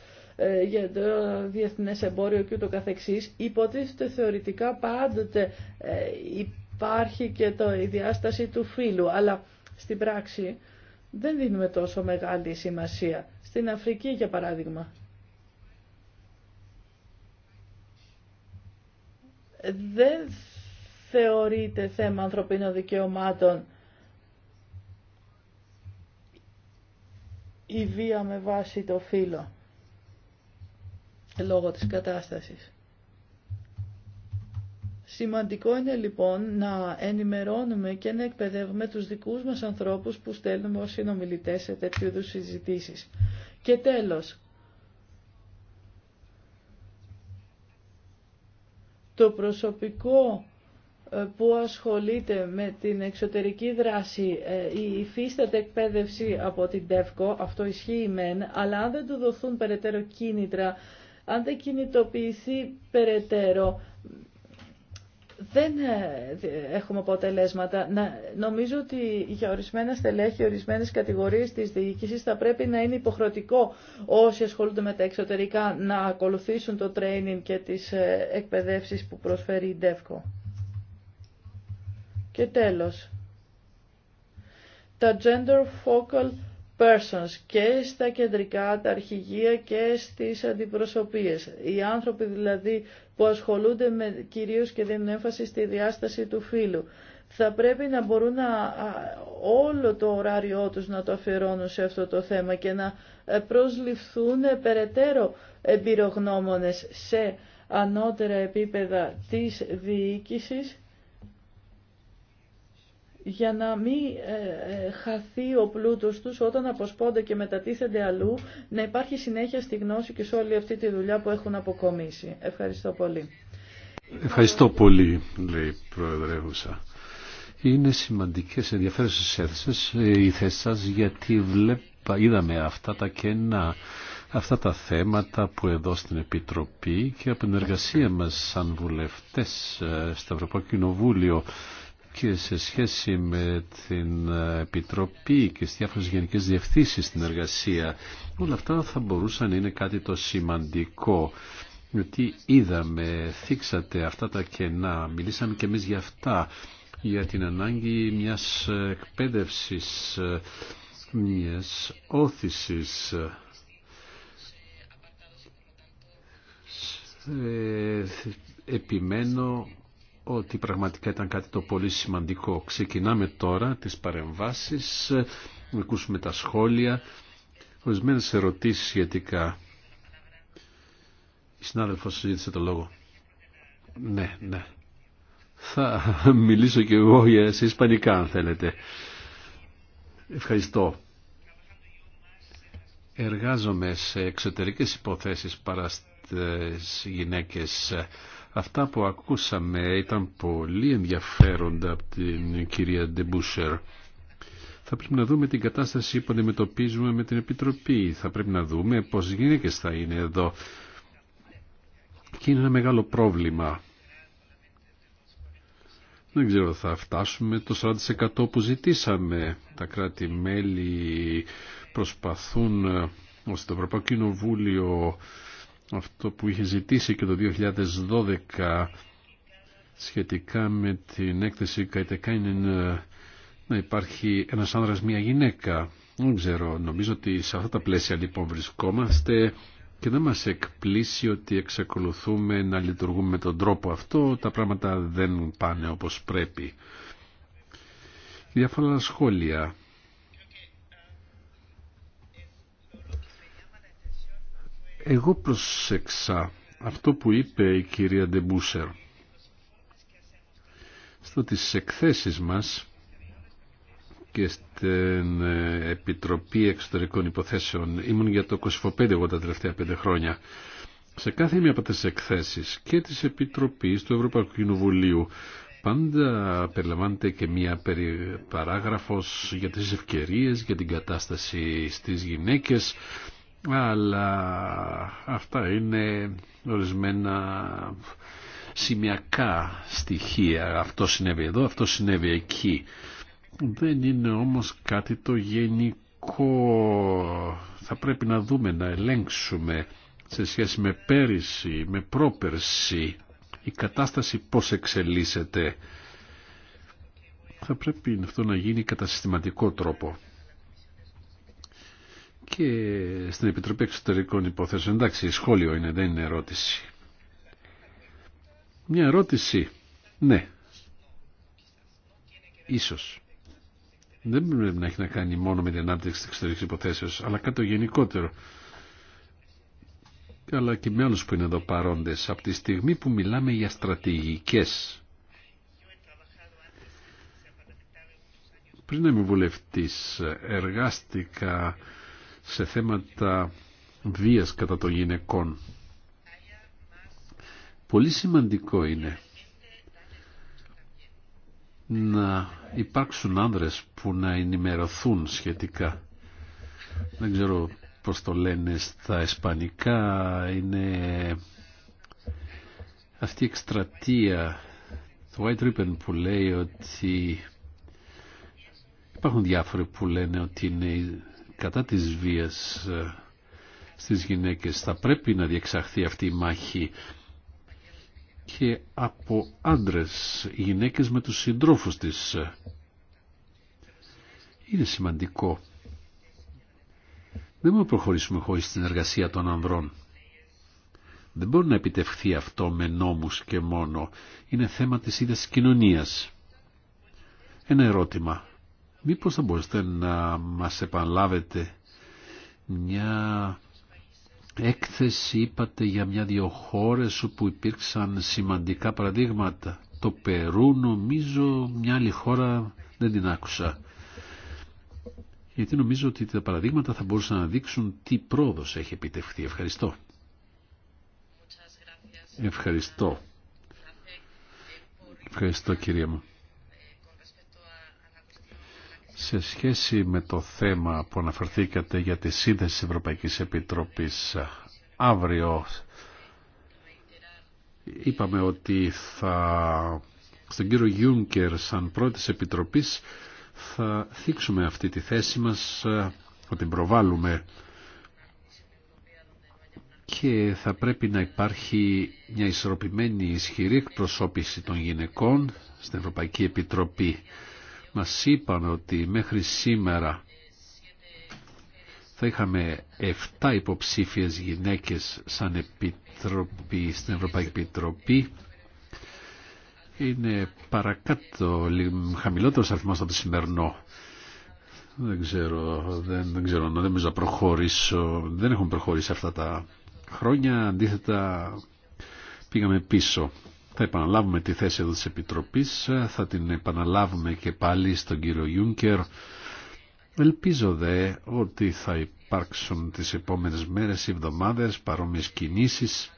ε, για το διεθνές εμπόριο και ούτω καθεξής, υποτίθεται θεωρητικά πάντοτε ε, υπάρχει και το, η διάσταση του φύλου, αλλά στην πράξη δεν δίνουμε τόσο μεγάλη σημασία. Στην Αφρική, για παράδειγμα, δεν θεωρείται θέμα ανθρωπίνων δικαιωμάτων η βία με βάση το φύλλο λόγω της κατάστασης. Σημαντικό είναι λοιπόν να ενημερώνουμε και να εκπαιδεύουμε τους δικούς μας ανθρώπους που στέλνουμε ως συνομιλητές σε τέτοιου είδους συζητήσεις. Και τέλος, το προσωπικό ε, που ασχολείται με την εξωτερική δράση ε, η υφίσταται εκπαίδευση από την ΤΕΦΚΟ, αυτό ισχύει μεν, αλλά αν δεν του δοθούν περαιτέρω κίνητρα αν δεν κινητοποιηθεί περαιτέρω, δεν ε, έχουμε αποτελέσματα. Να, νομίζω ότι για ορισμένα στελέχη, ορισμένες κατηγορίες της διοίκησης θα πρέπει να είναι υποχρεωτικό όσοι ασχολούνται με τα εξωτερικά να ακολουθήσουν το training και τις ε, εκπαιδεύσει που προσφέρει η DEFCO. Και τέλος, τα gender focal persons και στα κεντρικά, τα αρχηγεία και στις αντιπροσωπείες. Οι άνθρωποι δηλαδή που ασχολούνται με, κυρίως και δίνουν έμφαση στη διάσταση του φύλου. Θα πρέπει να μπορούν να, όλο το ωράριό τους να το αφιερώνουν σε αυτό το θέμα και να ε, προσληφθούν ε, περαιτέρω εμπειρογνώμονες σε ανώτερα επίπεδα της διοίκησης για να μην ε, ε, χαθεί ο πλούτος τους όταν αποσπώνται και μετατίθενται αλλού, να υπάρχει συνέχεια στη γνώση και σε όλη αυτή τη δουλειά που έχουν αποκομίσει. Ευχαριστώ πολύ. Ευχαριστώ πολύ, λέει η Προεδρεύουσα. Είναι σημαντικές ενδιαφέρουσες θέσεις ε, οι θέσεις σας γιατί βλέπα, είδαμε αυτά τα κενά αυτά τα θέματα που εδώ στην Επιτροπή και από την εργασία μας σαν βουλευτές στο Ευρωπαϊκό Κοινοβούλιο και σε σχέση με την ε, Επιτροπή και στις διάφορες γενικές διευθύνσεις στην εργασία. Όλα αυτά θα μπορούσαν να είναι κάτι το σημαντικό. Γιατί είδαμε, θίξατε αυτά τα κενά, μιλήσαμε και εμείς για αυτά, για την ανάγκη μιας εκπαίδευσης, μιας όθησης. Ε, επιμένω ότι πραγματικά ήταν κάτι το πολύ σημαντικό. Ξεκινάμε τώρα τις παρεμβάσεις, να ακούσουμε τα σχόλια, ορισμένε ερωτήσει σχετικά. Η συνάδελφος συζήτησε το λόγο. Ναι, ναι. Θα μιλήσω και εγώ για σε ισπανικά αν θέλετε. Ευχαριστώ. Εργάζομαι σε εξωτερικές υποθέσεις παρά στις γυναίκες Αυτά που ακούσαμε ήταν πολύ ενδιαφέροντα από την κυρία Ντεμπούσερ. Θα πρέπει να δούμε την κατάσταση που αντιμετωπίζουμε με την Επιτροπή. Θα πρέπει να δούμε πώς γυναίκες θα είναι εδώ. Και είναι ένα μεγάλο πρόβλημα. Δεν ξέρω, θα φτάσουμε το 40% που ζητήσαμε. Τα κράτη-μέλη προσπαθούν ώστε το Ευρωπαϊκό Κοινοβούλιο αυτό που είχε ζητήσει και το 2012 σχετικά με την έκθεση Καϊτεκάινεν ε, να υπάρχει ένας άνδρας μία γυναίκα. Δεν ξέρω, νομίζω ότι σε αυτά τα πλαίσια λοιπόν βρισκόμαστε και δεν μας εκπλήσει ότι εξακολουθούμε να λειτουργούμε με τον τρόπο αυτό, τα πράγματα δεν πάνε όπως πρέπει. Διάφορα σχόλια Εγώ προσέξα αυτό που είπε η κυρία Ντεμπούσερ. Στο τις εκθέσεις μας και στην ε, Επιτροπή Εξωτερικών Υποθέσεων ήμουν για το 25 εγώ τα τελευταία πέντε χρόνια. Σε κάθε μία από τις εκθέσεις και της Επιτροπής του Ευρωπαϊκού Κοινοβουλίου πάντα περιλαμβάνεται και μία παράγραφος για τις ευκαιρίες, για την κατάσταση στις γυναίκες αλλά αυτά είναι ορισμένα σημειακά στοιχεία. Αυτό συνέβη εδώ, αυτό συνέβη εκεί. Δεν είναι όμως κάτι το γενικό. Θα πρέπει να δούμε, να ελέγξουμε σε σχέση με πέρυσι, με πρόπερση, η κατάσταση πώς εξελίσσεται. Θα πρέπει αυτό να γίνει κατά συστηματικό τρόπο και στην Επιτροπή Εξωτερικών Υποθέσεων. Εντάξει, σχόλιο είναι, δεν είναι ερώτηση. Μια ερώτηση, ναι, ίσως. Δεν πρέπει να έχει να κάνει μόνο με την ανάπτυξη της εξωτερικής υποθέσεως, αλλά κάτι το γενικότερο. Αλλά και με άλλους που είναι εδώ παρόντες. Από τη στιγμή που μιλάμε για στρατηγικές πριν να είμαι βουλευτής εργάστηκα σε θέματα βίας κατά των γυναικών. Πολύ σημαντικό είναι να υπάρξουν άνδρες που να ενημερωθούν σχετικά. Δεν ξέρω πώς το λένε στα ισπανικά, είναι αυτή η εκστρατεία του White Ribbon που λέει ότι υπάρχουν διάφοροι που λένε ότι είναι κατά της βίας ε, στις γυναίκες. Θα πρέπει να διεξαχθεί αυτή η μάχη και από άντρες, γυναίκες με τους συντρόφους της. Είναι σημαντικό. Δεν μπορούμε να προχωρήσουμε χωρίς την εργασία των ανδρών. Δεν μπορεί να επιτευχθεί αυτό με νόμους και μόνο. Είναι θέμα της ίδιας κοινωνίας. Ένα ερώτημα. Μήπως θα μπορούσατε να μας επαναλάβετε μια έκθεση είπατε για μια-δυο χώρες όπου υπήρξαν σημαντικά παραδείγματα. Το Περού νομίζω μια άλλη χώρα δεν την άκουσα. Γιατί νομίζω ότι τα παραδείγματα θα μπορούσαν να δείξουν τι πρόοδος έχει επιτευχθεί. Ευχαριστώ. Ευχαριστώ. Ευχαριστώ κυρία μου σε σχέση με το θέμα που αναφερθήκατε για τη σύνθεση της Ευρωπαϊκής Επιτροπής αύριο είπαμε ότι θα στον κύριο Γιούνκερ σαν πρώτης επιτροπής θα θίξουμε αυτή τη θέση μας, ότι την προβάλλουμε και θα πρέπει να υπάρχει μια ισορροπημένη ισχυρή εκπροσώπηση των γυναικών στην Ευρωπαϊκή Επιτροπή μας είπαν ότι μέχρι σήμερα θα είχαμε 7 υποψήφιες γυναίκες σαν επιτροπή στην Ευρωπαϊκή Επιτροπή. Είναι παρακάτω χαμηλότερο αριθμό από το σημερινό. Δεν ξέρω, δεν, ξέρω, δεν νομίζω να προχωρήσω. Δεν έχουν προχωρήσει αυτά τα χρόνια. Αντίθετα πήγαμε πίσω. Θα επαναλάβουμε τη θέση εδώ Επιτροπής, θα την επαναλάβουμε και πάλι στον κύριο Γιούνκερ. Ελπίζω δε ότι θα υπάρξουν τις επόμενες μέρες ή εβδομάδες παρόμοιες κινήσεις.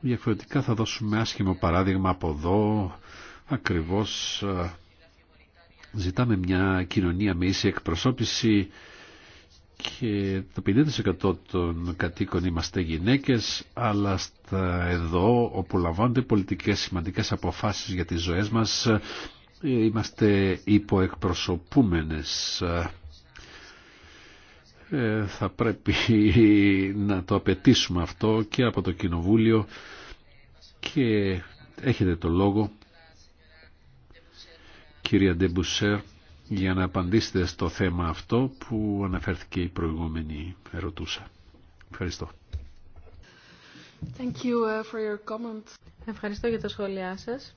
Διαφορετικά θα δώσουμε άσχημο παράδειγμα από εδώ. Ακριβώς ε, ζητάμε μια κοινωνία με ίση εκπροσώπηση και το 50% των κατοίκων είμαστε γυναίκες αλλά στα εδώ όπου λαμβάνονται πολιτικές σημαντικές αποφάσεις για τις ζωές μας είμαστε υποεκπροσωπούμενες ε, θα πρέπει να το απαιτήσουμε αυτό και από το Κοινοβούλιο και έχετε το λόγο κυρία Ντεμπουσέρ για να απαντήσετε στο θέμα αυτό που αναφέρθηκε η προηγούμενη ερωτούσα. Ευχαριστώ. Thank you uh, for your Ευχαριστώ για τα σχόλιά σας.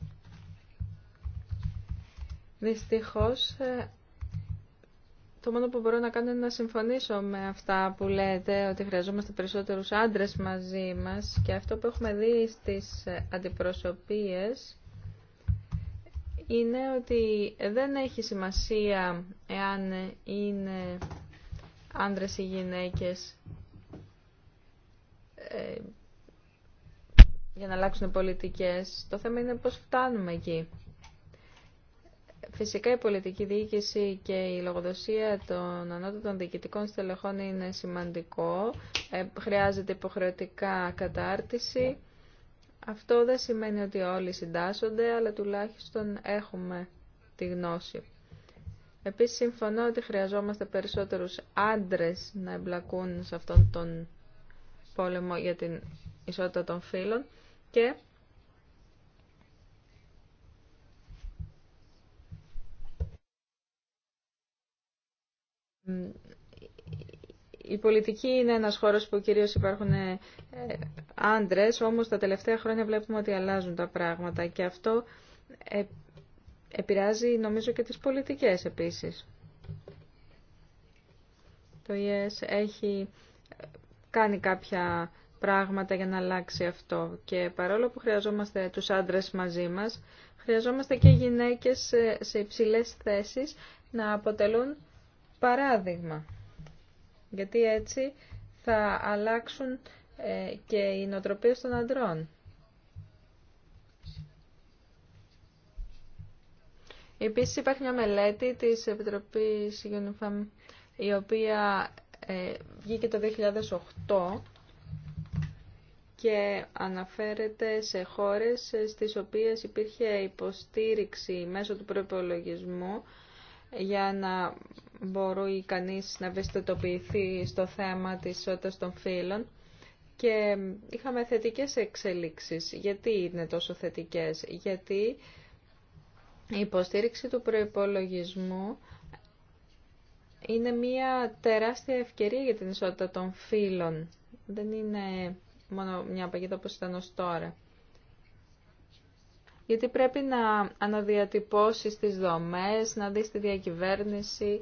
Δυστυχώς, ε, το μόνο που μπορώ να κάνω είναι να συμφωνήσω με αυτά που λέτε, ότι χρειαζόμαστε περισσότερους άντρες μαζί μας και αυτό που έχουμε δει στις ε, αντιπροσωπείες είναι ότι δεν έχει σημασία εάν είναι άνδρες ή γυναίκες ε, για να αλλάξουν πολιτικές. Το θέμα είναι πώς φτάνουμε εκεί. Φυσικά η πολιτική διοίκηση και η λογοδοσία των ανώτατων διοικητικών στελεχών είναι σημαντικό. Ε, χρειάζεται υποχρεωτικά κατάρτιση. Αυτό δεν σημαίνει ότι όλοι συντάσσονται, αλλά τουλάχιστον έχουμε τη γνώση. Επίσης συμφωνώ ότι χρειαζόμαστε περισσότερους άντρες να εμπλακούν σε αυτόν τον πόλεμο για την ισότητα των φύλων και η πολιτική είναι ένας χώρος που κυρίως υπάρχουν ε, άντρες, όμως τα τελευταία χρόνια βλέπουμε ότι αλλάζουν τα πράγματα και αυτό ε, επηρεάζει νομίζω και τις πολιτικές επίσης. Το ΙΕΣ έχει ε, κάνει κάποια πράγματα για να αλλάξει αυτό και παρόλο που χρειαζόμαστε τους άντρες μαζί μας, χρειαζόμαστε και γυναίκες σε υψηλές θέσεις να αποτελούν παράδειγμα γιατί έτσι θα αλλάξουν ε, και οι νοοτροπίες των αντρών. Επίσης υπάρχει μια μελέτη της Επιτροπής UNIFAM η οποία ε, βγήκε το 2008 και αναφέρεται σε χώρες στις οποίες υπήρχε υποστήριξη μέσω του προϋπολογισμού για να μπορεί κανείς να ευαισθητοποιηθεί στο θέμα της ισότητας των φύλων και είχαμε θετικές εξελίξεις. Γιατί είναι τόσο θετικές, γιατί η υποστήριξη του προϋπολογισμού είναι μια τεράστια ευκαιρία για την ισότητα των φύλων. Δεν είναι μόνο μια παγίδα όπως ήταν ως τώρα. Γιατί πρέπει να αναδιατυπώσεις τις δομές, να δεις τη διακυβέρνηση,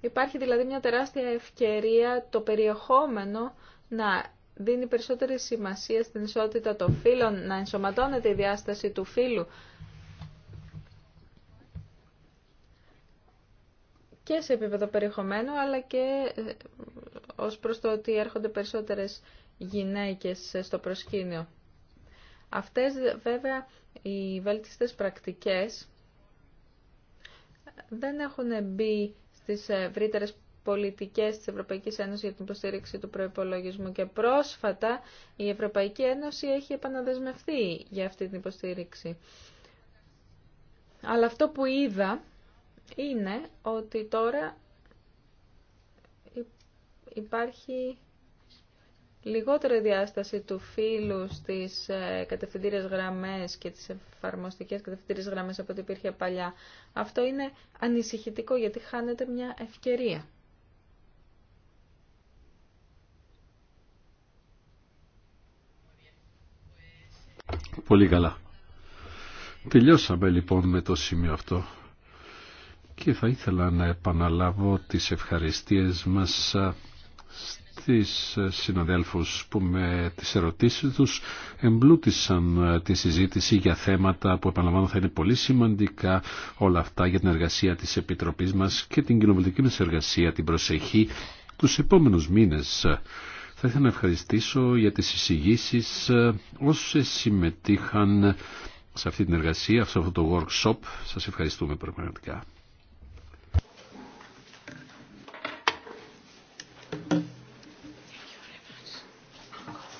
Υπάρχει δηλαδή μια τεράστια ευκαιρία το περιεχόμενο να δίνει περισσότερη σημασία στην ισότητα των φύλων, να ενσωματώνεται η διάσταση του φύλου και σε επίπεδο περιεχομένου, αλλά και ε, ως προς το ότι έρχονται περισσότερες γυναίκες στο προσκήνιο. Αυτές βέβαια οι βέλτιστες πρακτικές δεν έχουν μπει στις ε, ευρύτερε πολιτικές της Ευρωπαϊκής Ένωσης για την υποστήριξη του προϋπολογισμού και πρόσφατα η Ευρωπαϊκή Ένωση έχει επαναδεσμευτεί για αυτή την υποστήριξη. Αλλά αυτό που είδα είναι ότι τώρα υπάρχει λιγότερη διάσταση του φύλου στις ε, γραμμέ και τις εφαρμοστικές κατευθυντήριες γραμμές από ό,τι υπήρχε παλιά. Αυτό είναι ανησυχητικό γιατί χάνεται μια ευκαιρία. Πολύ καλά. Τελειώσαμε λοιπόν με το σημείο αυτό και θα ήθελα να επαναλάβω τις ευχαριστίες μας ε, τις συναδέλφους που με τις ερωτήσεις τους εμπλούτησαν ε, τη συζήτηση για θέματα που επαναλαμβάνω θα είναι πολύ σημαντικά όλα αυτά για την εργασία της Επιτροπής μας και την κοινοβουλευτική μας εργασία, την προσεχή τους επόμενους μήνες. Θα ήθελα να ευχαριστήσω για τις εισηγήσεις ε, όσες συμμετείχαν σε αυτή την εργασία, σε αυτό το workshop. Σας ευχαριστούμε πραγματικά.